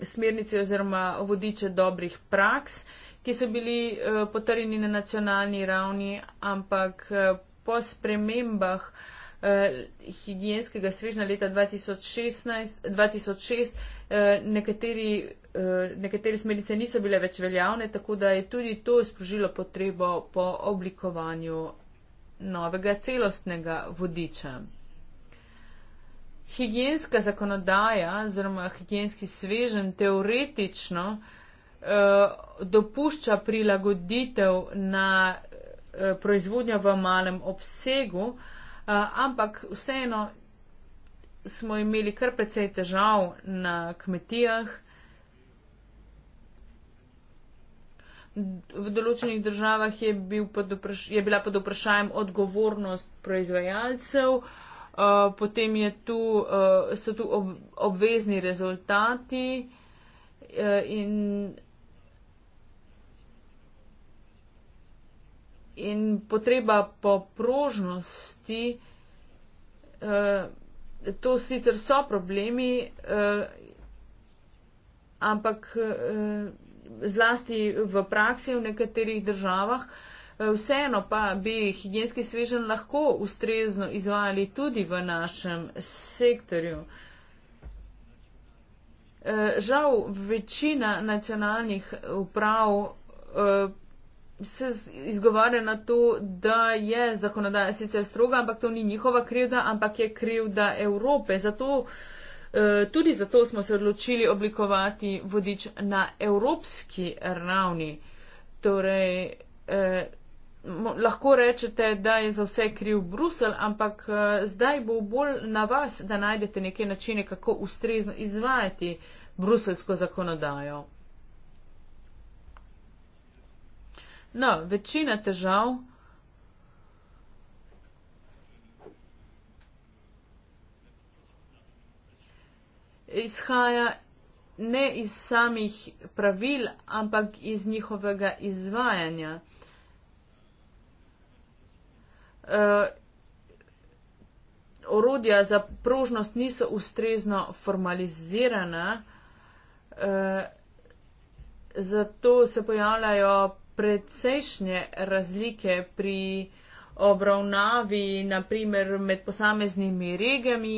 [SPEAKER 5] smernice oziroma vodiče dobrih praks. Uh, ki so bili uh, potrjeni na nacionalni ravni, ampak uh, po spremembah uh, eh, higijenskega svežna leta 2016, 2006 uh, nekateri, uh, nekatere smerice niso bile več veljavne, tako da je tudi to sprožilo potrebo po oblikovanju novega celostnega vodiča. Higijenska zakonodaja oziroma higijenski svežen teoretično uh, Eh, dopušča prilagoditev na eh, proizvodnjo v malem obsegu, eh, ampak vseeno smo imeli kar precej težav na kmetijah. V določenih državah je, bil pod je bila pod vprašanjem odgovornost proizvajalcev, potem je tu, so tu obvezni rezultati in in potreba po prožnosti, eh, to sicer so problemi, eh, ampak eh, zlasti v praksi v nekaterih državah, vseeno pa bi higijenski svežen lahko ustrezno izvajali tudi v našem sektorju. Žal, večina nacionalnih uprav se izgovarja na to, da je zakonodaja sicer stroga, ampak to ni njihova krivda, ampak je krivda Evrope. Zato, eh, tudi zato smo se odločili oblikovati vodič na evropski ravni. Torej, eh, lahko rečete, da je za vse kriv Brusel, ampak eh, zdaj bo bolj na vas, da najdete neke načine, kako ustrezno izvajati bruselsko zakonodajo. No, večina težav. Izhaja ne iz samih pravil, ampak iz njihovega izvajanja. E, orodja za prožnost niso ustrezno formalizirana, e, zato se pojavljajo precejšnje razlike pri obravnavi, naprimer, med posameznimi regijami,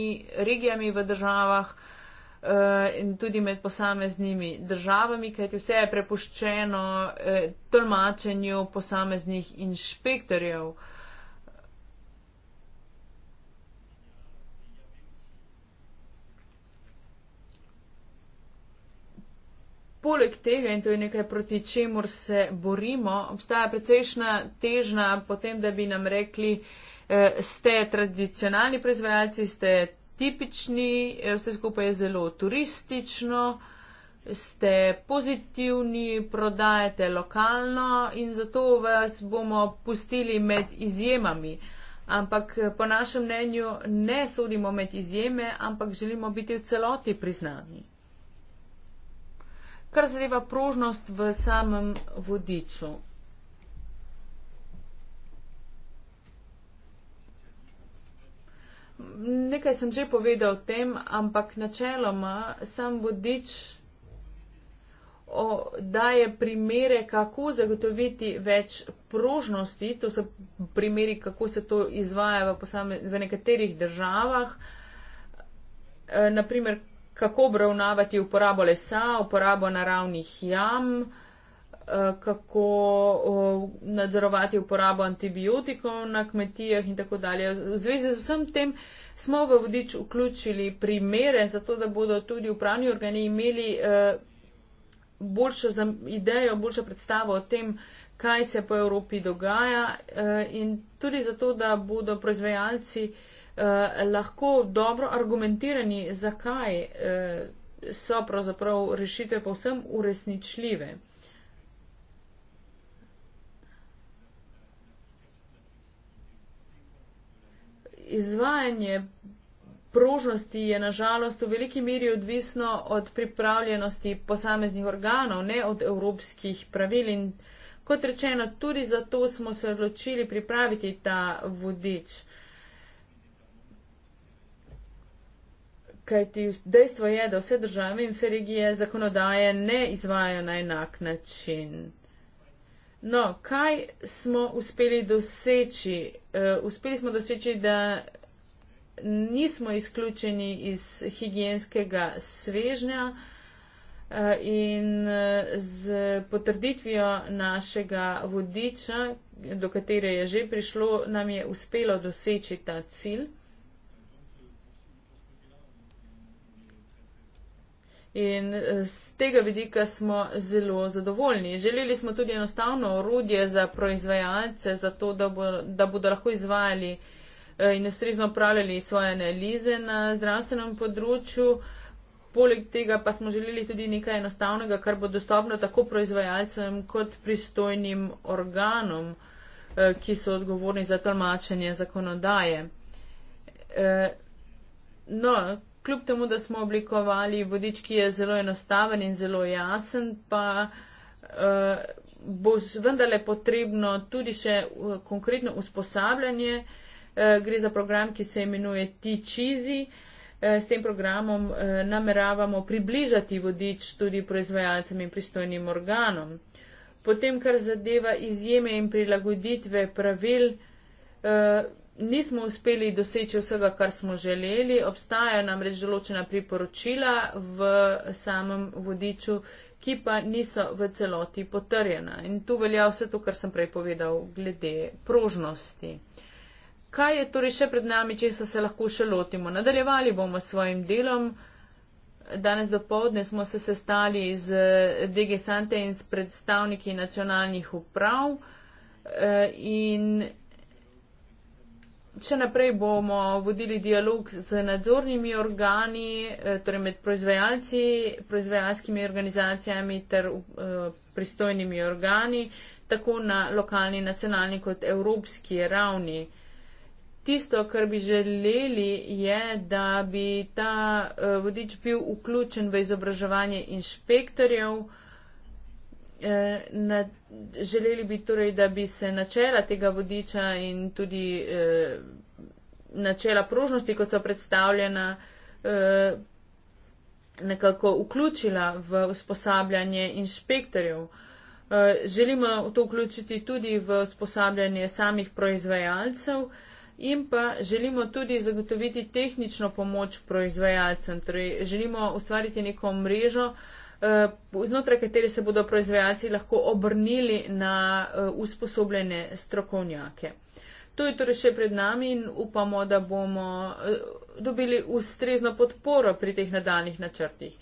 [SPEAKER 5] regijami v državah eh, in tudi med posameznimi državami, kajti vse je prepuščeno eh, tolmačenju posameznih inšpektorjev. poleg tega, in to je nekaj, proti čemur se borimo, obstaja precejšna težnja potem, da bi nam rekli, eh, ste tradicionalni proizvajalci, ste tipični, eh, vse skupaj je zelo turistično, ste pozitivni, prodajate lokalno in zato vas bomo pustili med izjemami. Ampak eh, po našem mnenju ne sodimo med izjeme, ampak želimo biti v celoti priznani kar zadeva prožnost v samem vodiču. Nekaj sem že povedal o tem, ampak načeloma sam vodič daje primere, kako zagotoviti več prožnosti. To so primeri, kako se to izvaja v, posame, v nekaterih državah. E, naprimer, kako obravnavati uporabo lesa, uporabo naravnih jam, eh, kako eh, nadzorovati uporabo antibiotikov na kmetijah in tako dalje. V zvezi z vsem tem smo v vodič vključili primere, zato da bodo tudi upravni organi imeli eh, boljšo idejo, boljšo predstavo o tem, kaj se po Evropi dogaja in tudi zato, da bodo proizvajalci uh, Eh, lahko dobro argumentirani, zakaj uh, so pravzaprav rešitve povsem uresničljive. Izvajanje prožnosti je nažalost v veliki meri odvisno od pripravljenosti posameznih organov, ne od evropskih pravil in kot rečeno, tudi zato smo se odločili pripraviti ta vodič. Uh, kajti dejstvo je, da vse države in vse regije zakonodaje ne izvajajo na enak način. No, kaj smo uspeli doseči? Uh, uspeli smo doseči, da nismo izključeni iz higijenskega svežnja uh, in eh, z potrditvijo našega vodiča, do katere je že prišlo, nam je uspelo doseči ta cilj. In z eh, tega vidika smo zelo zadovoljni. Želeli smo tudi enostavno orodje za proizvajalce, za to, da, bo, da bodo lahko izvajali eh, in ustrezno upravljali svoje analize na zdravstvenem področju. Poleg tega pa smo želeli tudi nekaj enostavnega, kar bo dostopno tako proizvajalcem kot pristojnim organom, eh, ki so odgovorni za tolmačenje zakonodaje. No, kljub temu, da smo oblikovali vodič, ki je zelo enostaven in zelo jasen, pa eh, bo vendarle potrebno tudi še eh, konkretno usposabljanje. Eh, gre za program, ki se imenuje T-Cheesy. S tem programom nameravamo približati vodič tudi proizvajalcem in pristojnim organom. Potem, kar zadeva izjeme in prilagoditve pravil, nismo uspeli doseči vsega, kar smo želeli. Obstajajo namreč določena priporočila v samem vodiču, ki pa niso v celoti potrjena. In tu velja vse to, kar sem prej povedal glede prožnosti. Kaj je torej še pred nami, če se lahko še lotimo? Nadaljevali bomo s svojim delom. Danes do povdne smo se sestali z DG Sante in s predstavniki nacionalnih uprav. Eh, in Če naprej bomo vodili dialog z nadzornimi organi, eh, torej med proizvajalci, proizvajalskimi organizacijami ter uh, pristojnimi organi, tako na lokalni, nacionalni kot evropski ravni. Tisto, kar bi želeli, je, da bi ta uh, vodič bil vključen v izobraževanje inšpektorjev. Uh, želeli bi torej, da bi se načela tega vodiča in tudi eh, načela prožnosti, kot so predstavljena, eh, nekako vključila v usposabljanje inšpektorjev. Eh, želimo to vključiti tudi v usposabljanje samih proizvajalcev. In pa želimo tudi zagotoviti tehnično pomoč proizvajalcem, torej želimo ustvariti neko mrežo, uh, Eh, znotraj katere se bodo proizvajalci lahko obrnili na eh, usposobljene strokovnjake. To je torej še pred nami in upamo, da bomo eh, dobili ustrezno podporo pri teh nadaljnih načrtih.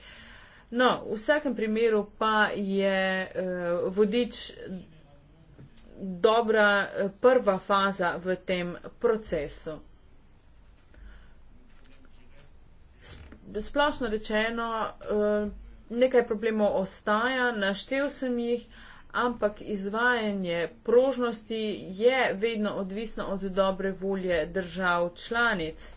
[SPEAKER 5] No, v vsakem primeru pa je vodič dobra prva faza v tem procesu. Splošno rečeno, nekaj problemov ostaja, naštel sem jih, ampak izvajanje prožnosti je vedno odvisno od dobre volje držav članic.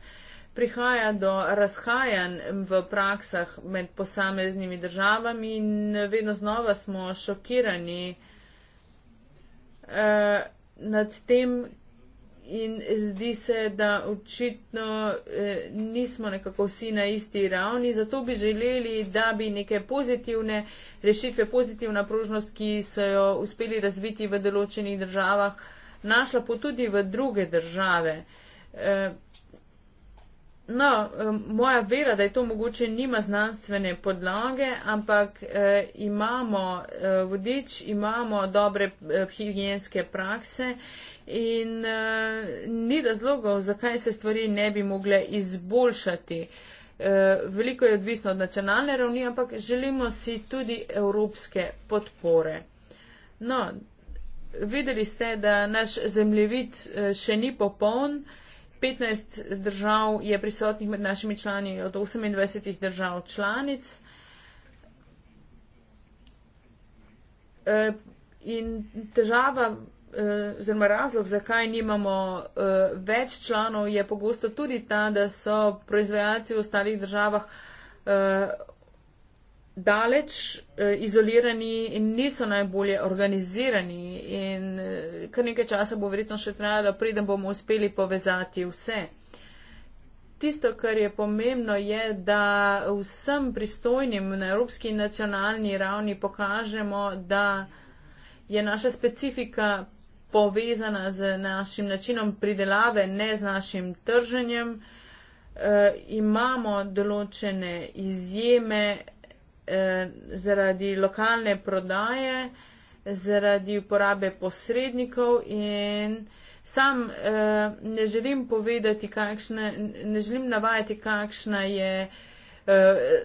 [SPEAKER 5] Prihaja do razhajanj v praksah med posameznimi državami in vedno znova smo šokirani eh, nad tem, in zdi se, da očitno eh, nismo nekako vsi na isti ravni. Zato bi želeli, da bi neke pozitivne rešitve, pozitivna prožnost, ki so jo uspeli razviti v določenih državah, našla pa tudi v druge države. Eh, No, moja vera, da je to mogoče, nima znanstvene podlage, ampak eh, imamo eh, vodič, imamo dobre eh, higijenske prakse in eh, ni razlogov, zakaj se stvari ne bi mogle izboljšati. Eh, veliko je odvisno od nacionalne ravni, ampak želimo si tudi evropske podpore. No, videli ste, da naš zemljevid eh, še ni popoln. Eh, 15 držav je prisotnih med našimi člani, od 28 držav članic. E, in težava e, oziroma razlog, zakaj nimamo e, več članov, je pogosto tudi ta, da so proizvajalci v ostalih državah daleč eh, izolirani in niso najbolje organizirani in eh, kar nekaj časa bo verjetno še trajalo, preden bomo uspeli povezati vse. Tisto, kar je pomembno, je, da vsem pristojnim na evropski in nacionalni ravni pokažemo, da je naša specifika povezana z našim načinom pridelave, ne z našim trženjem. E, imamo določene izjeme, eh, zaradi lokalne prodaje, zaradi uporabe posrednikov in sam eh, ne želim povedati, kakšne, ne želim navajati, kakšna je eh,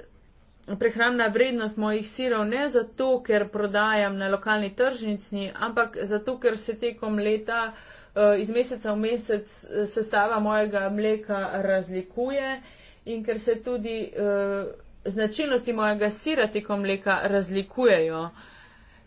[SPEAKER 5] prehramna vrednost mojih sirov, ne zato, ker prodajam na lokalni tržnici, ampak zato, ker se tekom leta eh, iz meseca v mesec eh, sestava mojega mleka razlikuje. In ker se tudi uh, značilnosti mojega sira teko mleka razlikujejo.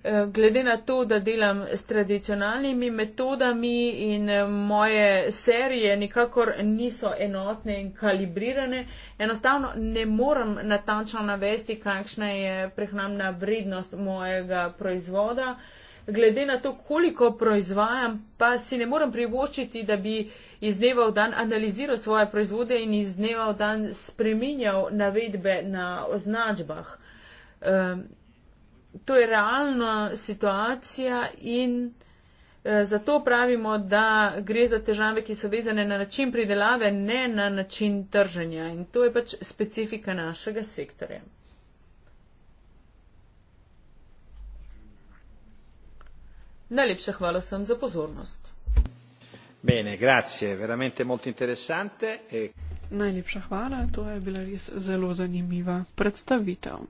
[SPEAKER 5] Eh, glede na to, da delam s tradicionalnimi metodami in eh, moje serije nikakor niso enotne in kalibrirane, enostavno ne morem natančno navesti, kakšna je prehnamna vrednost mojega proizvoda glede na to, koliko proizvajam, pa si ne morem privoščiti, da bi iz dneva v dan analiziral svoje proizvode in iz dneva v dan spreminjal navedbe na označbah. Ehm, to je realna situacija in eh, zato pravimo, da gre za težave, ki so vezane na način pridelave, ne na način trženja. In to je pač specifika našega sektorja. Najlepša hvala sem za pozornost.
[SPEAKER 1] Bene, grazie, veramente molto interessante. E...
[SPEAKER 2] Najlepša hvala, to je bila res zelo zanimiva predstavitev.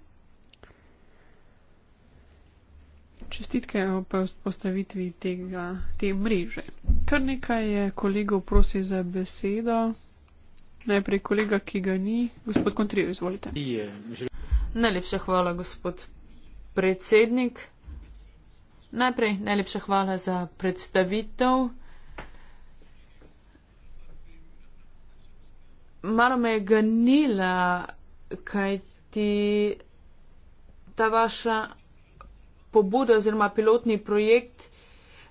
[SPEAKER 2] Čestitke o postavitvi tega, te mreže. Kar nekaj je kolegov prosi za besedo. Najprej kolega, ki ga ni. Gospod Kontrijo, izvolite.
[SPEAKER 5] Najlepša hvala, gospod predsednik. Najprej najlepša hvala za predstavitev. Malo me je ganila, kaj ti ta vaša pobuda oziroma pilotni projekt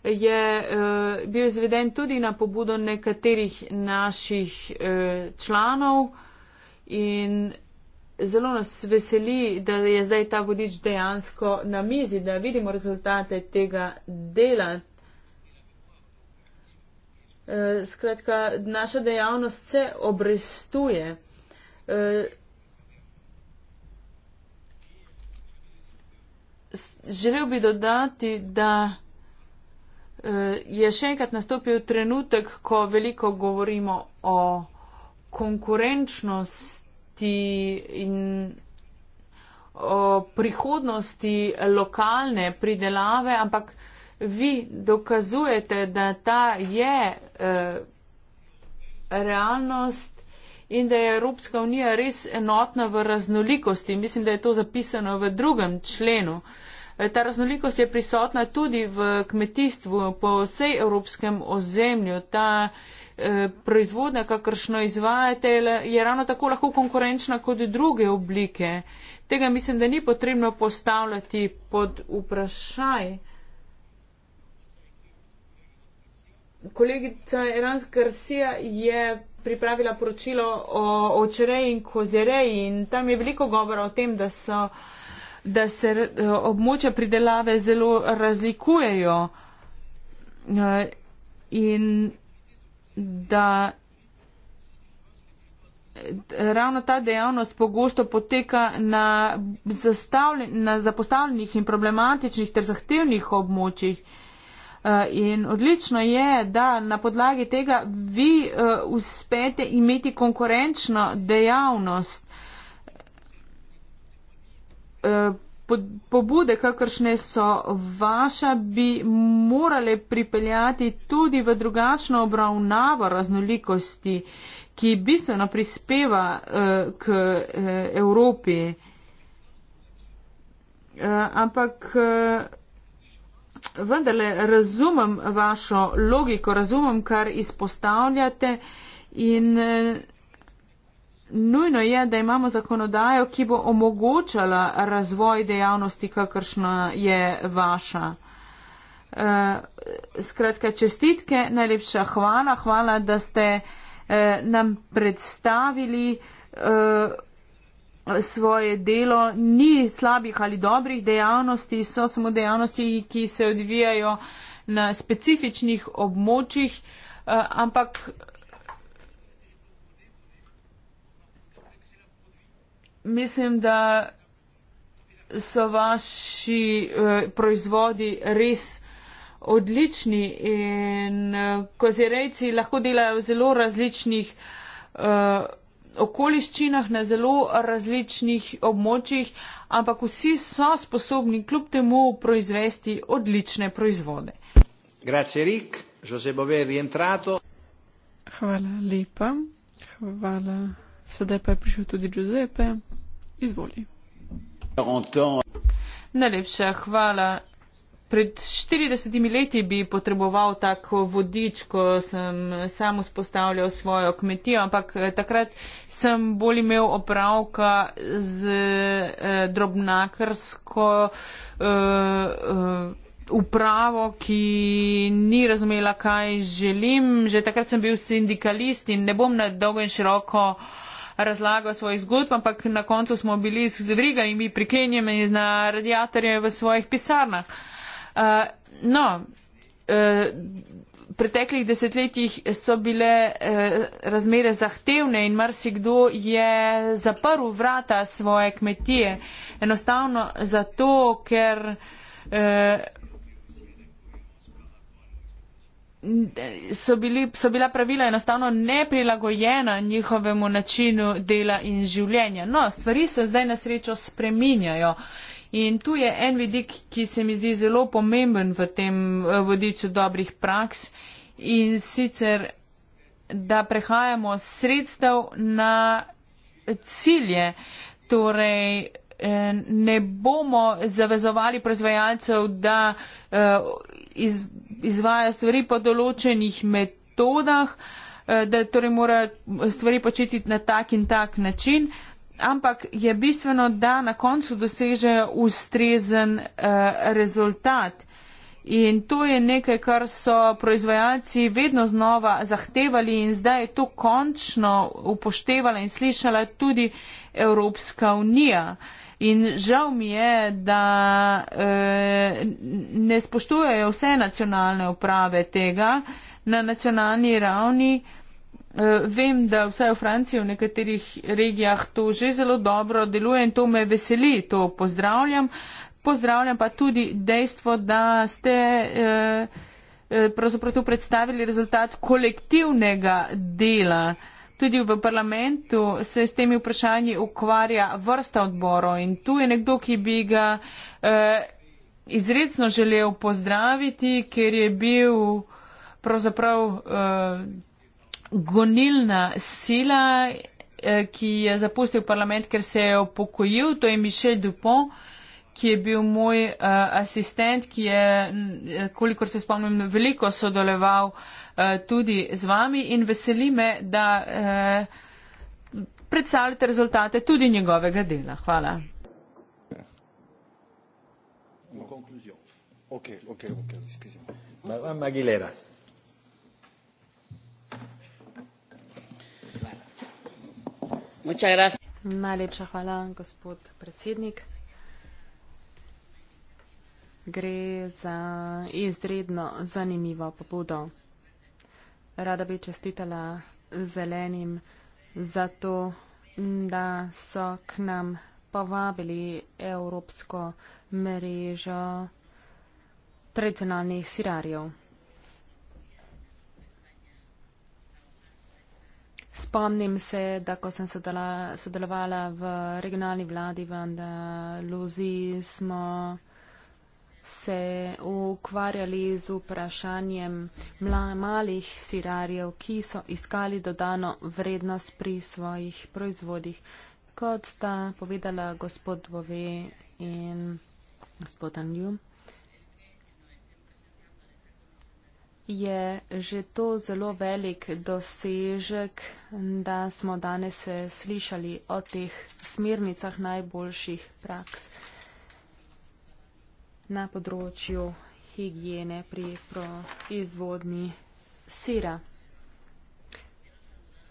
[SPEAKER 5] je uh, bil izveden tudi na pobudo nekaterih naših uh, članov in zelo nas veseli, da je zdaj ta vodič dejansko na mizi, da vidimo rezultate tega dela. E, skratka, naša dejavnost se obrestuje. E, želel bi dodati, da e, je še enkrat nastopil trenutek, ko veliko govorimo o konkurenčnosti prihodnosti in o prihodnosti lokalne pridelave, ampak vi dokazujete, da ta je eh, realnost in da je Evropska unija res enotna v raznolikosti. Mislim, da je to zapisano v drugem členu. Eh, ta raznolikost je prisotna tudi v kmetijstvu po vsej evropskem ozemlju. Ta eh, proizvodnja, kakršno izvajate, je ravno tako lahko konkurenčna kot druge oblike. Tega mislim, da ni potrebno postavljati pod vprašaj. Kolegica Erans Garcia je pripravila poročilo o očereji in kozereji in tam je veliko govora o tem, da so da se eh, območja pridelave zelo razlikujejo eh, in da eh, ravno ta dejavnost pogosto poteka na, na zapostavljenih in problematičnih ter zahtevnih območjih. In odlično je, da na podlagi tega vi uspete imeti konkurenčno dejavnost Eh, pobude, kakršne so vaša, bi morale pripeljati tudi v drugačno obravnavo raznolikosti, ki bistveno prispeva eh, k eh, Evropi. Ampak vendarle razumem vašo logiko, razumem, kar izpostavljate in nujno je, da imamo zakonodajo, ki bo omogočala razvoj dejavnosti, kakršna je vaša. Eh, skratka, čestitke, najlepša hvala, hvala, da ste eh, nam predstavili eh, svoje delo. Ni slabih ali dobrih dejavnosti, so samo dejavnosti, ki se odvijajo na specifičnih območjih, ampak. mislim, da so vaši eh, proizvodi res odlični in eh, kozirejci lahko delajo v zelo različnih eh, okoliščinah, na zelo različnih območjih, ampak vsi so sposobni kljub temu proizvesti odlične proizvode.
[SPEAKER 1] Grazie Rik, Jose Bove je rientrato.
[SPEAKER 5] Hvala lepa,
[SPEAKER 2] hvala. Sedaj pa je prišel tudi Giuseppe. Izvoli.
[SPEAKER 5] Najlepša hvala. Pred 40 leti bi potreboval tako vodič, ko sem sam vzpostavljal svojo kmetijo, ampak eh, takrat sem bolj imel opravka z eh, drobnakarsko eh, eh, upravo, ki ni razumela, kaj želim. Že takrat sem bil sindikalist in ne bom na dolgo in široko. Eh, razlagal svoj zgodb, ampak na koncu smo bili z vriga in mi priklenjeni na radiatorje v svojih pisarnah. Uh, no, v uh, eh, preteklih desetletjih so bile uh, razmere zahtevne in marsikdo je zaprl vrata svoje kmetije. Enostavno zato, ker uh, so, bili, so bila pravila enostavno neprilagojena njihovemu načinu dela in življenja. No, stvari se zdaj na srečo spreminjajo. In tu je en vidik, ki se mi zdi zelo pomemben v tem eh, vodiču dobrih praks in sicer, da prehajamo sredstev na cilje. Torej, eh, ne bomo zavezovali proizvajalcev, da eh, iz, izvaja stvari po določenih metodah, eh, da torej mora stvari početi na tak in tak način, ampak je bistveno, da na koncu dosežejo ustrezen eh, rezultat. In to je nekaj, kar so proizvajalci vedno znova zahtevali in zdaj je to končno upoštevala in slišala tudi Evropska unija. In žal mi je, da e, ne spoštujejo vse nacionalne uprave tega na nacionalni ravni. E, vem, da vsaj v Franciji v nekaterih regijah to že zelo dobro deluje in to me veseli, to pozdravljam pozdravljam pa tudi dejstvo, da ste eh, eh, pravzaprav tu predstavili rezultat kolektivnega dela. Tudi v parlamentu se s temi vprašanji ukvarja vrsta odborov in tu je nekdo, ki bi ga eh, izredno želel pozdraviti, ker je bil pravzaprav eh, gonilna sila, eh, ki je zapustil parlament, ker se je upokojil, to je Mišel Dupont ki je bil moj uh, asistent, ki je, eh, kolikor se spomnim, veliko sodeloval uh, tudi z vami in veseli me, da uh, predstavljate rezultate tudi njegovega dela. Hvala.
[SPEAKER 4] Najlepša hvala, gospod predsednik gre za izredno zanimivo pobudo. Rada bi čestitala zelenim za to, da so k nam povabili evropsko mrežo tradicionalnih sirarjev. Spomnim se, da ko sem sodelovala v regionalni vladi v Andaluziji, smo se ukvarjali z vprašanjem mla, malih sirarjev, ki so iskali dodano vrednost pri svojih proizvodih, kot sta povedala gospod Bove in gospod Anju. Je že to zelo velik dosežek, da smo danes eh, slišali o teh smernicah najboljših praks na področju higijene pri proizvodni sira.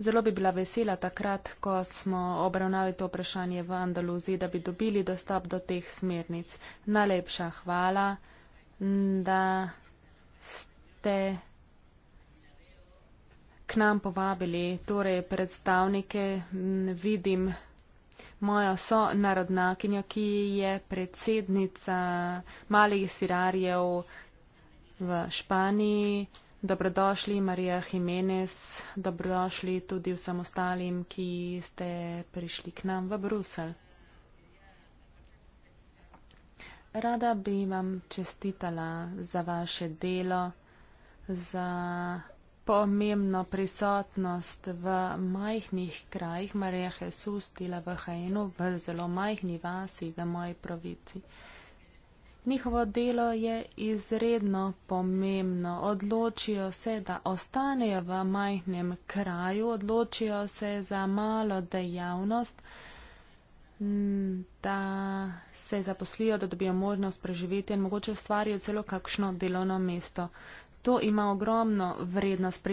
[SPEAKER 4] Zelo bi bila vesela takrat, ko smo obravnavali to vprašanje v Andaluziji, da bi dobili dostop do teh smernic. Najlepša hvala, da ste k nam povabili torej predstavnike. Vidim, moja sonarodnakinja, ki je predsednica malih sirarjev v Španiji. Dobrodošli, Marija Jimenez, dobrodošli tudi vsem ostalim, ki ste prišli k nam v Bruselj. Rada bi vam čestitala za vaše delo, za pomembno prisotnost v majhnih krajih. Marija Jesus dela v Hajnu, v zelo majhni vasi v moji provici. Njihovo delo je izredno pomembno. Odločijo se, da ostanejo v majhnem kraju, odločijo se za malo dejavnost, da se zaposlijo, da dobijo možnost preživeti in mogoče ustvarijo celo kakšno delovno mesto. To ima ogromno vrednost,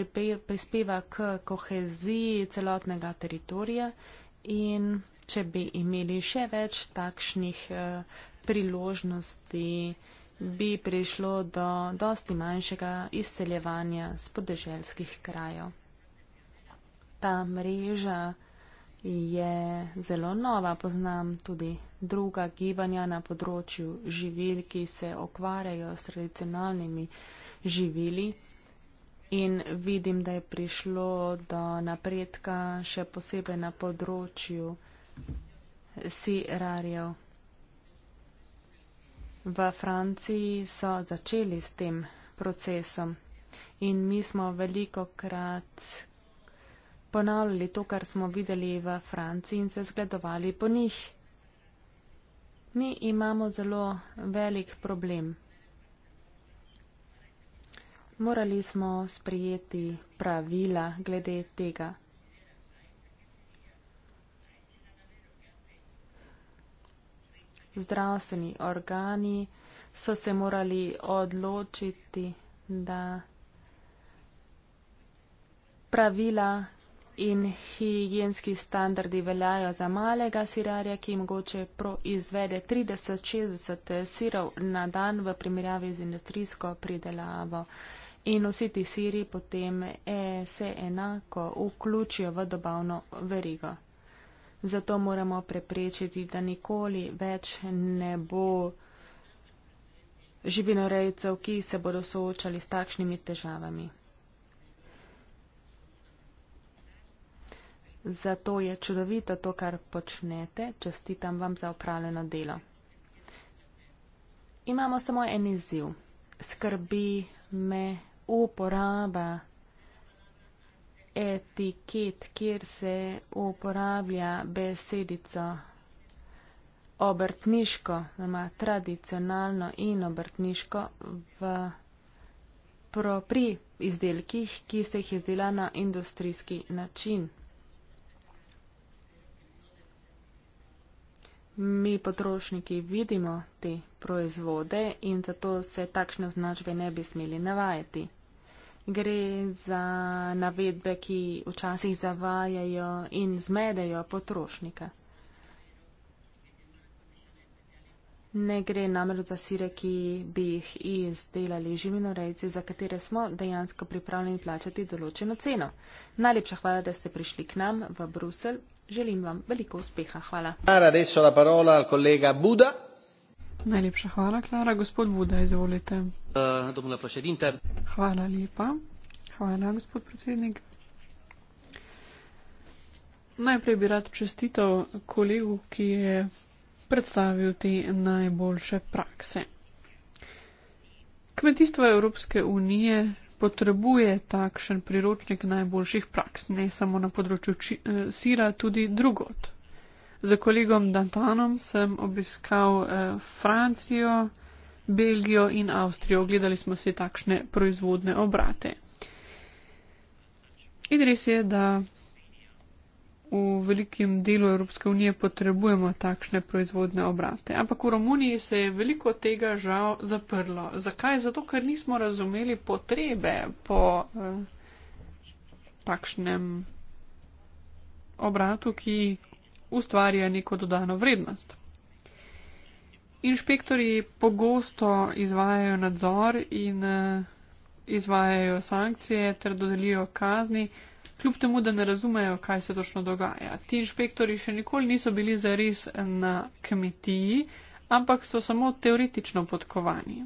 [SPEAKER 4] prispeva k koheziji celotnega teritorija in če bi imeli še več takšnih eh, priložnosti, bi prišlo do dosti manjšega izseljevanja spodeželskih krajev. Ta mreža je zelo nova. Poznam tudi druga gibanja na področju živil, ki se okvarjajo s tradicionalnimi živili. In vidim, da je prišlo do napredka še posebej na področju sirarjev. V Franciji so začeli s tem procesom in mi smo veliko krat ponavljali to, kar smo videli v Franciji in se zgledovali po njih. Mi imamo zelo velik problem. Morali smo sprijeti pravila glede tega. Zdravstveni organi so se morali odločiti, da pravila in higijenski standardi veljajo za malega sirarja, ki mogoče proizvede 30-60 eh, sirov na dan v primerjavi z industrijsko pridelavo. In vsi ti siri potem eh, se enako vključijo v dobavno verigo. Zato moramo preprečiti, da nikoli več ne bo živinorejcev, ki se bodo soočali s takšnimi težavami. Zato je čudovito to, kar počnete. Čestitam vam za upravljeno delo. Imamo samo en izziv. Skrbi me uporaba etiket, kjer se uporablja besedico obrtniško, znamen, tradicionalno in obrtniško v pri izdelkih, ki se jih izdela na industrijski način. mi potrošniki vidimo te proizvode in zato se takšne označbe ne bi smeli navajati. Gre za navedbe, ki včasih zavajajo in zmedejo potrošnike. Ne gre namreč za sire, ki bi jih izdelali živinorejci, za katere smo dejansko pripravljeni plačati določeno ceno. Najlepša hvala, da ste prišli k nam v Bruselj. Želim vam veliko uspeha. Hvala.
[SPEAKER 2] Najlepša hvala, Klara. Gospod Buda, izvolite.
[SPEAKER 1] Uh,
[SPEAKER 2] hvala lepa. Hvala, gospod predsednik. Najprej bi rad čestitev kolegu, ki je predstavil te najboljše prakse. Kmetijstvo Evropske unije potrebuje takšen priročnik najboljših praks, ne samo na področju či, eh, sira, tudi drugot. Za kolegom Dantanom sem obiskal eh, Francijo, Belgijo in Avstrijo. Ogledali smo si takšne proizvodne obrate. In res je, da v velikem delu Evropske unije potrebujemo takšne proizvodne obrate. Ampak v Romuniji se je veliko tega žal zaprlo. Zakaj? Zato, ker nismo razumeli potrebe po eh, takšnem obratu, ki ustvarja neko dodano vrednost. Inšpektori pogosto izvajajo nadzor in eh, izvajajo sankcije ter dodelijo kazni, kljub temu, da ne razumejo, kaj se točno dogaja. Ti inšpektori še nikoli niso bili zares na kmetiji, ampak so samo teoretično podkovani.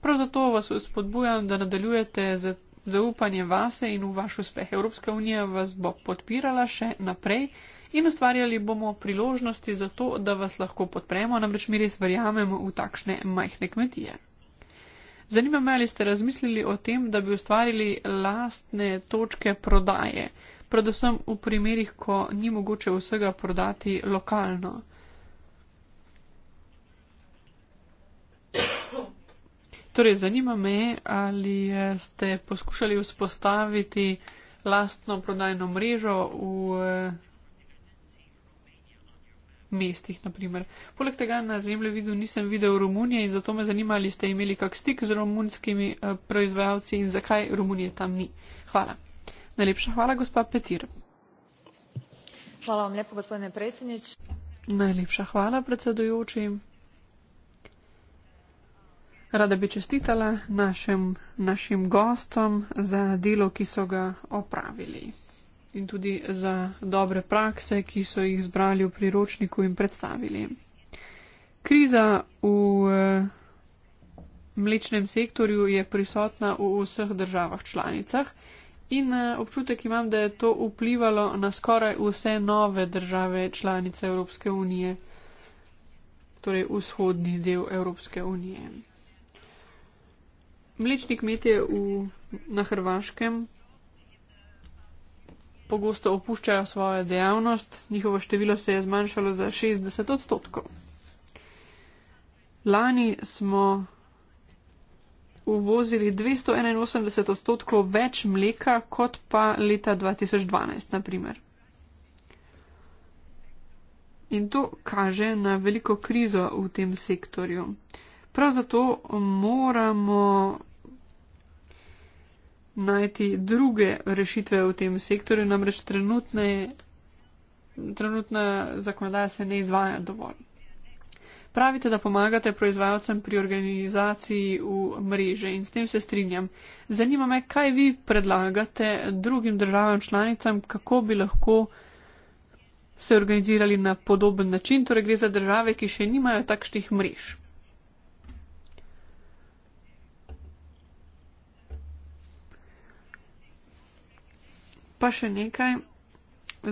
[SPEAKER 2] Prav zato vas spodbujam, da nadaljujete zaupanje vase in v vaš uspeh. Evropska unija vas bo podpirala še naprej. In ustvarjali bomo priložnosti za to, da vas lahko podpremo, namreč mi res verjamemo v takšne majhne kmetije. Zanima me, ali ste razmislili o tem, da bi ustvarili lastne točke prodaje, predvsem v primerih, ko ni mogoče vsega prodati lokalno. Torej, zanima me, ali ste poskušali vzpostaviti lastno prodajno mrežo v. Eh, mestih. Naprimer. Poleg tega na zemljevidu nisem videl Romunije in zato me zanima, ali ste imeli kak stik z romunskimi eh, proizvajalci in zakaj Romunije tam ni. Hvala. Najlepša hvala, gospa Petir.
[SPEAKER 4] Hvala vam lepo, gospodine predsednič.
[SPEAKER 2] Najlepša hvala, predsedujoči. Rada bi čestitala našem, našim gostom za delo, ki so ga opravili in tudi za dobre prakse, ki so jih zbrali v priročniku in predstavili. Kriza v eh, mlečnem sektorju je prisotna v vseh državah članicah in eh, občutek imam, da je to vplivalo na skoraj vse nove države članice Evropske unije, torej vzhodni del Evropske unije. Mlečni kmetje v, na Hrvaškem pogosto opuščajo svojo dejavnost, njihovo število se je zmanjšalo za 60 odstotkov. Lani smo uvozili 281 odstotkov več mleka kot pa leta 2012, naprimer. In to kaže na veliko krizo v tem sektorju. Prav zato moramo najti druge rešitve v tem sektorju, namreč trenutne, trenutna zakonodaja se ne izvaja dovolj. Pravite, da pomagate proizvajalcem pri organizaciji v mreže in s tem se strinjam. Zanima me, kaj vi predlagate drugim državam članicam, kako bi lahko se organizirali na podoben način, torej gre za države, ki še nimajo takšnih mrež. Pa še nekaj.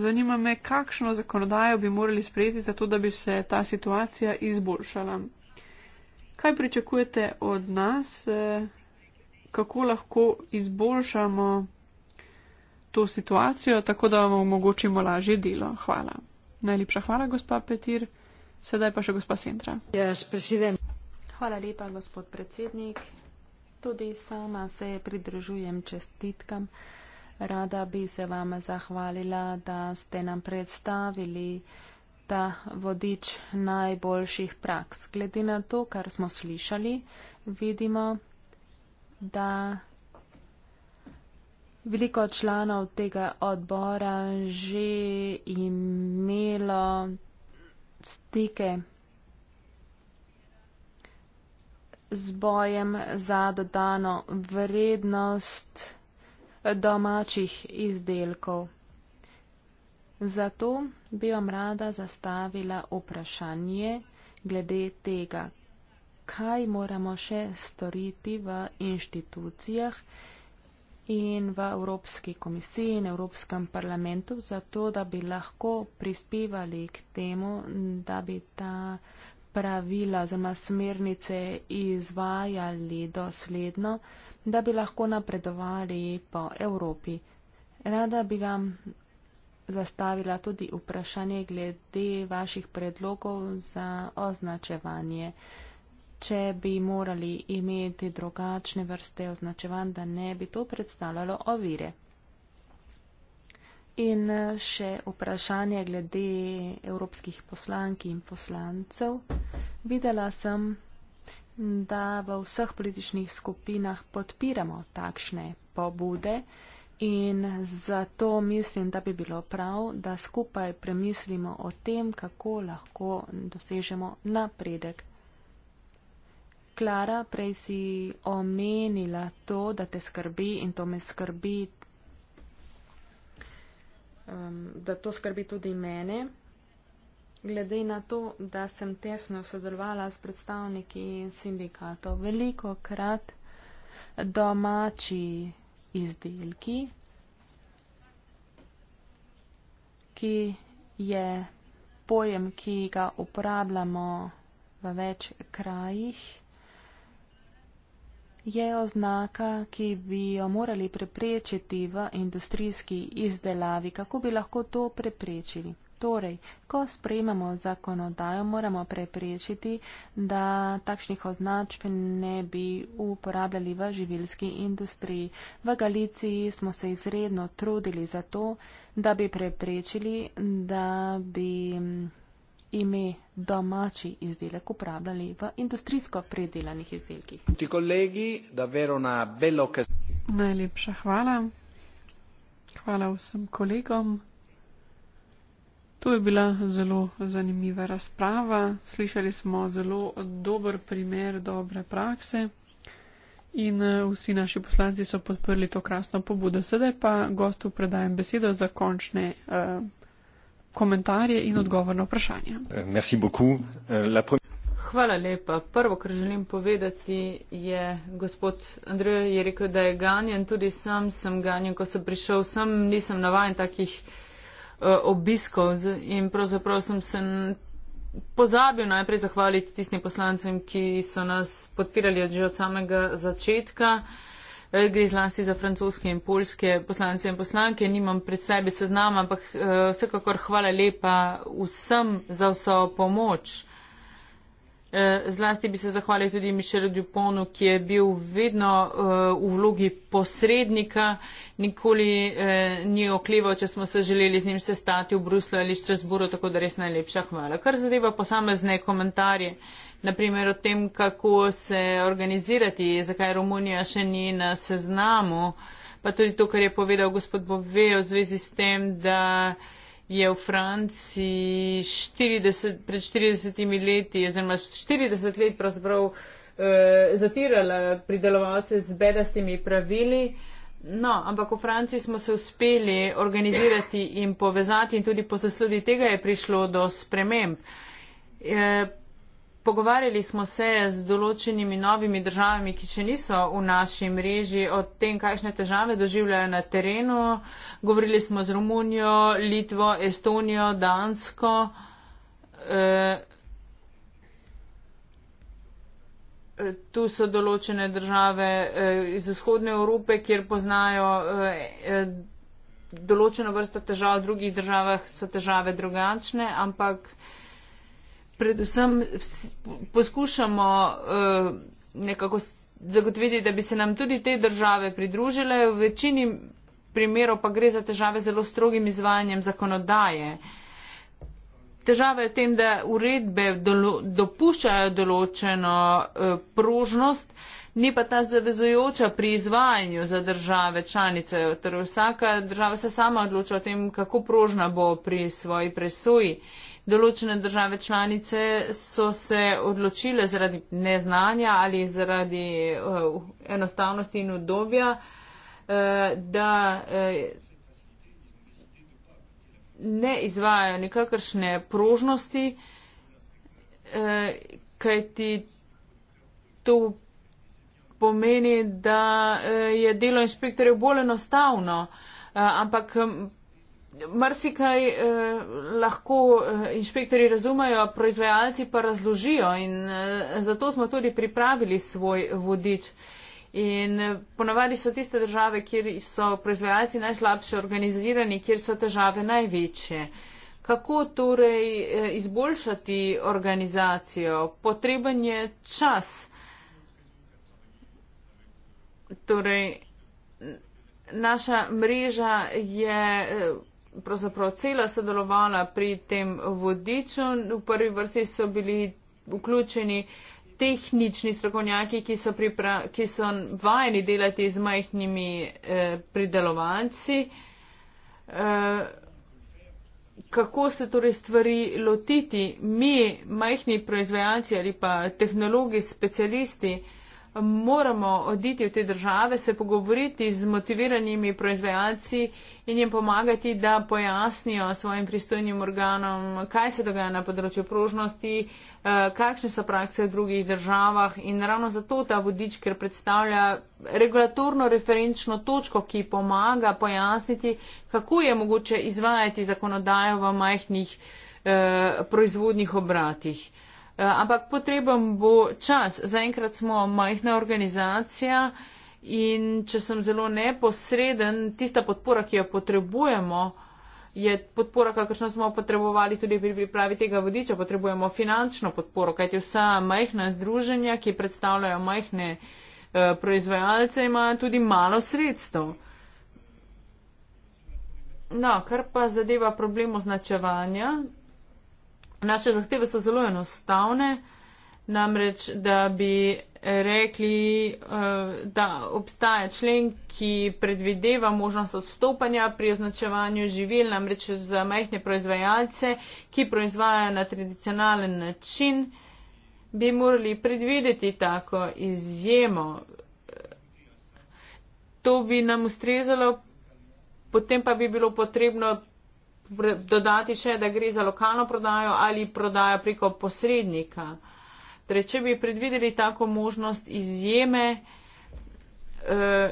[SPEAKER 2] Zanima me, kakšno zakonodajo bi morali sprejeti, zato da bi se ta situacija izboljšala. Kaj pričakujete od nas, kako lahko izboljšamo to situacijo, tako da vam omogočimo lažje delo? Hvala. Najlepša hvala, gospa Petir. Sedaj pa še gospa
[SPEAKER 4] Sintra. Yes, hvala lepa, gospod predsednik. Tudi sama se pridružujem čestitkam. Rada bi se vam zahvalila, da ste nam predstavili ta vodič najboljših praks. Glede na to, kar smo slišali, vidimo, da veliko članov tega odbora že imelo stike z bojem za dodano vrednost domačih izdelkov. Zato bi vam rada zastavila vprašanje glede tega, kaj moramo še storiti v inštitucijah in v Evropski komisiji in Evropskem parlamentu, zato da bi lahko prispevali k temu, da bi ta pravila oziroma smernice izvajali dosledno da bi lahko napredovali po Evropi. Rada bi vam zastavila tudi vprašanje glede vaših predlogov za označevanje. Če bi morali imeti drugačne vrste označevanj, da ne bi to predstavljalo ovire. In še vprašanje glede evropskih poslanki in poslancev. Videla sem, da v vseh političnih skupinah podpiramo takšne pobude in zato mislim, da bi bilo prav, da skupaj premislimo o tem, kako lahko dosežemo napredek. Klara, prej si omenila to, da te skrbi in to me skrbi, um, da to skrbi tudi mene glede na to, da sem tesno sodelovala s predstavniki sindikatov, veliko krat domači izdelki, ki je pojem, ki ga uporabljamo v več krajih, je oznaka, ki bi jo morali preprečiti v industrijski izdelavi. Kako bi lahko to preprečili? Torej, ko sprejemamo zakonodajo, moramo preprečiti, da takšnih označb ne bi uporabljali v živilski industriji. V Galiciji smo se izredno trudili za to, da bi preprečili, da bi mm, ime domači izdelek uporabljali v industrijsko predelanih izdelkih. Najlepša hvala. Hvala vsem kolegom.
[SPEAKER 2] To je bila zelo zanimiva razprava. Slišali smo zelo dober primer dobre prakse in eh, vsi naši poslanci so podprli to krasno pobudo. Sedaj pa gostu predajem besedo za končne uh, komentarje in odgovor na vprašanje.
[SPEAKER 1] Eh,
[SPEAKER 5] Hvala lepa. Prvo, kar želim povedati, je gospod Andrej je rekel, da je ganjen. Tudi sam sem ganjen, ko sem prišel sem, nisem navajen takih. Eh, obiskov in pravzaprav sem se pozabil najprej zahvaliti tistim poslancem, ki so nas podpirali že od samega začetka. Eh, gre zlasti za francoske in polske poslance in poslanke, nimam pred sebi seznam, ampak eh, vsekakor hvala lepa vsem za vso pomoč. Eh, zlasti bi se zahvalil tudi Mišelu Duponu, ki je bil vedno eh, v vlogi posrednika, nikoli eh, ni okleval, če smo se želeli z njim sestati v Bruslu ali Štrasburu, tako da res najlepša hvala. Kar zadeva posamezne komentarje, naprimer o tem, kako se organizirati, zakaj Romunija še ni na seznamu, pa tudi to, kar je povedal gospod Bove v zvezi s tem, da je v Franciji 40, pred 40 leti, oziroma 40 let pravzaprav eh, zatirala pridelovalce z bedastimi pravili. No, ampak v Franciji smo se uspeli organizirati in povezati in tudi po zaslodi tega je prišlo do sprememb. Eh, Pogovarjali smo se z določenimi novimi državami, ki še niso v naši mreži, o tem, kakšne težave doživljajo na terenu. Govorili smo z Romunijo, Litvo, Estonijo, Dansko. E, e tu so določene države e, iz vzhodne Evrope, kjer poznajo e, e, določeno vrsto težav, v drugih državah so težave drugačne, ampak. E, predvsem poskušamo eh, nekako zagotoviti, da bi se nam tudi te države pridružile. V večini primerov pa gre za težave zelo strogim izvajanjem zakonodaje. Težava je v tem, da uredbe dolo, dopuščajo določeno eh, prožnost, ni pa ta zavezojoča pri izvajanju za države članice. Torej vsaka država se sama odloča o tem, kako prožna bo pri svoji presoji določene države članice so se odločile zaradi neznanja ali zaradi eh, enostavnosti in udobja, eh, da eh, ne izvajajo nikakršne prožnosti, kajti to pomeni, da je delo inšpektorjev bolj enostavno, ampak marsikaj eh, lahko eh, inšpektori razumejo, proizvajalci pa razložijo in eh, zato smo tudi pripravili svoj vodič. In eh, ponavadi so tiste države, kjer so proizvajalci najslabše organizirani, kjer so težave največje. Kako torej eh, izboljšati organizacijo? Potreben je čas. Torej, naša mreža je. Eh, pravzaprav cela sodelovala pri tem vodiču. V prvi vrsti so bili vključeni tehnični strokovnjaki, ki so, pripra, ki so vajeni delati z majhnimi eh, pridelovalci. Eh, kako se torej stvari lotiti mi, majhni proizvajalci ali pa tehnologi, specialisti? Eh, moramo oditi v te države, se pogovoriti z motiviranimi proizvajalci in jim pomagati, da pojasnijo svojim pristojnim organom, kaj se dogaja na področju prožnosti, eh, kakšne so prakse v drugih državah in ravno zato ta vodič, ker predstavlja regulatorno referenčno točko, ki pomaga pojasniti, kako je mogoče izvajati zakonodajo v majhnih eh, proizvodnih obratih. Eh, Eh, ampak potreben bo čas. Zaenkrat smo majhna organizacija in če sem zelo neposreden, tista podpora, ki jo potrebujemo, je podpora, kakršno smo potrebovali tudi pri pripravi tega vodiča. Potrebujemo finančno podporo, kajti vsa majhna združenja, ki predstavljajo majhne eh, proizvajalce, imajo tudi malo sredstev. No, kar pa zadeva problemo značevanja, Naše zahteve so zelo enostavne, namreč, da bi rekli, eh, da obstaja člen, ki predvideva možnost odstopanja pri označevanju živil, namreč za majhne proizvajalce, ki proizvajajo na tradicionalen način, bi morali predvideti tako izjemo. To bi nam ustrezalo, potem pa bi bilo potrebno dodati še, da gre za lokalno prodajo ali prodajo preko posrednika. Torej, če bi predvideli tako možnost izjeme, eh,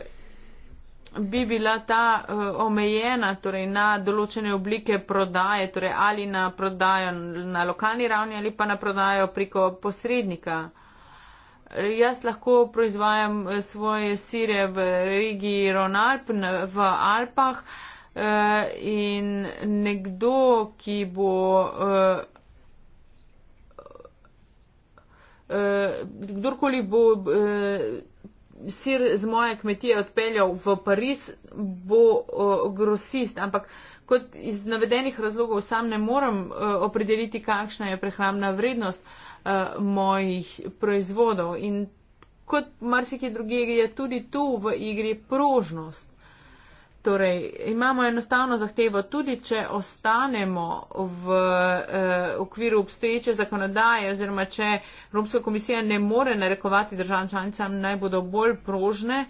[SPEAKER 5] bi bila ta eh, omejena torej, na določene oblike prodaje, torej ali na prodajo na lokalni ravni ali pa na prodajo preko posrednika. Eh, jaz lahko proizvajam svoje sire v regiji Ronalp v Alpah. Eh, in nekdo, ki bo. Uh, Kdorkoli bo sir z moje kmetije odpeljal v Pariz, bo grosist, ampak kot iz navedenih razlogov sam ne morem opredeliti, kakšna je prehramna vrednost mojih proizvodov. In kot marsikaj drugega je tudi tu v igri prožnost. Torej, imamo enostavno zahtevo, tudi če ostanemo v eh, okviru obstoječe zakonodaje oziroma če Evropska komisija ne more narekovati državam članicam, naj bodo bolj prožne,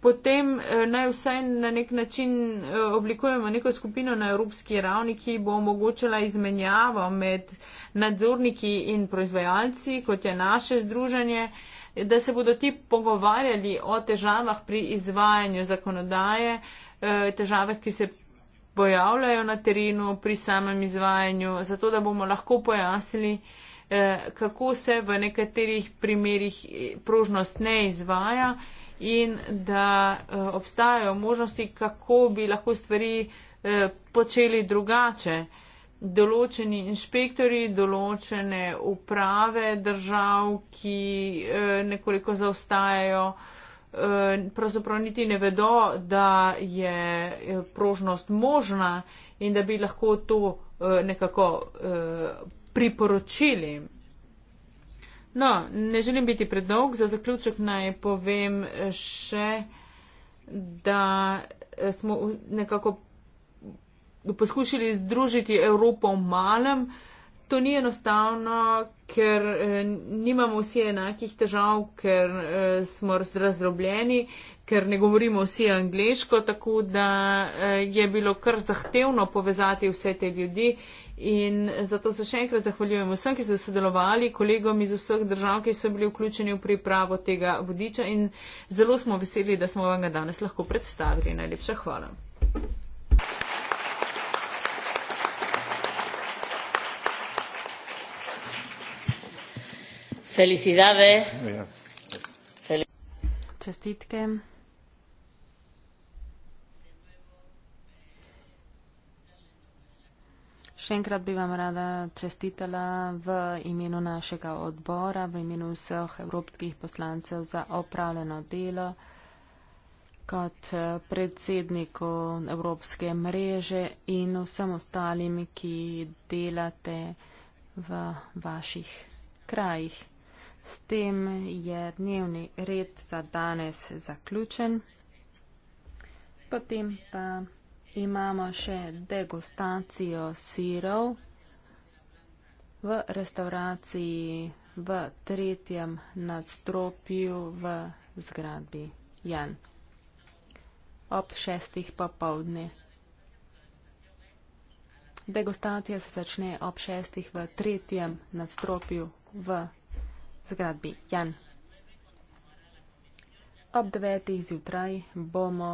[SPEAKER 5] potem eh, naj vsaj na nek način eh, oblikujemo neko skupino na evropski ravni, ki bo omogočala izmenjavo med nadzorniki in proizvajalci, kot je naše združenje da se bodo ti pogovarjali o težavah pri izvajanju zakonodaje, eh, Eh, težavah, ki se pojavljajo na terenu pri samem izvajanju, zato da bomo lahko pojasnili, eh, kako se v nekaterih primerjih eh, prožnost ne izvaja in da obstajajo možnosti, kako bi lahko stvari počeli drugače. Določeni inšpektori, določene uprave držav, ki nekoliko zaostajajo, Eh, pravzaprav niti ne vedo, da je eh, prožnost možna in da bi lahko to eh, nekako priporočili. No, ne želim biti predolg, za zaključek naj povem še, da smo nekako poskušali združiti Evropo v malem to ni enostavno, ker eh, nimamo vsi enakih težav, ker eh, smo razdrobljeni, ker ne govorimo vsi angliško, tako da eh, je bilo kar zahtevno povezati vse te ljudi. In zato se še enkrat zahvaljujem vsem, ki so sodelovali, kolegom iz vseh držav, ki so bili vključeni v pripravo tega vodiča in zelo smo veseli, da smo vam ga danes lahko predstavili. Najlepša hvala.
[SPEAKER 4] Felicidades. Fel Čestitke. Še enkrat bi vam rada čestitala v imenu našega odbora, v imenu vseh evropskih poslancev za opravljeno delo kot eh, predsedniku Evropske mreže in vsem ostalim, ki delate v vaših krajih. S tem je dnevni red za danes zaključen. Potem pa imamo še degustacijo sirov v restauraciji v tretjem nadstropju v zgradbi Jan ob šestih popovdne. Degustacija se začne ob šestih v tretjem nadstropju v zgradbi Jan. Ob devetih zjutraj bomo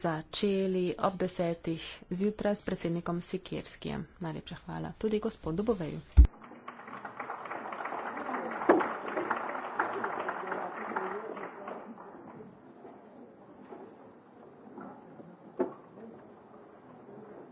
[SPEAKER 4] začeli ob desetih zjutraj s predsednikom Sikirskijem. Najlepša hvala tudi gospodu Boveju.